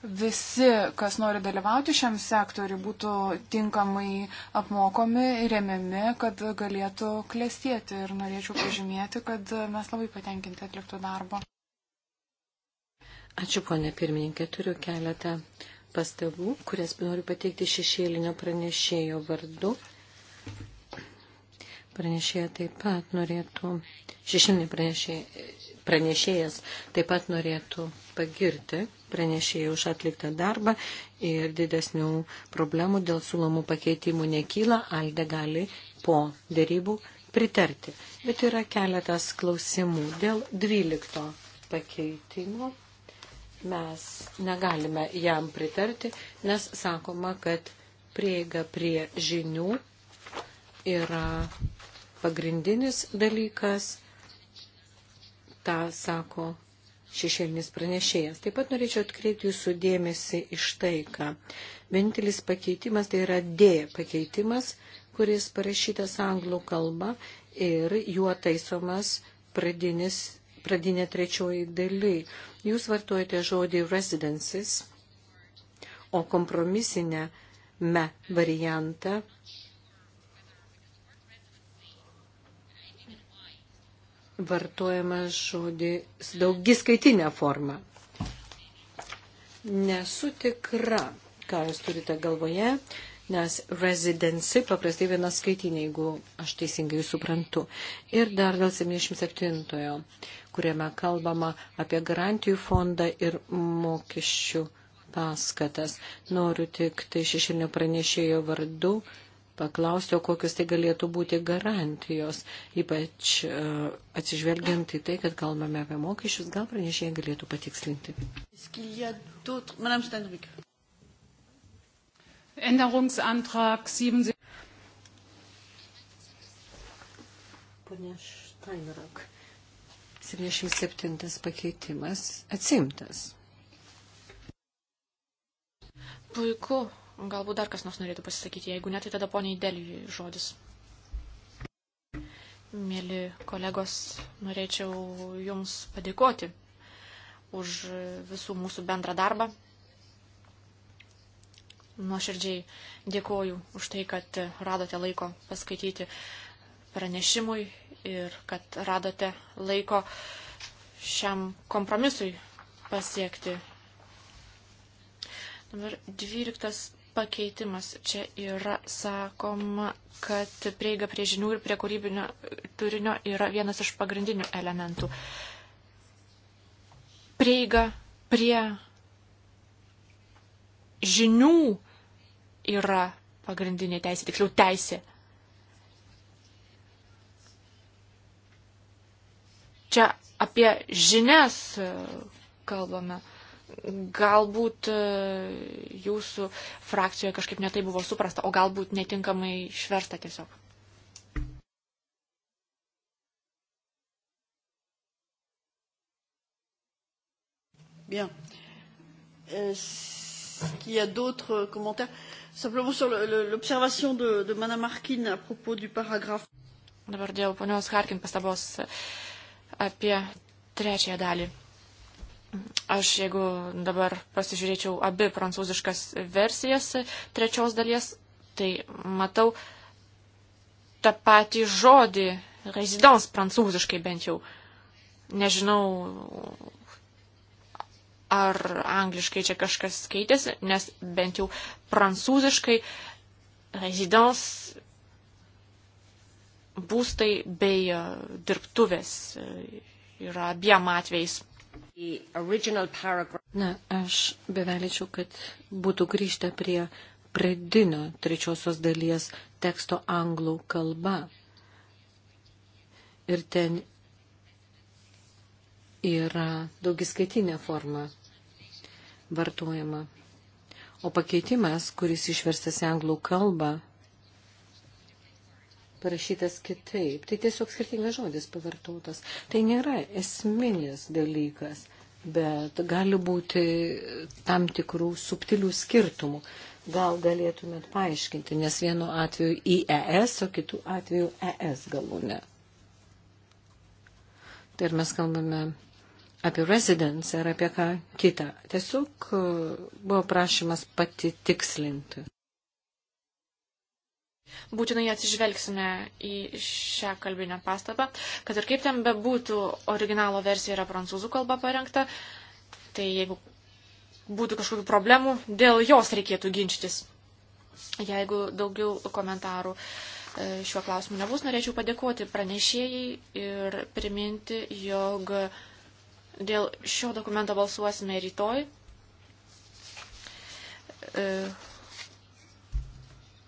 visi, kas nori dalyvauti šiam sektoriu, būtų tinkamai apmokomi ir remiami, kad galėtų klestėti. Ir norėčiau pažymėti, kad mes labai patenkinti atliktų darbo. Ačiū, ponė pirmininkė. Turiu keletą pastabų, kurias noriu pateikti šešėlinio pranešėjo vardu. Pranešėja taip pat norėtų, šešėlinė pranešėjas taip pat norėtų pagirti pranešėjai už atliktą darbą ir didesnių problemų dėl sulomų pakeitimų nekyla, Alde gali po dėrybų pritarti. Bet yra keletas klausimų. Dėl 12 pakeitimo mes negalime jam pritarti, nes sakoma, kad prieiga prie žinių yra pagrindinis dalykas. Ta sako šešėlinis pranešėjas. Taip pat norėčiau atkreipti jūsų dėmesį iš tai, ką vienintelis pakeitimas tai yra D pakeitimas, kuris parašytas anglų kalba ir juo taisomas pradinis, pradinė trečioji daly. Jūs vartojate žodį residences, o kompromisinę me variantą vartojama žodis daugiskaitinė forma. Nesu tikra, ką jūs turite galvoje, nes residency paprastai viena skaitinė, jeigu aš teisingai suprantu. Ir dar dėl 77-ojo, kuriame kalbama apie garantijų fondą ir mokesčių paskatas. Noriu tik tai šešinio pranešėjo vardu paklausti, o kokios tai galėtų būti garantijos, ypač e, atsižvelgiant į tai, kad kalbame apie mokesčius, gal pranešėjai galėtų patikslinti. Änderungsantrag 77. Pone Steinrak, 77 pakeitimas atsimtas. Puiku, Galbūt dar kas nors norėtų pasisakyti, jeigu ne, tai tada poniai Delijui žodis. Mėly kolegos, norėčiau Jums padėkoti už visų mūsų bendrą darbą. Nuoširdžiai dėkoju už tai, kad radote laiko paskaityti pranešimui ir kad radote laiko šiam kompromisui pasiekti. Dabar 12 pakeitimas. Čia yra sakoma, kad prieiga prie žinių ir prie kūrybinio turinio yra vienas iš pagrindinių elementų. Prieiga prie žinių yra pagrindinė teisė, tiksliau teisė. Čia apie žinias kalbame galbūt e, jūsų frakcijoje kažkaip netai buvo suprasta, o galbūt netinkamai išversta tiesiog. Bien. Est-ce qu'il y a d'autres commentaires Simplement sur l'observation de, de Madame Harkin à propos du paragraphe. Dabar dėl ponios Harkin pastabos e, apie trečiąją dalį. Aš jeigu dabar pasižiūrėčiau abi prancūziškas versijas trečios dalies, tai matau tą patį žodį rezidens prancūziškai bent jau. Nežinau, ar angliškai čia kažkas keitėsi, nes bent jau prancūziškai rezidens būstai bei dirbtuvės yra abiem atvejais Na, aš bevelyčiau, kad būtų grįžta prie pradinio trečiosios dalies teksto anglų kalba. Ir ten yra daugiskaitinė forma vartojama. O pakeitimas, kuris išverstas į anglų kalbą, parašytas kitaip. Tai tiesiog skirtingas žodis pavartotas. Tai nėra esminis dalykas, bet gali būti tam tikrų subtilių skirtumų. Gal galėtumėt paaiškinti, nes vienu atveju IES, o kitu atveju ES galūne. Tai ir mes kalbame apie residence ar apie ką kitą. Tiesiog e, buvo prašymas pati tikslinti. Būtinai atsižvelgsime į šią kalbinę pastabą, kad ir kaip ten bebūtų, originalo versija yra prancūzų kalba parengta, tai jeigu būtų kažkokių problemų, dėl jos reikėtų ginčytis. Jeigu daugiau komentarų e, šiuo klausimu nebus, norėčiau padėkoti pranešėjai ir priminti, jog dėl šio dokumento balsuosime rytoj e,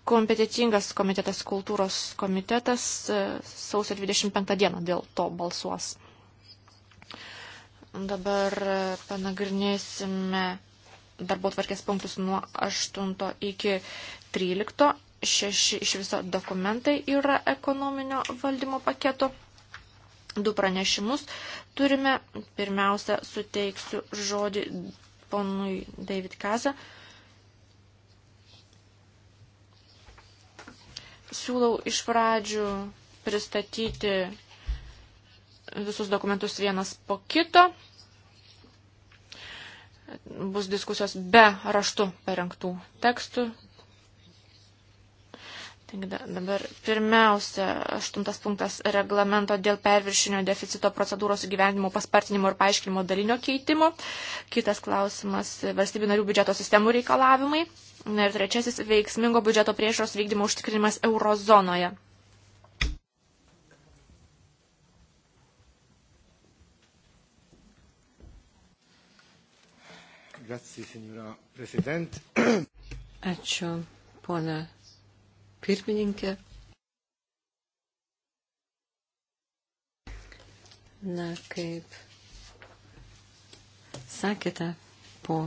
Kompetitingas komitetas, kultūros komitetas e, sausio 25 dieną dėl to balsuos. Dabar e, panagrinėsime darbo tvarkės punktus nuo 8 iki 13. Šeši iš viso dokumentai yra ekonominio valdymo paketo. Du pranešimus turime. Pirmiausia, suteiksiu žodį ponui David Kaza, siūlau iš pradžių pristatyti visus dokumentus vienas po kito. Bus diskusijos be raštų parengtų tekstų. Taigi dabar pirmiausia, aštuntas punktas reglamento dėl perviršinio deficito procedūros įgyvendimo, paspartinimo ir paaiškinimo dalinio keitimo. Kitas klausimas - valstybių narių biudžeto sistemų reikalavimai. Na ir trečiasis - veiksmingo biudžeto priešos vykdymo užtikrinimas eurozonoje. Grazie, signora Presidente. Ačiū, pona pirmininkė. Na, kaip sakėte, po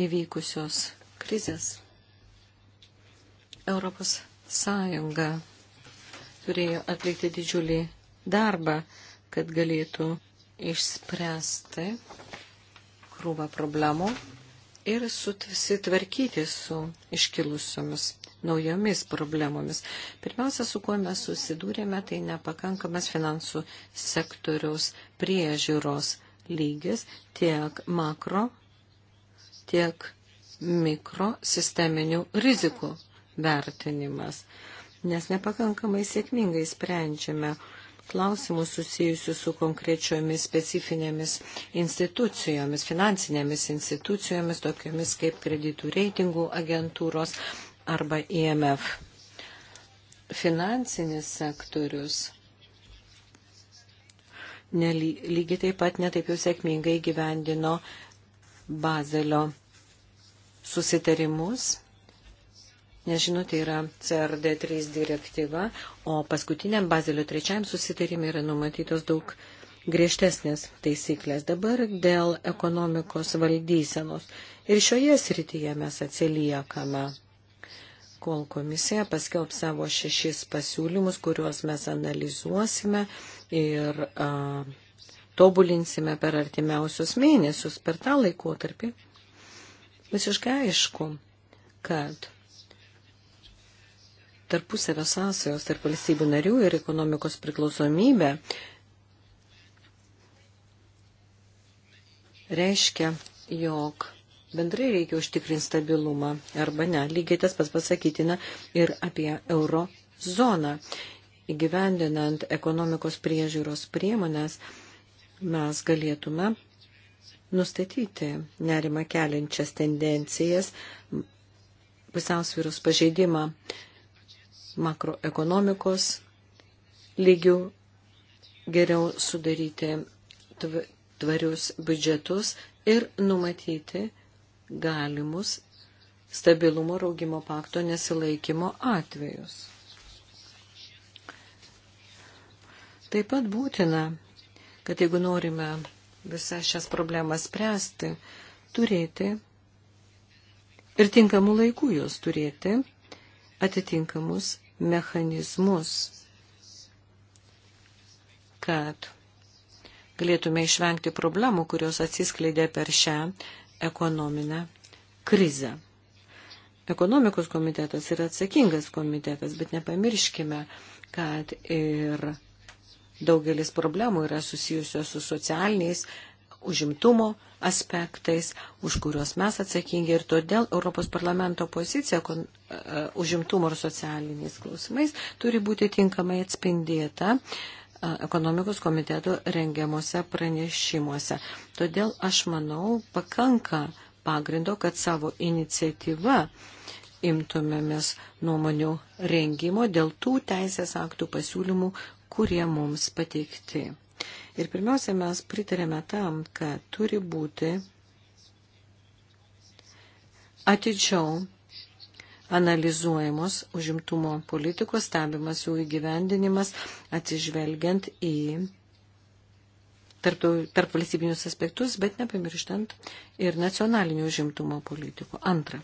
įvykusios krizės Europos Sąjunga turėjo atlikti didžiulį darbą, kad galėtų išspręsti krūvą problemų ir susitvarkyti su iškilusiomis naujomis problemomis. Pirmiausia, su kuo mes susidūrėme, tai nepakankamas finansų sektoriaus priežiūros lygis tiek makro tiek mikrosisteminių rizikų vertinimas, nes nepakankamai sėkmingai sprendžiame klausimus susijusius su konkrečiomis specifinėmis institucijomis, finansinėmis institucijomis, tokiomis kaip kreditų reitingų agentūros arba IMF. Finansinis sektorius nely, lygiai taip pat netaip jau sėkmingai gyvendino Bazelio susitarimus, nes žinote, tai yra CRD3 direktyva, o paskutiniam Bazelio trečiam susitarimui yra numatytos daug griežtesnės taisyklės dabar dėl ekonomikos valdysenos. Ir šioje srityje mes atsiliekame, kol komisija paskelb savo šešis pasiūlymus, kuriuos mes analizuosime ir uh, tobulinsime per artimiausius mėnesius, per tą laikotarpį. Visiškai aišku, kad tarpusavio sąsajos tarp valstybių narių ir ekonomikos priklausomybė reiškia, jog bendrai reikia užtikrinti stabilumą arba ne. Lygiai tas pats pasakytina ir apie euro zoną. Įgyvendinant ekonomikos priežiūros priemonės, mes galėtume nustatyti nerimą keliančias tendencijas, pusiausvyrus pažeidimą makroekonomikos lygių, geriau sudaryti tvarius biudžetus ir numatyti galimus stabilumo raugimo pakto nesilaikymo atvejus. Taip pat būtina kad jeigu norime visas šias problemas spręsti, turėti ir tinkamų laikų jos turėti atitinkamus mechanizmus, kad galėtume išvengti problemų, kurios atsiskleidė per šią ekonominę krizę. Ekonomikos komitetas yra atsakingas komitetas, bet nepamirškime, kad ir Daugelis problemų yra susijusios su socialiniais užimtumo aspektais, už kuriuos mes atsakingi ir todėl Europos parlamento pozicija kon, uh, užimtumo ir socialiniais klausimais turi būti tinkamai atspindėta uh, ekonomikos komiteto rengiamuose pranešimuose. Todėl aš manau, pakanka pagrindo, kad savo iniciatyva imtumėmės nuomonių rengimo dėl tų teisės aktų pasiūlymų, kurie mums pateikti. Ir pirmiausia, mes pritarėme tam, kad turi būti atidžiau analizuojamos užimtumo politikos, stebimas jų įgyvendinimas, atsižvelgiant į tarp, tarp valstybinius aspektus, bet nepamirštant ir nacionalinių užimtumo politikų. Antra.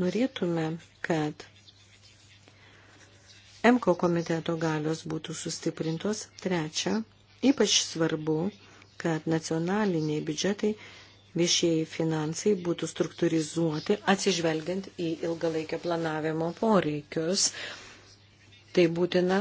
Norėtume, kad MKO komiteto galios būtų sustiprintos. Trečia, ypač svarbu, kad nacionaliniai biudžetai viešieji finansai būtų struktūrizuoti atsižvelgiant į ilgalaikio planavimo poreikius. Tai būtina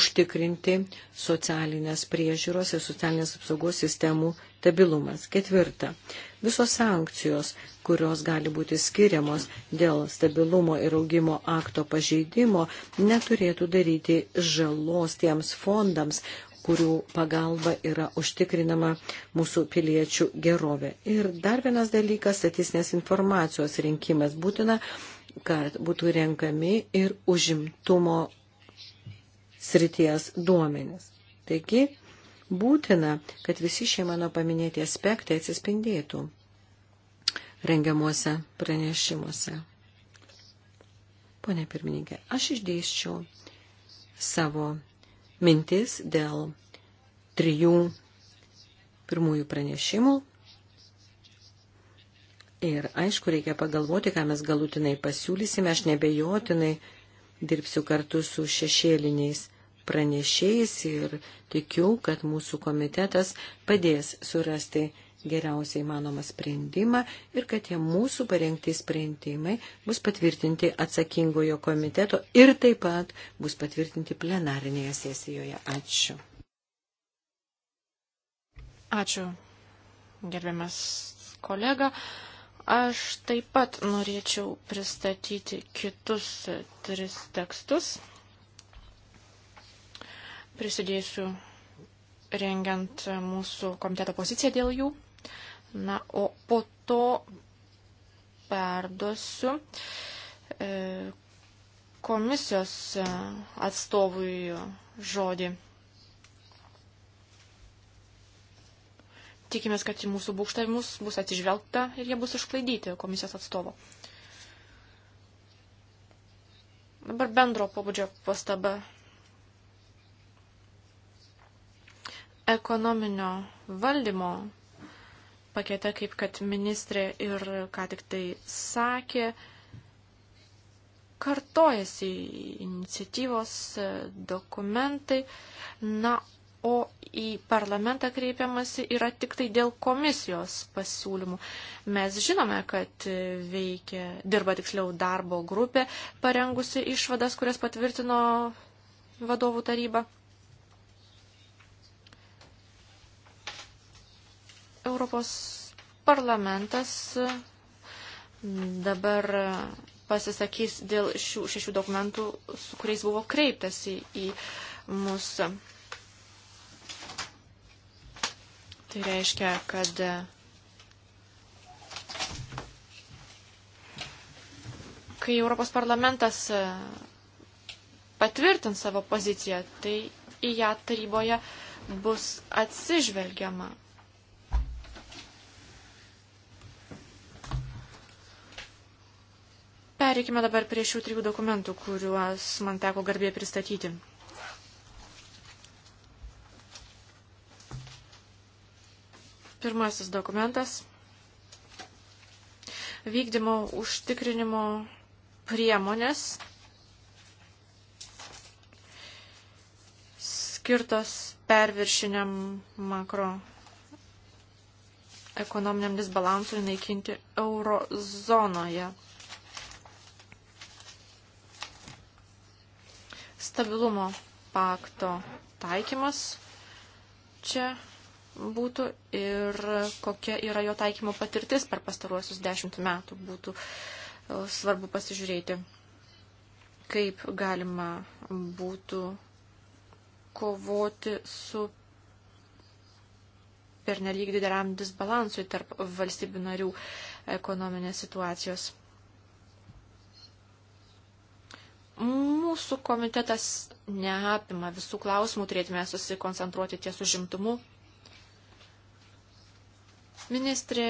užtikrinti socialinės priežiūros ir socialinės apsaugos sistemų stabilumas. Ketvirta, visos sankcijos, kurios gali būti skiriamos dėl stabilumo ir augimo akto pažeidimo, neturėtų daryti žalos tiems fondams, kurių pagalba yra užtikrinama mūsų piliečių gerovė. Ir dar vienas dalykas - statistinės informacijos rinkimas būtina, kad būtų renkami ir užimtumo srities duomenis. Taigi, Būtina, kad visi šie mano paminėti aspektai atsispindėtų rengiamuose pranešimuose. Pone pirmininkė, aš išdėščiau savo mintis dėl trijų pirmųjų pranešimų. Ir aišku, reikia pagalvoti, ką mes galutinai pasiūlysime. Aš nebejotinai dirbsiu kartu su šešėliniais pranešėjais ir tikiu, kad mūsų komitetas padės surasti geriausiai manomą sprendimą ir kad tie mūsų parengti sprendimai bus patvirtinti atsakingojo komiteto ir taip pat bus patvirtinti plenarinėje sesijoje. Ačiū. Ačiū, gerbiamas kolega. Aš taip pat norėčiau pristatyti kitus tris tekstus prisidėsiu rengiant mūsų komiteto poziciją dėl jų. Na, o po to perduosiu e, komisijos atstovui žodį. Tikimės, kad į mūsų būkštavimus bus atsižvelgta ir jie bus išklaidyti komisijos atstovo. Dabar bendro pobūdžio pastaba ekonominio valdymo pakete, kaip kad ministrė ir ką tik tai sakė, kartojasi iniciatyvos dokumentai, na, o į parlamentą kreipiamasi yra tik tai dėl komisijos pasiūlymų. Mes žinome, kad veikia, dirba tiksliau darbo grupė, parengusi išvadas, kurias patvirtino vadovų taryba. Europos parlamentas e, dabar pasisakys dėl šių šešių dokumentų, su kuriais buvo kreiptasi į mus. Tai reiškia, kad e, kai Europos parlamentas e, patvirtins savo poziciją, tai į ją taryboje bus atsižvelgiama. Pereikime dabar prie šių trijų dokumentų, kuriuos man teko garbė pristatyti. Pirmasis dokumentas - vykdymo užtikrinimo priemonės skirtos perviršiniam makro ekonominiam disbalansui naikinti eurozonoje. stabilumo pakto taikymas čia būtų ir kokia yra jo taikymo patirtis per pastaruosius dešimt metų būtų e, svarbu pasižiūrėti, kaip galima būtų kovoti su pernelyg dideliam disbalansui tarp valstybių narių ekonominės situacijos. Mūsų komitetas neapima visų klausimų, turėtume susikoncentruoti ties užimtumu. Ministrė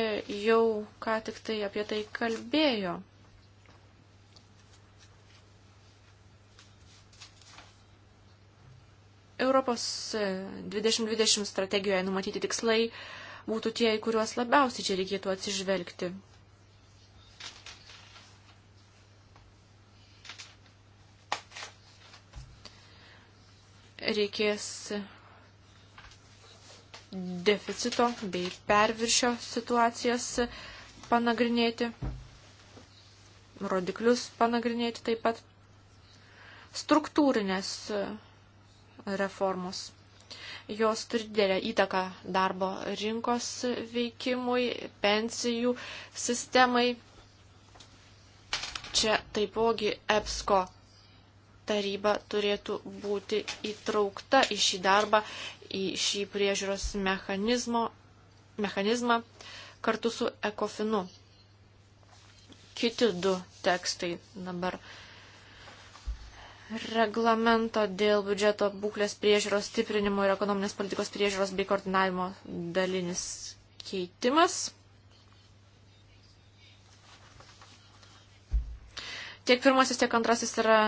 jau ką tik tai apie tai kalbėjo. Europos 2020 strategijoje numatyti tikslai būtų tie, į kuriuos labiausiai čia reikėtų atsižvelgti. reikės deficito bei perviršio situacijas panagrinėti, rodiklius panagrinėti taip pat, struktūrinės reformos. Jos turi dėlę įtaką darbo rinkos veikimui, pensijų sistemai. Čia taipogi EPSCO taryba turėtų būti įtraukta į šį darbą, į šį priežiūros mechanizmą kartu su ekofinu. Kiti du tekstai dabar. Reglamento dėl biudžeto būklės priežiūros stiprinimo ir ekonominės politikos priežiūros bei koordinavimo dalinis keitimas. Tiek pirmasis, tiek antrasis yra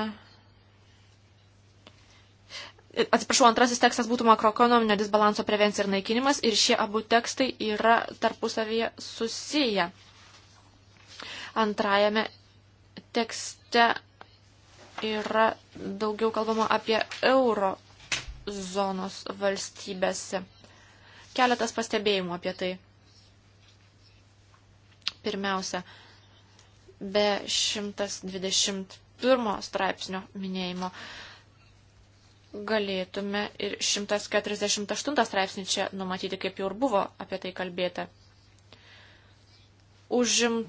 atsiprašau, antrasis tekstas būtų makroekonominio disbalanso prevencija ir naikinimas ir šie abu tekstai yra tarpusavyje susiję. Antrajame tekste yra daugiau kalbama apie euro zonos valstybėse. Keletas pastebėjimų apie tai. Pirmiausia, be 121 straipsnio minėjimo galėtume ir 148 straipsnį čia numatyti, kaip jau ir buvo apie tai kalbėta. Užimtumo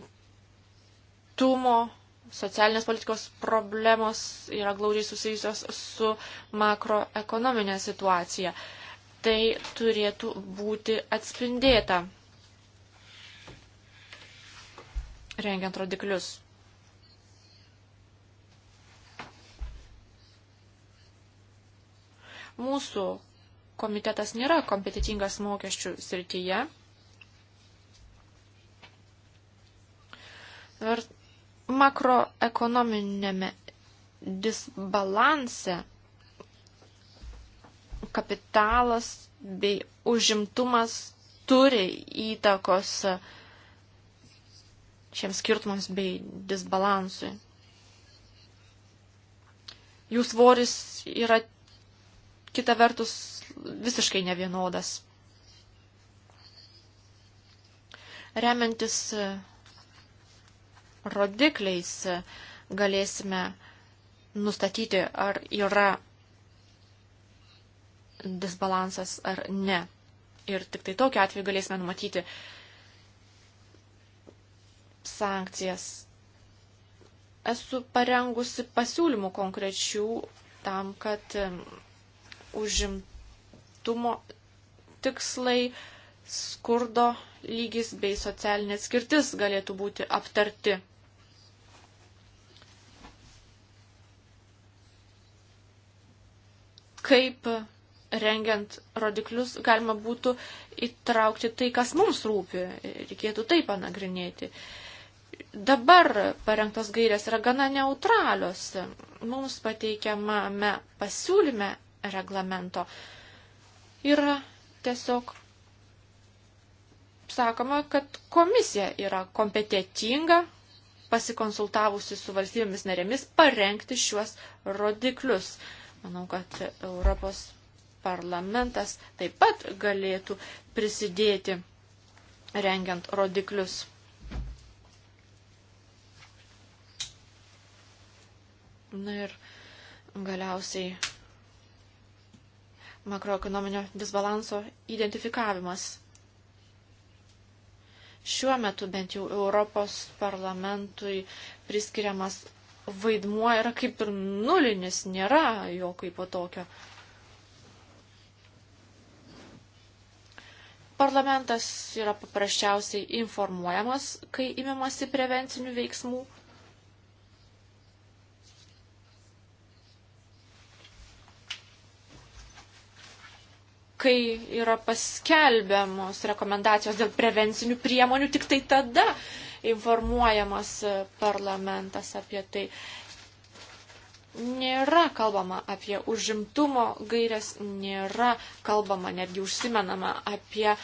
socialinės politikos problemos yra glaudžiai susijusios su makroekonominė situacija. Tai turėtų būti atspindėta rengiant rodiklius. Mūsų komitetas nėra kompetitingas mokesčių srityje. Ir makroekonominėme disbalanse kapitalas bei užimtumas turi įtakos šiems skirtumams bei disbalansui. Jų svoris yra kita vertus visiškai nevienodas. Remiantis e, rodikliais e, galėsime nustatyti, ar yra disbalansas ar ne. Ir tik tai tokiu atveju galėsime numatyti sankcijas. Esu parengusi pasiūlymų konkrečių tam, kad e, užimtumo tikslai, skurdo lygis bei socialinė skirtis galėtų būti aptarti. Kaip rengiant rodiklius galima būtų įtraukti tai, kas mums rūpi, reikėtų tai panagrinėti. Dabar parengtos gairės yra gana neutralios. Mums pateikiamame pasiūlyme reglamento. Yra tiesiog sakoma, kad komisija yra kompetitinga, pasikonsultavusi su valstybėmis narėmis, parengti šiuos rodiklius. Manau, kad Europos parlamentas taip pat galėtų prisidėti rengiant rodiklius. Na ir galiausiai makroekonominio disbalanso identifikavimas. Šiuo metu bent jau Europos parlamentui priskiriamas vaidmuo yra kaip ir nulinis, nėra jo kaip po tokio. Parlamentas yra paprasčiausiai informuojamas, kai imamasi prevencinių veiksmų kai yra paskelbiamos rekomendacijos dėl prevencinių priemonių, tik tai tada informuojamas parlamentas apie tai. Nėra kalbama apie užimtumo gairias, nėra kalbama, netgi užsimenama apie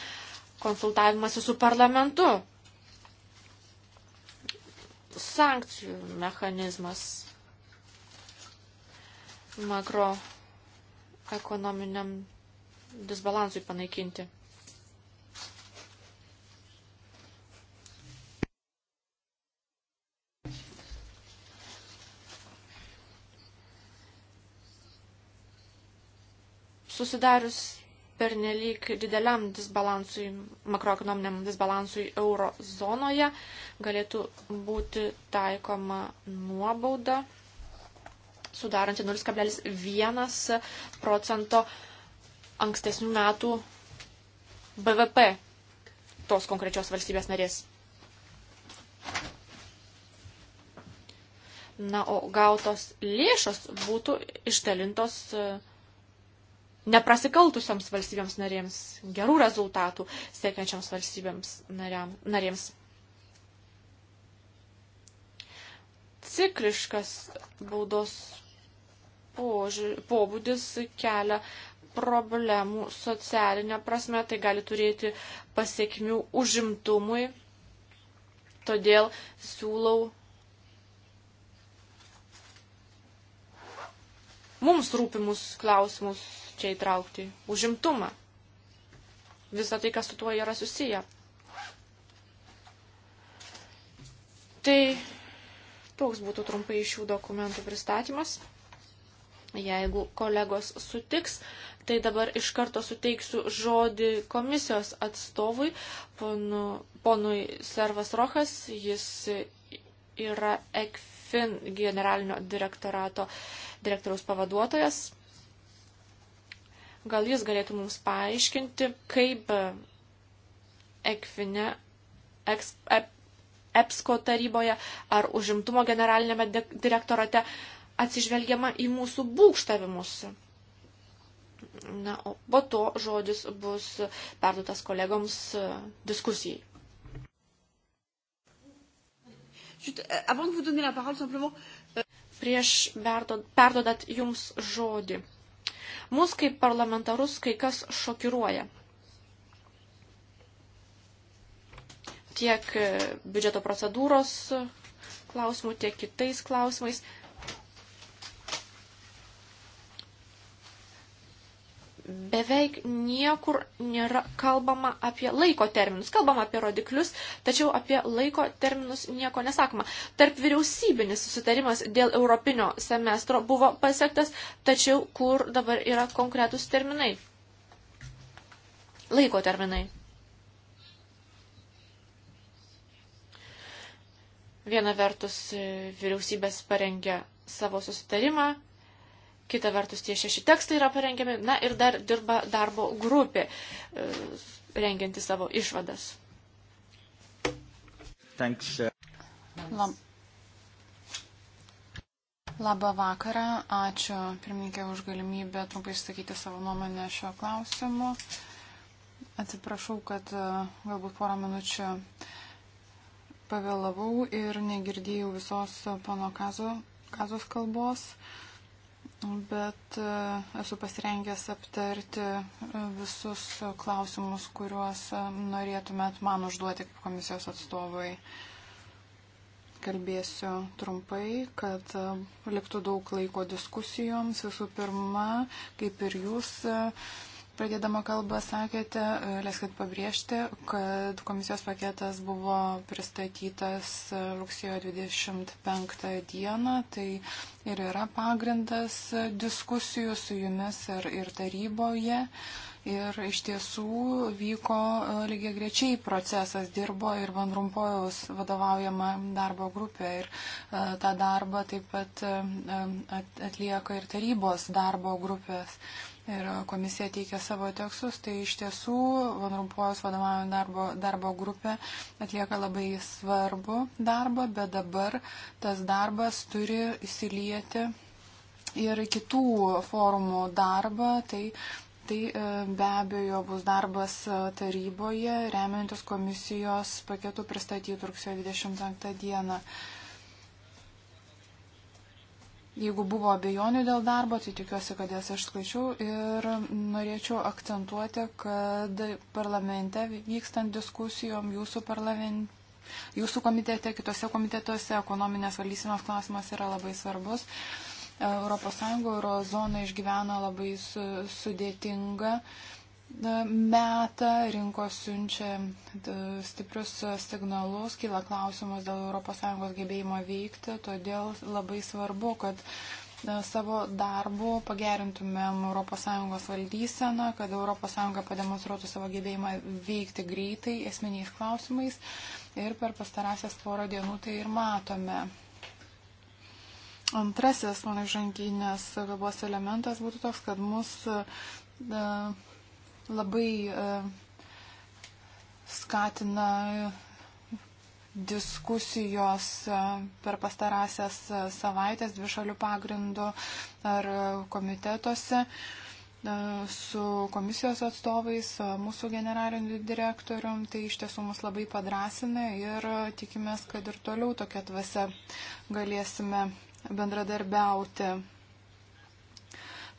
konsultavimąsi su parlamentu. Sankcijų mechanizmas makroekonominiam disbalansui panaikinti. Susidarius pernelyg dideliam disbalansui, makroekonominiam disbalansui euro zonoje galėtų būti taikoma nuobauda sudaranti 0,1 procento ankstesnių metų BVP tos konkrečios valstybės narės. Na, o gautos lėšos būtų išdalintos e, neprasikaltusiams valstybėms narėms, gerų rezultatų siekiančiams valstybėms nariam, narėms. Cikliškas baudos požiūr, pobūdis kelia problemų socialinė prasme, tai gali turėti pasiekmių užimtumui. Todėl siūlau mums rūpimus klausimus čia įtraukti. Užimtumą. Visą tai, kas su tuo yra susiję. Tai toks būtų trumpai šių dokumentų pristatymas. Jeigu kolegos sutiks, Tai dabar iš karto suteiksiu žodį komisijos atstovui, ponu, ponui Servas Rochas, jis yra ECFIN generalinio direktorato direktoriaus pavaduotojas. Gal jis galėtų mums paaiškinti, kaip ECFINE, EPSCO taryboje ar užimtumo generalinėme direktorate atsižvelgiama į mūsų būkštavimus. Na, o po to žodis bus perduotas kolegoms e, diskusijai. E, e, Prieš perdodat jums žodį. Mus kaip parlamentarus kai kas šokiruoja. Tiek biudžeto procedūros klausimų, tiek kitais klausimais. beveik niekur nėra kalbama apie laiko terminus. Kalbama apie rodiklius, tačiau apie laiko terminus nieko nesakoma. Tarp vyriausybinis susitarimas dėl europinio semestro buvo pasiektas, tačiau kur dabar yra konkretus terminai? Laiko terminai. Viena vertus vyriausybės parengia savo susitarimą, Kita vertus, tie šeši tekstai yra parengiami, na ir dar dirba darbo grupė, e, rengianti savo išvadas. Thanks. Uh, Lab. Labą vakarą, ačiū pirmininkė už galimybę trumpai išsakyti savo nuomonę šio klausimu. Atsiprašau, kad e, galbūt porą minučių pavėlavau ir negirdėjau visos e, pano kazo, kazos kalbos. Uh, bet e, esu pasirengęs aptarti e, visus klausimus, kuriuos e, norėtumėt man užduoti kaip komisijos atstovai. Kalbėsiu trumpai, kad liktų daug laiko diskusijoms. Visų pirma, kaip ir jūs Pradėdama kalbą sakėte, e, leiskit pabrėžti, kad komisijos paketas buvo pristatytas e, rugsėjo 25 dieną. Tai ir yra pagrindas e, diskusijų su jumis ir, ir taryboje. Ir iš tiesų vyko lygiai grečiai procesas, dirbo ir Van Rumpojaus vadovaujama darbo grupė. Ir tą darbą taip pat atlieka ir tarybos darbo grupės ir komisija teikia savo tekstus, tai iš tiesų Van Rumpojos vadovaujant darbo, darbo grupė atlieka labai svarbu darbą, bet dabar tas darbas turi įsilieti ir kitų forumų darbą. Tai Tai e, be abejo bus darbas e, taryboje, remiantis komisijos paketų pristatytų rugsėjo 25 dieną. Jeigu buvo abejonių dėl darbo, tai tikiuosi, kad jas išskaičiau ir norėčiau akcentuoti, kad parlamente vykstant diskusijom jūsų parlamente. Jūsų komitete, kitose komitetuose ekonominės valdysenos klausimas yra labai svarbus. ES, eurozona išgyvena labai su, sudėtingą uh, metą, rinkos siunčia stiprius signalus, kyla klausimas dėl ES gebėjimo veikti, todėl labai svarbu, kad savo darbu pagerintumėm ES valdyseną, kad ES pademonstruotų savo gebėjimą veikti greitai esminiais klausimais ir per pastarąsias porą dienų tai ir matome. Antrasis mano žanginės kalbos elementas būtų toks, kad mus da, labai e, skatina diskusijos e, per pastarąsias e, savaitės dvišalių pagrindų ar komitetuose su komisijos atstovais, mūsų generaliniu direktorium. Tai iš tiesų mus labai padrasina ir tikimės, kad ir toliau tokia dvasia galėsime bendradarbiauti.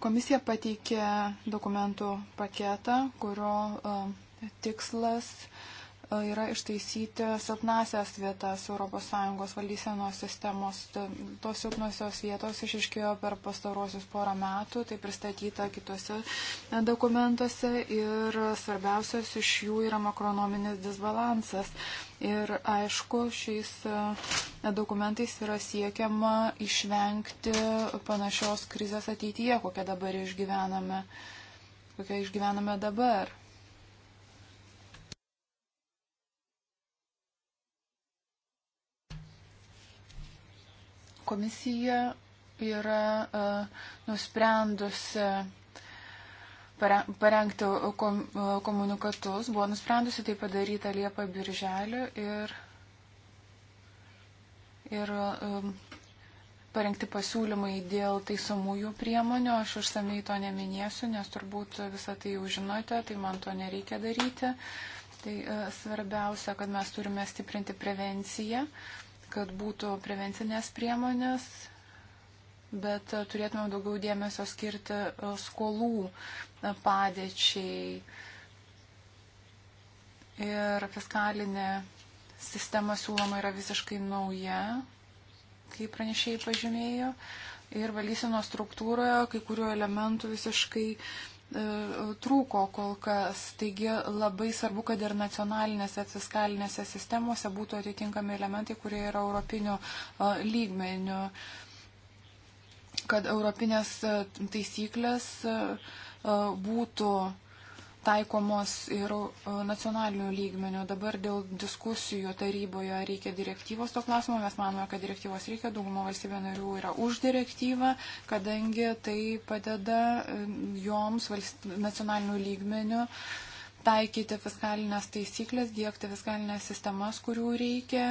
Komisija pateikė dokumentų paketą, kurio e, tikslas uh, E, yra ištaisyti silpnasias vietas ES valdysenos sistemos. Tos silpnosios vietos išiškėjo per pastarosius porą metų, tai pristatyta kitose e, dokumentuose ir svarbiausias iš jų yra makronominis disbalansas. Ir aišku, šiais e, dokumentais yra siekiama išvengti panašios krizės ateityje, kokią dabar išgyvename, kokią išgyvename dabar. Komisija yra e, nusprendusi parengti e, komunikatus, buvo nusprendusi tai padaryta Liepa Birželį ir, ir um, parengti pasiūlymai dėl taisomųjų priemonių. Aš išsamei to neminėsiu, nes turbūt visą tai jau žinote, tai man to nereikia daryti. Tai uh, svarbiausia, kad mes turime stiprinti prevenciją, kad būtų prevencinės priemonės, bet e, turėtume daugiau dėmesio skirti e, skolų e, padėčiai ir fiskalinė sistema siūloma yra visiškai nauja, kaip pranešėjai pažymėjo, ir valdysenos struktūroje kai kurių elementų visiškai E, trūko kol kas. Taigi labai svarbu, kad ir nacionalinėse fiskalinėse sistemose būtų atitinkami elementai, kurie yra europinio e, lygmenių, kad europinės e, taisyklės būtų taikomos ir e, nacionalinių lygmenių. Dabar dėl diskusijų taryboje reikia direktyvos to klausimo. Mes manome, kad direktyvos reikia. Dauguma valstybė narių yra už direktyvą, kadangi tai padeda e, joms valst... nacionalinių lygmenių taikyti fiskalinės taisyklės, dėkti fiskalinės sistemas, kurių reikia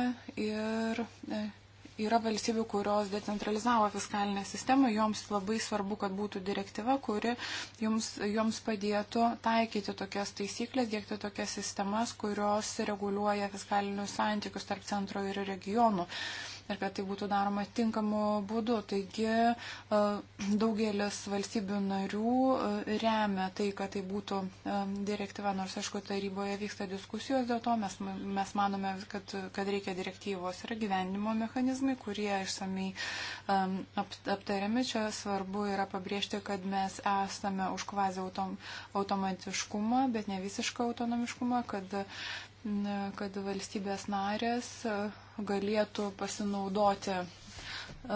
ir e, Yra valstybių, kurios decentralizavo fiskalinę sistemą, joms labai svarbu, kad būtų direktyva, kuri jums, joms padėtų taikyti tokias taisyklės, dėkti tokias sistemas, kurios reguliuoja fiskalinius santykius tarp centro ir regionų. Uh, ir kad tai būtų daroma tinkamu būdu. Taigi e, daugelis valstybių narių e, remia tai, kad tai būtų e, direktyva, nors aišku, taryboje vyksta diskusijos dėl to, mes, mes manome, kad, kad reikia direktyvos ir gyvenimo mechanizmai, kurie išsamei aptariami. Čia svarbu yra pabrėžti, kad mes esame už kvazi autom, automatiškumą, bet ne visišką autonomiškumą, kad kad valstybės narės e, galėtų pasinaudoti e,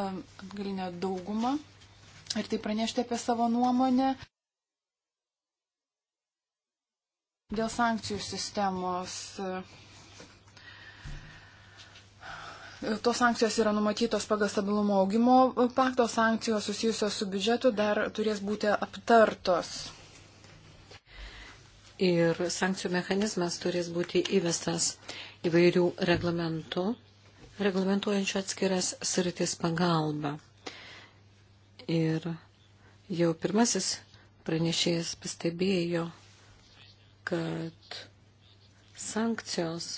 atgalinę daugumą ir tai pranešti apie savo nuomonę. Dėl sankcijų sistemos. E, tos sankcijos yra numatytos pagal stabilumo augimo pakto, sankcijos susijusios su biudžetu dar turės būti aptartos ir sankcijų mechanizmas turės būti įvestas įvairių reglamentų, reglamentuojančių atskiras sritis pagalba. Ir jau pirmasis pranešėjas pastebėjo, kad sankcijos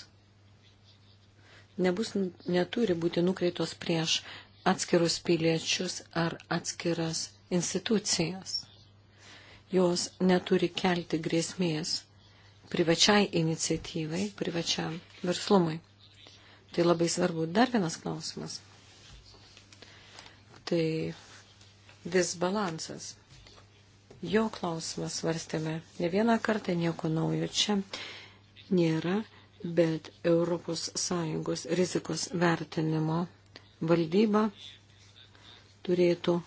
nebus, neturi būti nukreitos prieš atskirus piliečius ar atskiras institucijas jos neturi kelti grėsmės privačiai iniciatyvai, privačiam verslumui. Tai labai svarbu. Dar vienas klausimas. Tai vis balansas. Jo klausimą svarstėme ne vieną kartą, nieko naujo čia nėra, bet ES rizikos vertinimo valdyba turėtų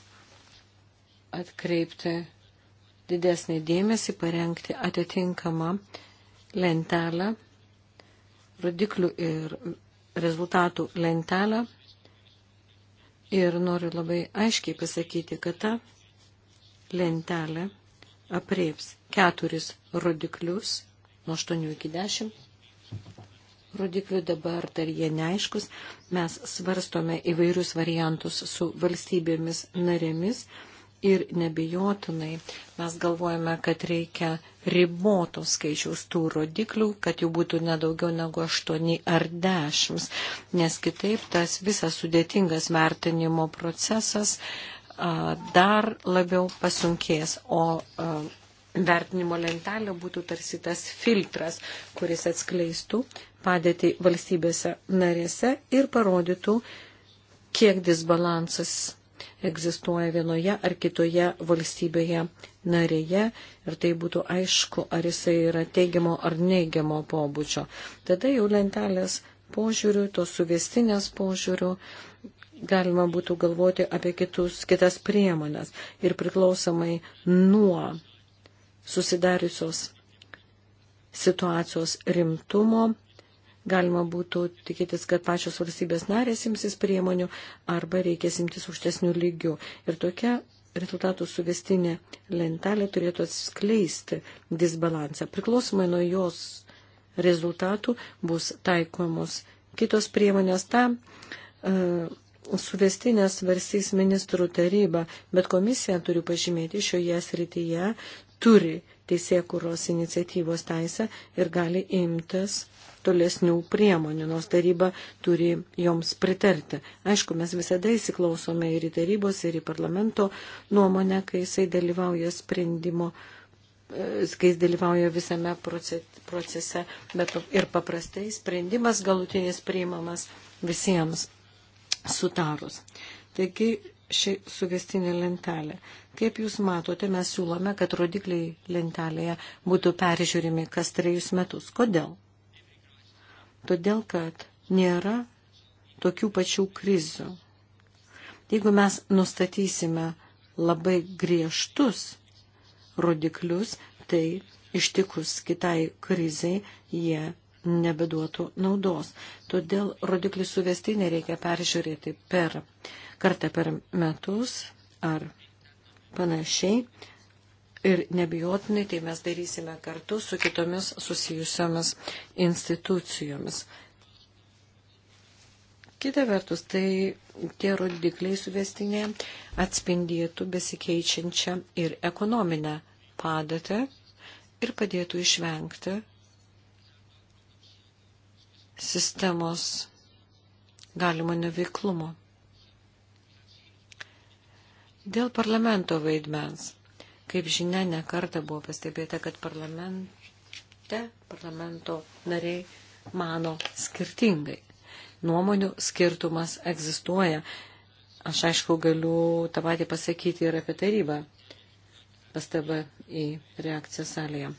atkreipti didesnį dėmesį parengti atitinkamą lentelę, rodiklių ir rezultatų lentelę. Ir noriu labai aiškiai pasakyti, kad ta lentelė aprieps keturis rodiklius nuo 8 iki 10. Rodiklių dabar dar jie neaiškus. Mes svarstome įvairius variantus su valstybėmis narėmis ir nebejotinai mes galvojame, kad reikia riboto skaičiaus tų rodiklių, kad jų būtų nedaugiau negu 8 ar 10, nes kitaip tas visas sudėtingas vertinimo procesas a, dar labiau pasunkės, o a, vertinimo lentelė būtų tarsi tas filtras, kuris atskleistų padėtį valstybėse narėse ir parodytų, kiek disbalansas egzistuoja vienoje ar kitoje valstybėje narėje ir tai būtų aišku, ar jisai yra teigiamo ar neigiamo pobūdžio. Tada jau lentelės požiūrių, tos suvestinės požiūrių galima būtų galvoti apie kitus, kitas priemonės ir priklausomai nuo susidariusios situacijos rimtumo galima būtų tikėtis, kad pačios valstybės narės imsis priemonių arba reikės imtis užtesnių lygių. Ir tokia rezultatų suvestinė lentelė turėtų atskleisti disbalansą. Priklausomai nuo jos rezultatų bus taikomos kitos priemonės tam. Uh, e, suvestinę svarstys ministrų taryba, bet komisija, turiu pažymėti, šioje srityje turi teisėkuros iniciatyvos teisę ir gali imtis tolesnių priemonių, nors taryba turi joms pritarti. Aišku, mes visada įsiklausome ir į tarybos, ir į parlamento nuomonę, kai jisai dalyvauja sprendimo e, kai jis dalyvauja visame procese, bet ir paprastai sprendimas galutinis priimamas visiems sutarus. Taigi ši suvestinė lentelė. Kaip Jūs matote, mes siūlome, kad rodikliai lentelėje būtų peržiūrimi kas trejus metus. Kodėl? Todėl, kad nėra tokių pačių krizių. Jeigu mes nustatysime labai griežtus rodiklius, tai ištikus kitai krizai jie nebeduotų naudos. Todėl rodiklių suvestinę reikia peržiūrėti per kartą per metus ar panašiai, Ir nebijotinai tai mes darysime kartu su kitomis susijusiomis institucijomis. Kita vertus, tai tie rodikliai suvestinė atspindėtų besikeičiančią ir ekonominę padėtį ir padėtų išvengti sistemos galimo neveiklumo. Dėl parlamento vaidmens Kaip žinia, nekarta buvo pastebėta, kad parlamente, parlamento nariai mano skirtingai. Nuomonių skirtumas egzistuoja. Aš aišku galiu tą patį pasakyti ir apie tarybą. Pastaba į reakciją salėje.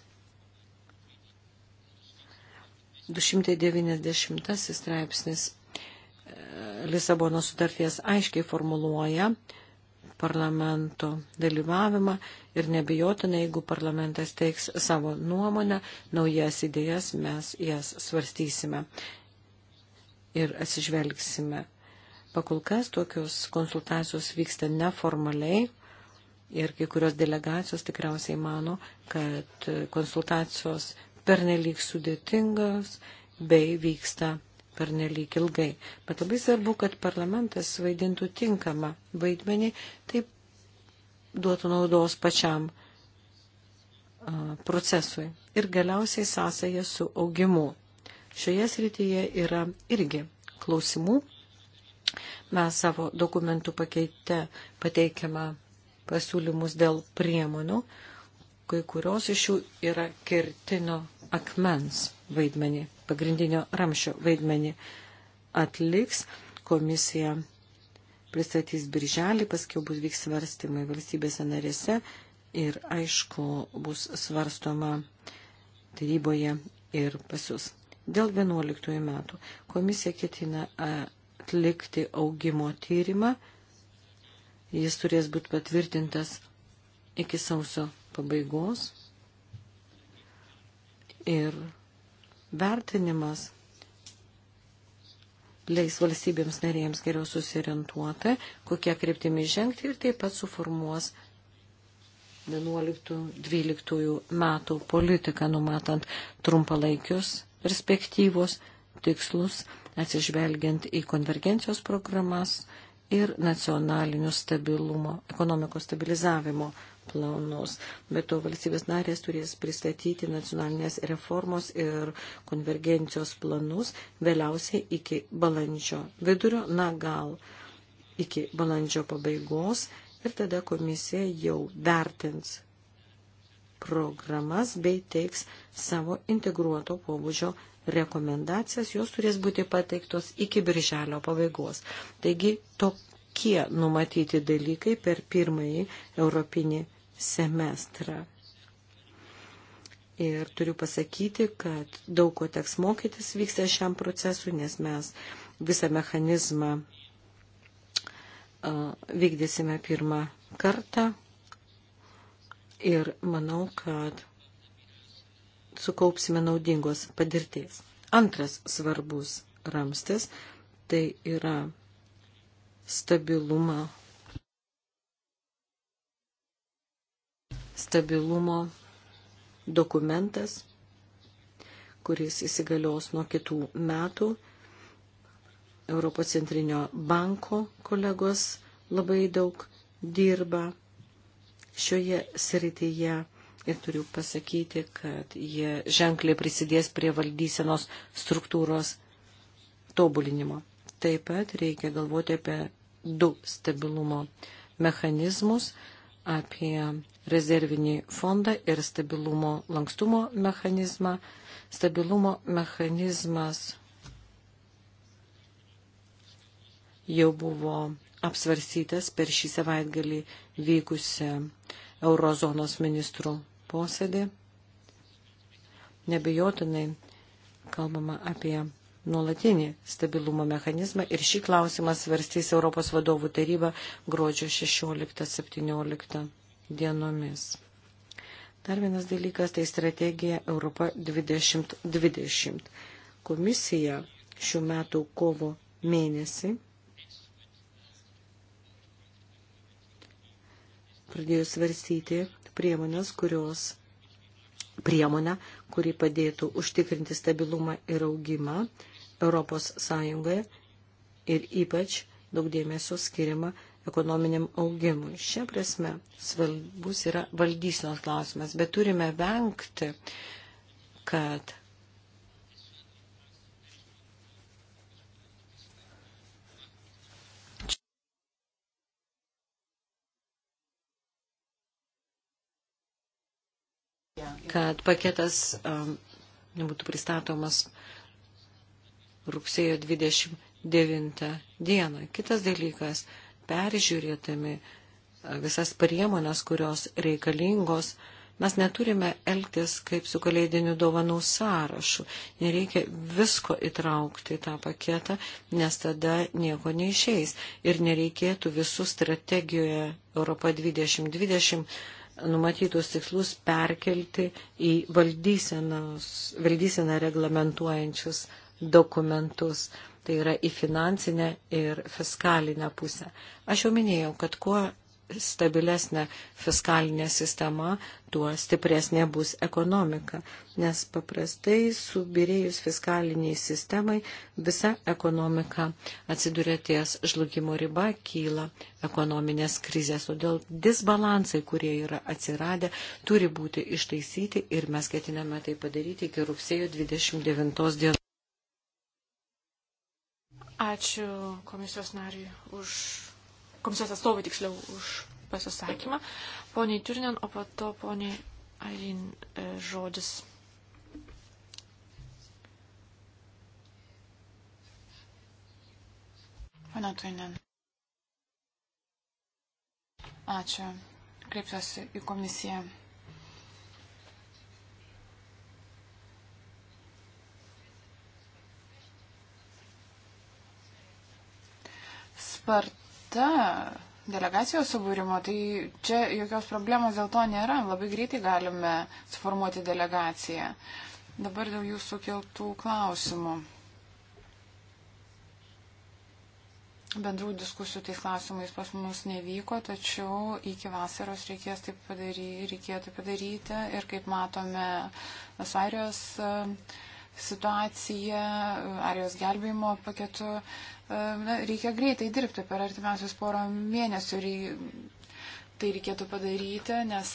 290 straipsnis e, Lisabono sutarties aiškiai formuluoja, parlamento dalyvavimą ir nebejotinai, jeigu parlamentas teiks savo nuomonę, naujas idėjas mes jas svarstysime ir atsižvelgsime. Pakulkas tokios konsultacijos vyksta neformaliai. Ir kai kurios delegacijos tikriausiai mano, kad konsultacijos pernelyg sudėtingas bei vyksta per nelik ilgai. Bet labai svarbu, kad parlamentas vaidintų tinkamą vaidmenį, taip duotų naudos pačiam procesui ir galiausiai sąsaja su augimu. Šioje srityje yra irgi klausimų. Mes savo dokumentų pakeite pateikiamą pasiūlymus dėl priemonių, kai kurios iš jų yra kirtino akmens vaidmenį pagrindinio ramšio vaidmenį atliks. Komisija pristatys birželį, paskiau bus vyks svarstymai valstybėse narėse ir aišku bus svarstoma taryboje ir pas jūs. Dėl 11 metų komisija ketina atlikti augimo tyrimą. Jis turės būti patvirtintas iki sausio pabaigos. Ir vertinimas leis valstybėms narėjams geriau susirintuoti, kokie kryptimi žengti ir taip pat suformuos 11-12 metų politiką, numatant trumpalaikius perspektyvos tikslus, atsižvelgiant į konvergencijos programas ir nacionalinių stabilumo, ekonomikos stabilizavimo planus. Be to, valstybės narės turės pristatyti nacionalinės reformos ir konvergencijos planus vėliausiai iki balandžio vidurio, na gal iki balandžio pabaigos ir tada komisija jau vertins programas bei teiks savo integruoto pobūdžio rekomendacijas, jos turės būti pateiktos iki birželio pabaigos. Taigi tokie numatyti dalykai per pirmąjį Europinį semestrą. Ir turiu pasakyti, kad daug ko teks mokytis vyksta šiam procesui, nes mes visą mechanizmą vykdysime pirmą kartą. Ir manau, kad sukaupsime naudingos padirties. Antras svarbus ramstis tai yra stabilumą stabilumo dokumentas, kuris įsigalios nuo kitų metų. Europos centrinio banko kolegos labai daug dirba šioje srityje ir turiu pasakyti, kad jie ženkliai prisidės prie valdysenos struktūros tobulinimo. Taip pat reikia galvoti apie du stabilumo mechanizmus, apie rezervinį fondą ir stabilumo lankstumo mechanizmą. Stabilumo mechanizmas jau buvo apsvarsytas per šį savaitgalį vykusią Eurozonos ministrų posėdį. Nebejotinai kalbama apie nuolatinį stabilumo mechanizmą ir šį klausimą svarstys Europos vadovų taryba gruodžio 16-17 dienomis. Dar vienas dalykas tai strategija Europa 2020. Komisija šių metų kovo mėnesį pradėjo svarstyti priemonės, kurios priemonę, kuri padėtų užtikrinti stabilumą ir augimą Europos Sąjungoje ir ypač daug dėmesio skiriama ekonominiam augimui. Šia prasme svarbus yra valdysinos klausimas, bet turime vengti, kad kad paketas um, nebūtų pristatomas rugsėjo 29 dieną. Kitas dalykas, peržiūrėtami e, visas priemonės, kurios reikalingos, mes neturime elgtis kaip su kalėdiniu dovanų sąrašu. Nereikia visko įtraukti į tą paketą, nes tada nieko neišeis. Ir nereikėtų visų strategijoje Europa 2020 numatytus tikslus perkelti į valdyseną reglamentuojančius dokumentus, tai yra į finansinę ir fiskalinę pusę. Aš jau minėjau, kad kuo stabilesnė fiskalinė sistema, tuo stipresnė bus ekonomika, nes paprastai subirėjus fiskaliniai sistemai visa ekonomika atsiduria ties žlugimo riba, kyla ekonominės krizės, todėl disbalansai, kurie yra atsiradę, turi būti ištaisyti ir mes ketiname tai padaryti iki rugsėjo 29 dienos. Ačiū komisijos nariui už, komisijos atstovui tiksliau už pasisakymą. Poniai Turinen, o po to poniai Arin e, žodis. Pana Turinen. Ačiū. Kreipsiuosi į komisiją. sparta delegacijos subūrimo, tai čia jokios problemos dėl to nėra. Labai greitai galime suformuoti delegaciją. Dabar dėl jūsų keltų klausimų. Bendrų diskusijų tais klausimais pas mus nevyko, tačiau iki vasaros reikės tai padaryti, reikėjo tai padaryti ir kaip matome Vasarijos e, situacija, Arijos gelbėjimo paketu na, reikia greitai dirbti per artimiausius porą mėnesių ir tai reikėtų padaryti, nes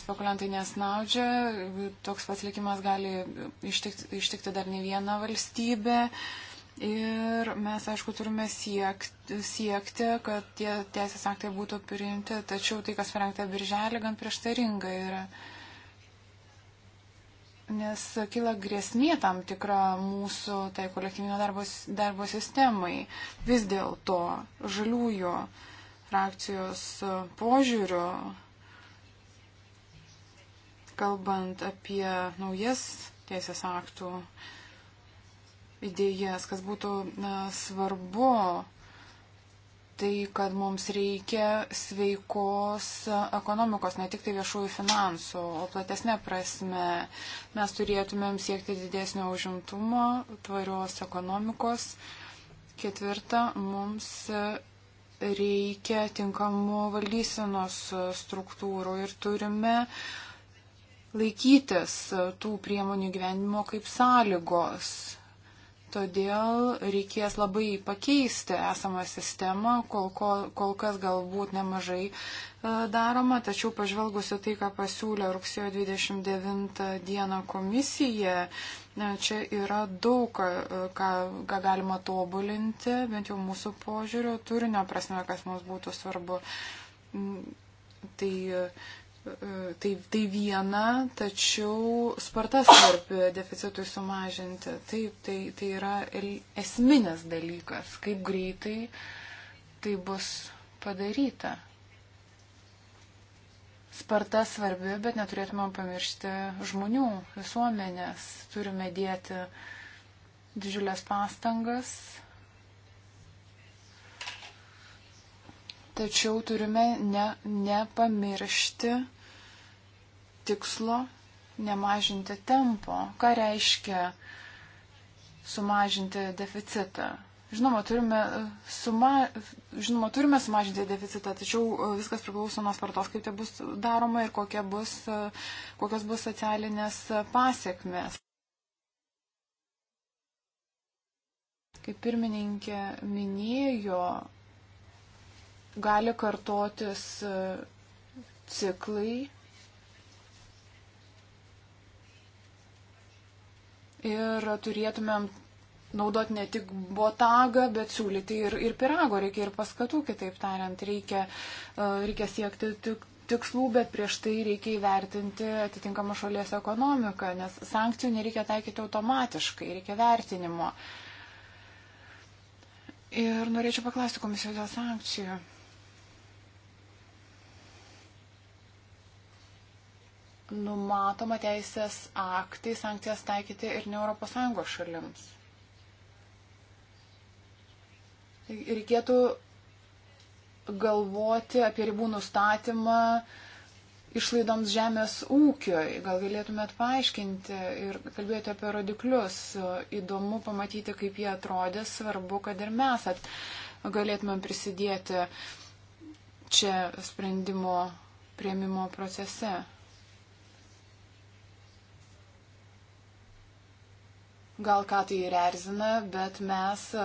spekuliantai nesnaudžia, toks pats likimas gali ištikti, ištikti dar ne vieną valstybę. Ir mes, aišku, turime siekti, siekti, kad tie teisės aktai būtų priimti, tačiau tai, kas parengta birželį, gan prieštaringa yra. Ir nes kyla grėsmė tam tikra mūsų tai kolektyvinio darbo, darbo sistemai. Vis dėlto žaliųjų frakcijos požiūriu, kalbant apie naujas teisės aktų idėjas, kas būtų na, svarbu tai, kad mums reikia sveikos ekonomikos, ne tik tai viešųjų finansų, o platesnė prasme. Mes turėtumėm siekti didesnio užimtumo, tvarios ekonomikos. Ketvirta, mums reikia tinkamų valdysenos struktūrų ir turime laikytis tų priemonių gyvenimo kaip sąlygos Todėl reikės labai pakeisti esamą sistemą, kol, kol, kol kas galbūt nemažai e, daroma, tačiau pažvelgusiu tai, ką pasiūlė rugsėjo 29 dieną komisija, e, čia yra daug, e, ką, ką galima tobulinti, bent jau mūsų požiūrio, turinio prasme, kas mums būtų svarbu. Mm, tai E, tai, tai viena, tačiau spartas tarp deficitui sumažinti, taip, tai, tai yra esminis dalykas, kaip greitai tai bus padaryta. Sparta svarbi, bet neturėtume pamiršti žmonių, visuomenės. Turime dėti didžiulės pastangas, tačiau turime ne, nepamiršti tikslo nemažinti tempo. Ką reiškia sumažinti deficitą? Žinoma, turime, e, suma, žinoma, turime sumažinti deficitą, tačiau e, viskas priklauso nuo spartos, kaip tai bus daroma ir kokie bus, e, kokios bus socialinės pasiekmes. Kaip pirmininkė minėjo, gali kartotis ciklai ir turėtumėm naudoti ne tik botagą, bet siūlyti ir, ir pirago, reikia ir paskatų, kitaip tariant, reikia, e, reikia siekti tik tikslų, bet prieš tai reikia įvertinti atitinkamą šalies ekonomiką, nes sankcijų nereikia taikyti automatiškai, reikia vertinimo. Ir norėčiau paklausti komisijos dėl sankcijų. numatoma teisės aktai sankcijas taikyti ir ne ES šalims. Reikėtų galvoti apie ribų nustatymą išlaidoms žemės ūkioj. Gal galėtumėt paaiškinti ir kalbėti apie rodiklius. Įdomu pamatyti, kaip jie atrodė. Svarbu, kad ir mes at, galėtumėm prisidėti čia sprendimo prieimimo procese. gal ką tai ir erzina, bet mes e,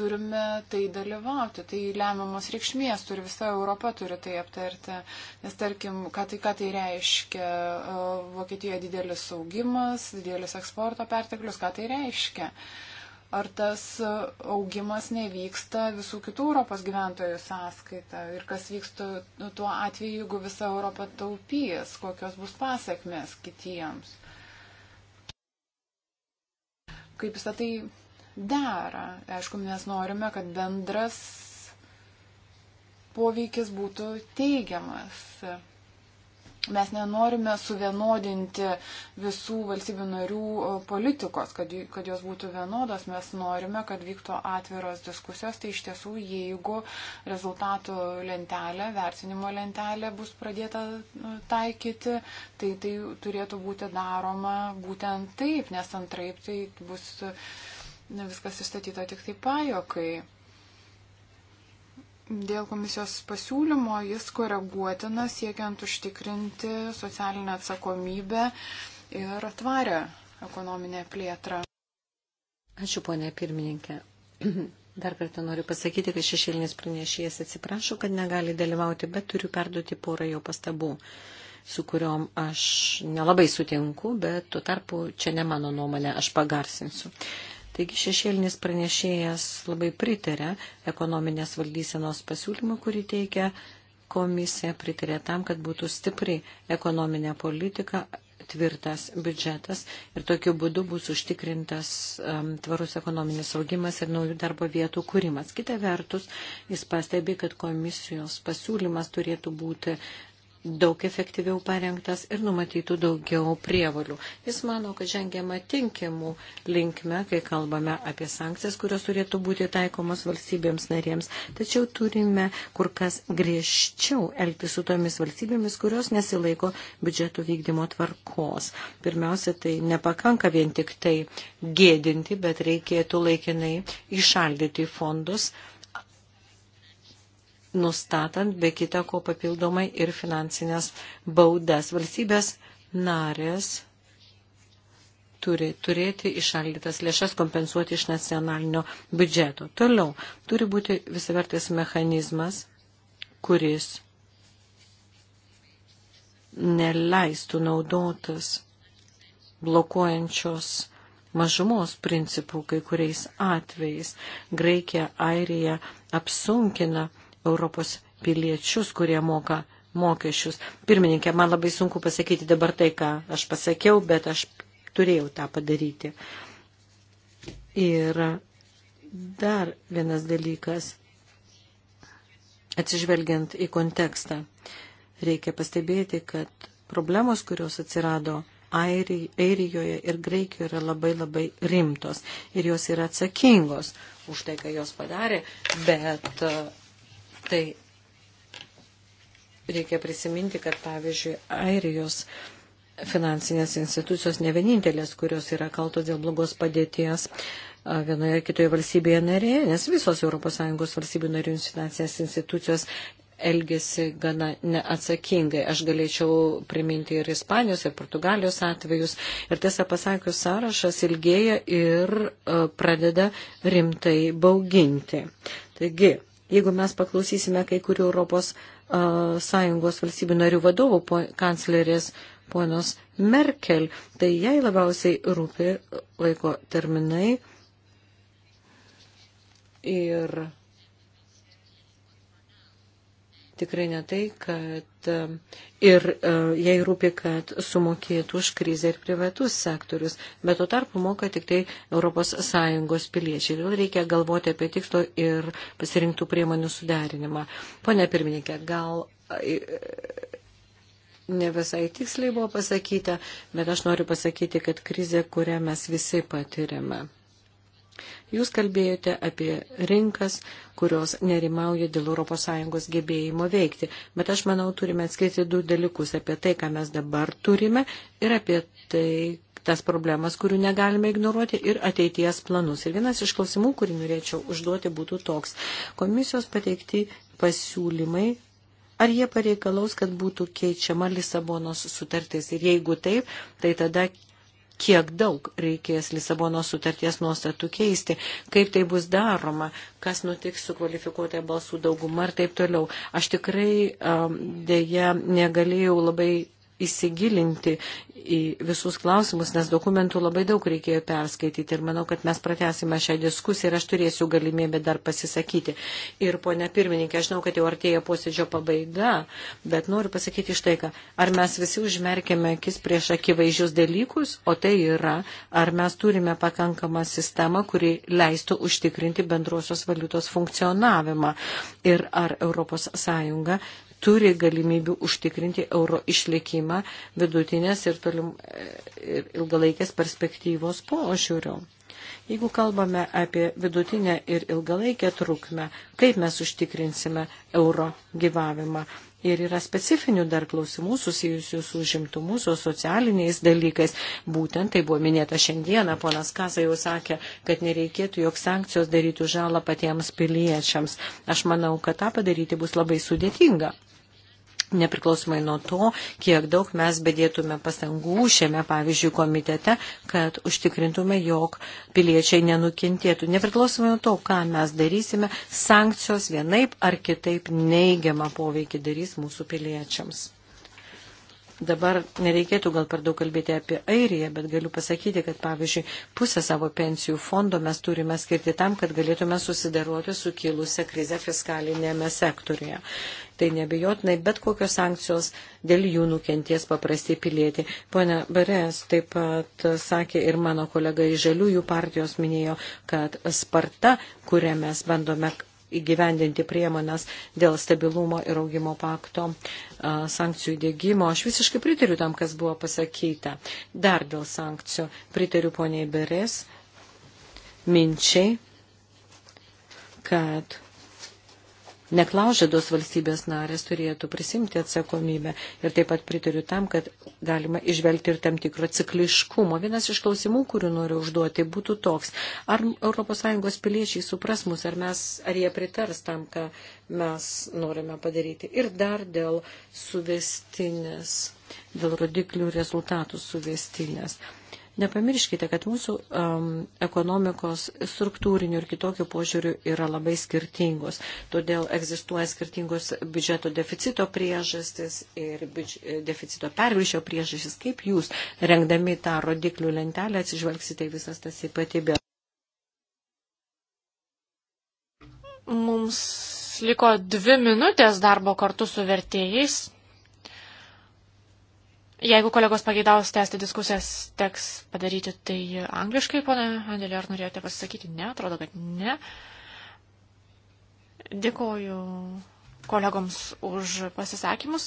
turime tai dalyvauti. Tai lemiamos reikšmės turi visa Europa turi tai aptarti. Nes tarkim, ką tai, ką tai reiškia e, Vokietijoje didelis augimas, didelis eksporto perteklius, ką tai reiškia. Ar tas e, augimas nevyksta visų kitų Europos gyventojų sąskaita? Ir kas vyksta nu, tuo atveju, jeigu visa Europa taupys, kokios bus pasiekmes kitiems? kaip visą tai dera. Aišku, mes norime, kad bendras poveikis būtų teigiamas. Mes nenorime suvienodinti visų valstybių narių e, politikos, kad, kad jos būtų vienodos. Mes norime, kad vyktų atviros diskusijos. Tai iš tiesų, jeigu rezultatų lentelė, vertinimo lentelė bus pradėta e, taikyti, tai tai turėtų būti daroma būtent taip, nes antraip tai bus ne viskas išstatyta tik tai pajokai dėl komisijos pasiūlymo jis koreguotina siekiant užtikrinti socialinę atsakomybę ir tvarę ekonominę plėtrą. Ačiū, ponė pirmininkė. Dar kartą noriu pasakyti, kad šešėlinis pranešėjas atsiprašo, kad negali dalyvauti, bet turiu perduoti porą jo pastabų, su kuriuom aš nelabai sutinku, bet tuo tarpu čia ne mano nuomonė, aš pagarsinsiu. Taigi šešėlinis pranešėjas labai pritarė ekonominės valdysenos pasiūlymą, kurį teikia komisija, pritarė tam, kad būtų stipri ekonominė politika, tvirtas biudžetas ir tokiu būdu bus užtikrintas um, tvarus ekonominis augimas ir naujų darbo vietų kūrimas. Kita vertus, jis pastebi, kad komisijos pasiūlymas turėtų būti daug efektyviau parengtas ir numatytų daugiau prievalių. Jis mano, kad žengiama tinkimų linkme, kai kalbame apie sankcijas, kurios turėtų būti taikomas valstybėms narėms, tačiau turime kur kas griežčiau elgti su tomis valstybėmis, kurios nesilaiko biudžetų vykdymo tvarkos. Pirmiausia, tai nepakanka vien tik tai gėdinti, bet reikėtų laikinai išaldyti fondus nustatant be kita ko papildomai ir finansinės baudas. Valstybės narės turi turėti išaldytas lėšas kompensuoti iš nacionalinio biudžeto. Toliau turi būti visavertis mechanizmas, kuris neleistų naudotas blokuojančios mažumos principų kai kuriais atvejais. Graikija, Airija apsunkina Europos piliečius, kurie moka mokesčius. Pirmininkė, man labai sunku pasakyti dabar tai, ką aš pasakiau, bet aš turėjau tą padaryti. Ir dar vienas dalykas, atsižvelgiant į kontekstą, reikia pastebėti, kad problemos, kurios atsirado Airijoje ir Graikijoje yra labai labai rimtos ir jos yra atsakingos už tai, ką jos padarė, bet Tai reikia prisiminti, kad pavyzdžiui, Airijos finansinės institucijos ne vienintelės, kurios yra kaltos dėl blogos padėties vienoje ar kitoje valstybėje narėje, nes visos ES valstybių narių finansinės institucijos elgesi gana neatsakingai. Aš galėčiau priminti ir Ispanijos, ir Portugalijos atvejus. Ir tiesą pasakius, sąrašas ilgėja ir pradeda rimtai bauginti. Taigi, Jeigu mes paklausysime kai kurių Europos uh, Sąjungos valstybių narių vadovų po, kanclerės ponos Merkel, tai jai labiausiai rūpi laiko terminai ir tikrai ne tai, kad e, ir e, jai rūpi, kad sumokėtų už krizę ir privatus sektorius, bet tuo tarpu moka tik tai ES piliečiai. Todėl reikia galvoti apie tikslo ir pasirinktų priemonių suderinimą. Pone pirmininkė, gal e, ne visai tiksliai buvo pasakyta, bet aš noriu pasakyti, kad krizė, kurią mes visi patiriame. Jūs kalbėjote apie rinkas, kurios nerimauja dėl ES gebėjimo veikti, bet aš manau, turime atskirti du dalykus apie tai, ką mes dabar turime ir apie tai, tas problemas, kurių negalime ignoruoti ir ateities planus. Ir vienas iš klausimų, kurį norėčiau užduoti, būtų toks. Komisijos pateikti pasiūlymai. Ar jie pareikalaus, kad būtų keičiama Lisabonos sutartis? Ir jeigu taip, tai tada kiek daug reikės Lisabono sutarties nuostatų keisti, kaip tai bus daroma, kas nutiks su kvalifikuotoja balsų dauguma ir taip toliau. Aš tikrai um, dėja negalėjau labai įsigilinti į visus klausimus, nes dokumentų labai daug reikėjo perskaityti ir manau, kad mes pratęsime šią diskusiją ir aš turėsiu galimybę dar pasisakyti. Ir ponia pirmininkė, aš žinau, kad jau artėja posėdžio pabaiga, bet noriu pasakyti štai ką. Ar mes visi užmerkėme akis prieš akivaizdžius dalykus, o tai yra, ar mes turime pakankamą sistemą, kuri leistų užtikrinti bendruosios valiutos funkcionavimą ir ar ES turi galimybių užtikrinti euro išlikimą vidutinės ir, tolim, e, ir ilgalaikės perspektyvos požiūrio. Jeigu kalbame apie vidutinę ir ilgalaikę trukmę, kaip mes užtikrinsime euro gyvavimą? Ir yra specifinių dar klausimų susijusių su žimtumu, su socialiniais dalykais. Būtent tai buvo minėta šiandieną, ponas Kasa jau sakė, kad nereikėtų, jog sankcijos darytų žalą patiems piliečiams. Aš manau, kad tą padaryti bus labai sudėtinga nepriklausomai nuo to, kiek daug mes bedėtume pastangų šiame, pavyzdžiui, komitete, kad užtikrintume, jog piliečiai nenukentėtų. Nepriklausomai nuo to, ką mes darysime, sankcijos vienaip ar kitaip neigiamą poveikį darys mūsų piliečiams. Dabar nereikėtų gal per daug kalbėti apie Airiją, bet galiu pasakyti, kad pavyzdžiui, pusę savo pensijų fondo mes turime skirti tam, kad galėtume susidaroti su kilusią krizę fiskalinėme sektoriuje tai nebejotinai bet kokios sankcijos dėl jų nukenties paprasti pilietį. Pone Beres taip pat sakė ir mano kolega iš Žaliųjų partijos minėjo, kad sparta, kurią mes bandome įgyvendinti priemonės dėl stabilumo ir augimo pakto sankcijų dėgymo. Aš visiškai pritariu tam, kas buvo pasakyta. Dar dėl sankcijų pritariu poniai Beres minčiai, kad neklaužados valstybės narės turėtų prisimti atsakomybę. Ir taip pat pritariu tam, kad galima išvelgti ir tam tikro cikliškumo. Vienas iš klausimų, kurių noriu užduoti, būtų toks. Ar ES piliečiai supras mus, ar, mes, ar jie pritars tam, ką mes norime padaryti. Ir dar dėl suvestinės, dėl rodiklių rezultatų suvestinės. Nepamirškite, kad mūsų um, ekonomikos struktūrinių ir kitokių požiūrių yra labai skirtingos. Todėl egzistuoja skirtingos biudžeto deficito priežastis ir biudž... deficito perviršio priežastis. Kaip jūs, rengdami tą rodiklių lentelę, atsižvelgsite į visas tas ypatybės? Mums liko dvi minutės darbo kartu su vertėjais. Jeigu kolegos pageidaus tęsti diskusijas, teks padaryti tai angliškai, ponė Angelė, ar norėjote pasisakyti? Ne, atrodo, kad ne. Dėkoju kolegoms už pasisakymus.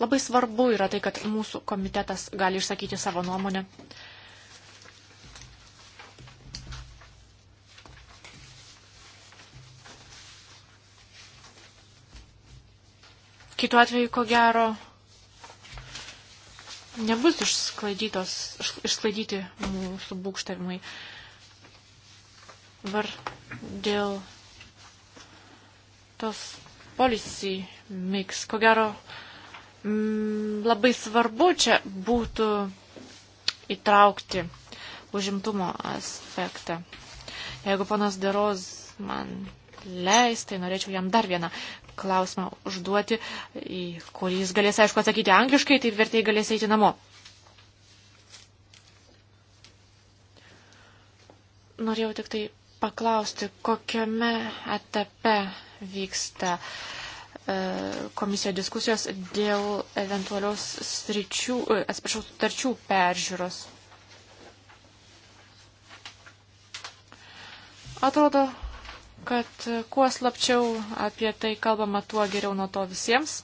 Labai svarbu yra tai, kad mūsų komitetas gali išsakyti savo nuomonę. Kitu atveju, ko gero, nebus išsklaidytos, išsklaidyti mūsų būkštavimai. Var dėl tos policy mix, ko gero, m, mm, labai svarbu čia būtų įtraukti užimtumo aspektą. Jeigu panas Deros man leis, tai norėčiau jam dar vieną klausimą užduoti, į kurį jis galės, aišku, atsakyti angliškai, tai vertėjai galės eiti namo. Norėjau tik tai paklausti, kokiame etape vyksta e, komisijos diskusijos dėl eventualios sričių, e, atsiprašau, sutarčių peržiūros. Atrodo, kad kuo slapčiau apie tai kalbama, tuo geriau nuo to visiems.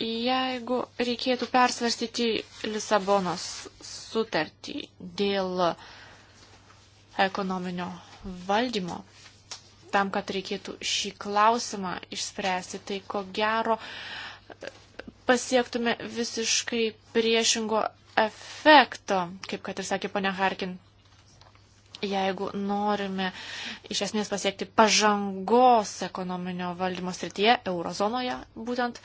Jeigu reikėtų persvarstyti Lisabonos sutartį dėl ekonominio valdymo, tam, kad reikėtų šį klausimą išspręsti, tai ko gero pasiektume visiškai priešingo efekto, kaip kad ir sakė ponia Harkin jeigu norime iš esmės pasiekti pažangos ekonominio valdymo srityje, eurozonoje būtent,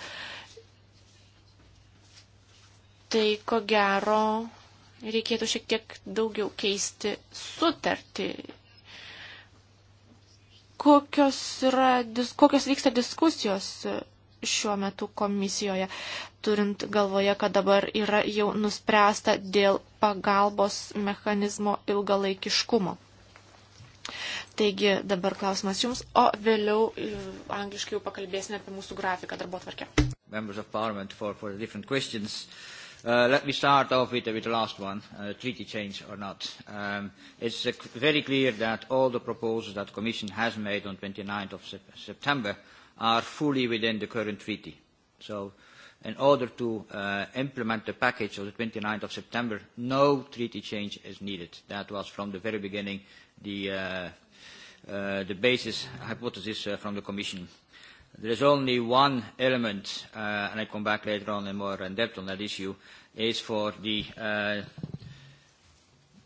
tai ko gero reikėtų šiek tiek daugiau keisti sutartį. Kokios, yra, kokios vyksta diskusijos šiuo metu komisijoje turint galvoje, kad dabar yra jau nuspręsta dėl pagalbos mechanizmo ilgalaikiškumo. Taigi dabar klausimas jums, o vėliau e, angliškai jau pakalbėsime apie mūsų grafiką darbo tvarkę. Members of Parliament for, for the different questions. Uh, let me start off with, uh, with the last one, uh, treaty change or not. Um, it's uh, very clear that all the proposals that the Commission has made on 29th of sep September are fully within the current treaty. So in order to uh, implement the package of the 29th of September, no treaty change is needed. That was from the very beginning the, uh, uh, the basis hypothesis uh, from the Commission. There is only one element, uh, and I come back later on in more in depth on that issue, is for the, uh,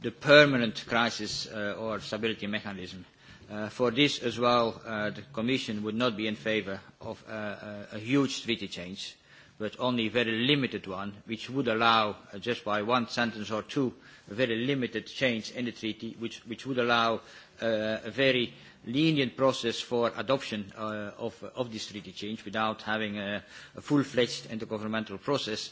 the permanent crisis uh, or stability mechanism. Uh, for this as well, uh, the Commission would not be in favour of uh, a, uh, a huge treaty change but only a very limited one, which would allow, uh, just by one sentence or two, a very limited change in the treaty, which, which would allow uh, a very lenient process for adoption uh, of, of this treaty change without having a, a full-fledged intergovernmental process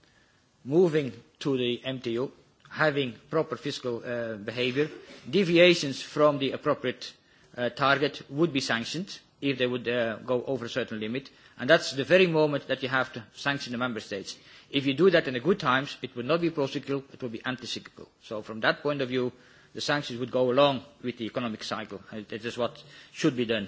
moving to the MTO, having proper fiscal uh, behavior, deviations from the appropriate uh, target would be sanctioned if they would uh, go over a certain limit. And that's the very moment that you have to sanction the member states. If you do that in the good times, it would not be procyclical, it would be anticyclical. So from that point of view, the sanctions would go along with the economic cycle. It is what should be done.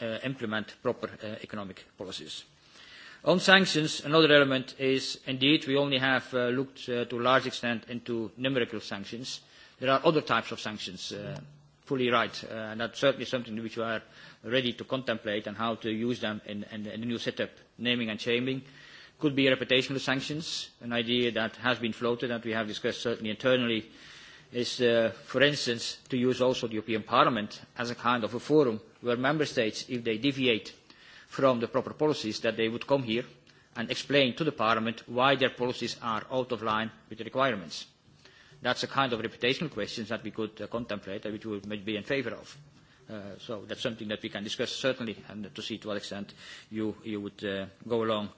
uh, implement proper uh, economic policies. On sanctions, another element is indeed we only have uh, looked uh, to a large extent into numerical sanctions. There are other types of sanctions, uh, fully right, uh, and that's certainly something which we are ready to contemplate and how to use them in, in, in the new setup, naming and shaming. Could be reputational sanctions, an idea that has been floated that we have discussed certainly internally, is, uh, for instance, to use also the European Parliament as a kind of a forum where member states, if they deviate from the proper policies, that they would come here and explain to the Parliament why their policies are out of line with the requirements. That's a kind of reputational question that we could uh, contemplate and which we would be in favour of. Uh, so that's something that we can discuss certainly and to see to what extent you, you would uh, go along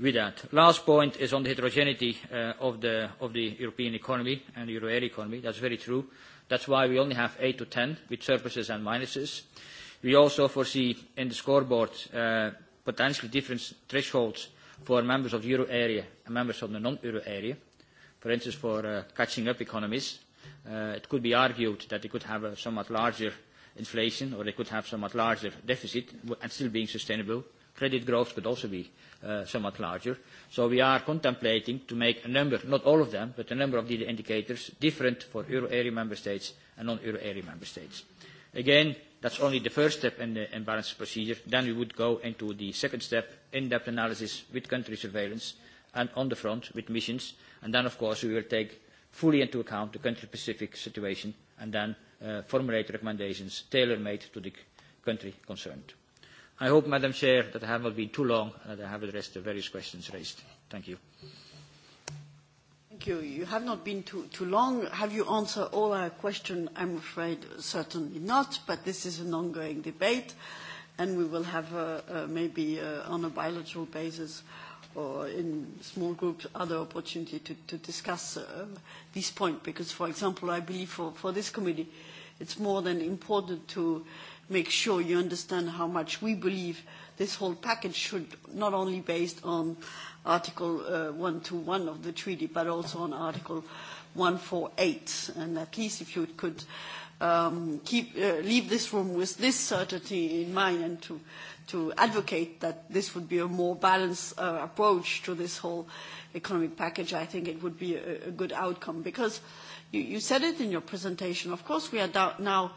with that. Last point is on the heterogeneity uh, of, the, of the European economy and the euro area economy. That's very true. That's why we only have 8 to 10 with surpluses and minuses. Uh, We also foresee in the scoreboard uh, potentially different thresholds for members of the euro area and members of the non-euro area. For instance, for uh, catching up economies, uh, it could be argued that they could have a somewhat larger inflation or they could have somewhat larger deficit and still being sustainable. Credit growth could also be uh, somewhat larger. So we are contemplating to make a number, not all of them, but a number of the indicators different for euro area member states and non-euro area member states. Again, That's only the first step in the imbalance procedure. Then we would go into the second step, in-depth analysis with country surveillance and on the front with missions. And then, of course, we will take fully into account the country-specific situation and then uh, formulate recommendations tailor-made to the country concerned. I hope, Madam Chair, that I have not been too long and that I have addressed the various questions raised. Thank you. Mm -hmm think you, you have not been too, too long. Have you answered all our questions? I'm afraid certainly not, but this is an ongoing debate, and we will have uh, uh, maybe uh, on a bilateral basis or in small groups other opportunity to, to discuss uh, this point, because, for example, I believe for, for this committee, it's more than important to make sure you understand how much we believe this whole package should not only based on uh, Article uh, 121 of the treaty, but also on Article 148. And at least if you could um, keep, uh, leave this room with this certainty in mind and to, to advocate that this would be a more balanced uh, approach to this whole economic package, I think it would be a, a good outcome. Because you, you said it in your presentation, of course we are now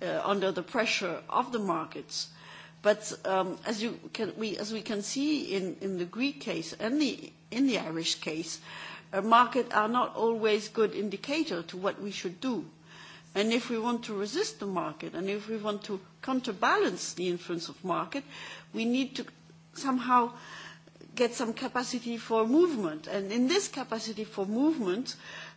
uh, under the pressure of the markets But um, as, you can, we, as we can see in, in the Greek case and the, in the Irish case, uh, markets are not always good indicator to what we should do. And if we want to resist the market and if we want to counterbalance the influence of market, we need to somehow get some capacity for movement. And in this capacity for movement, uh,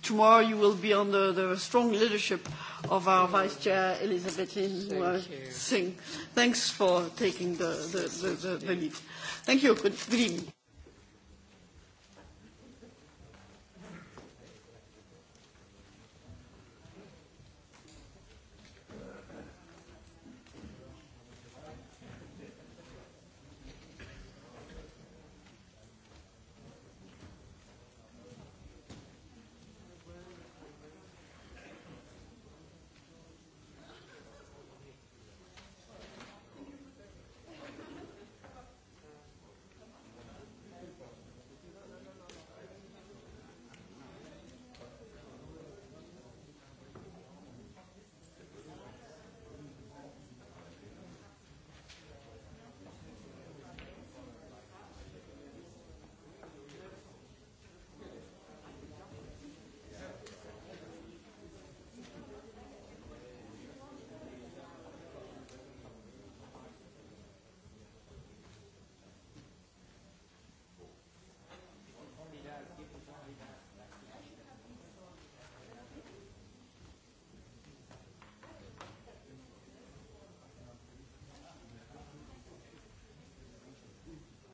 tomorrow you will be under the, the strong leadership of our Vice Chair, Elizabeth Lin Thank uh, Singh. Thanks for taking the, the, the, the, the lead. Thank you. Good, good evening.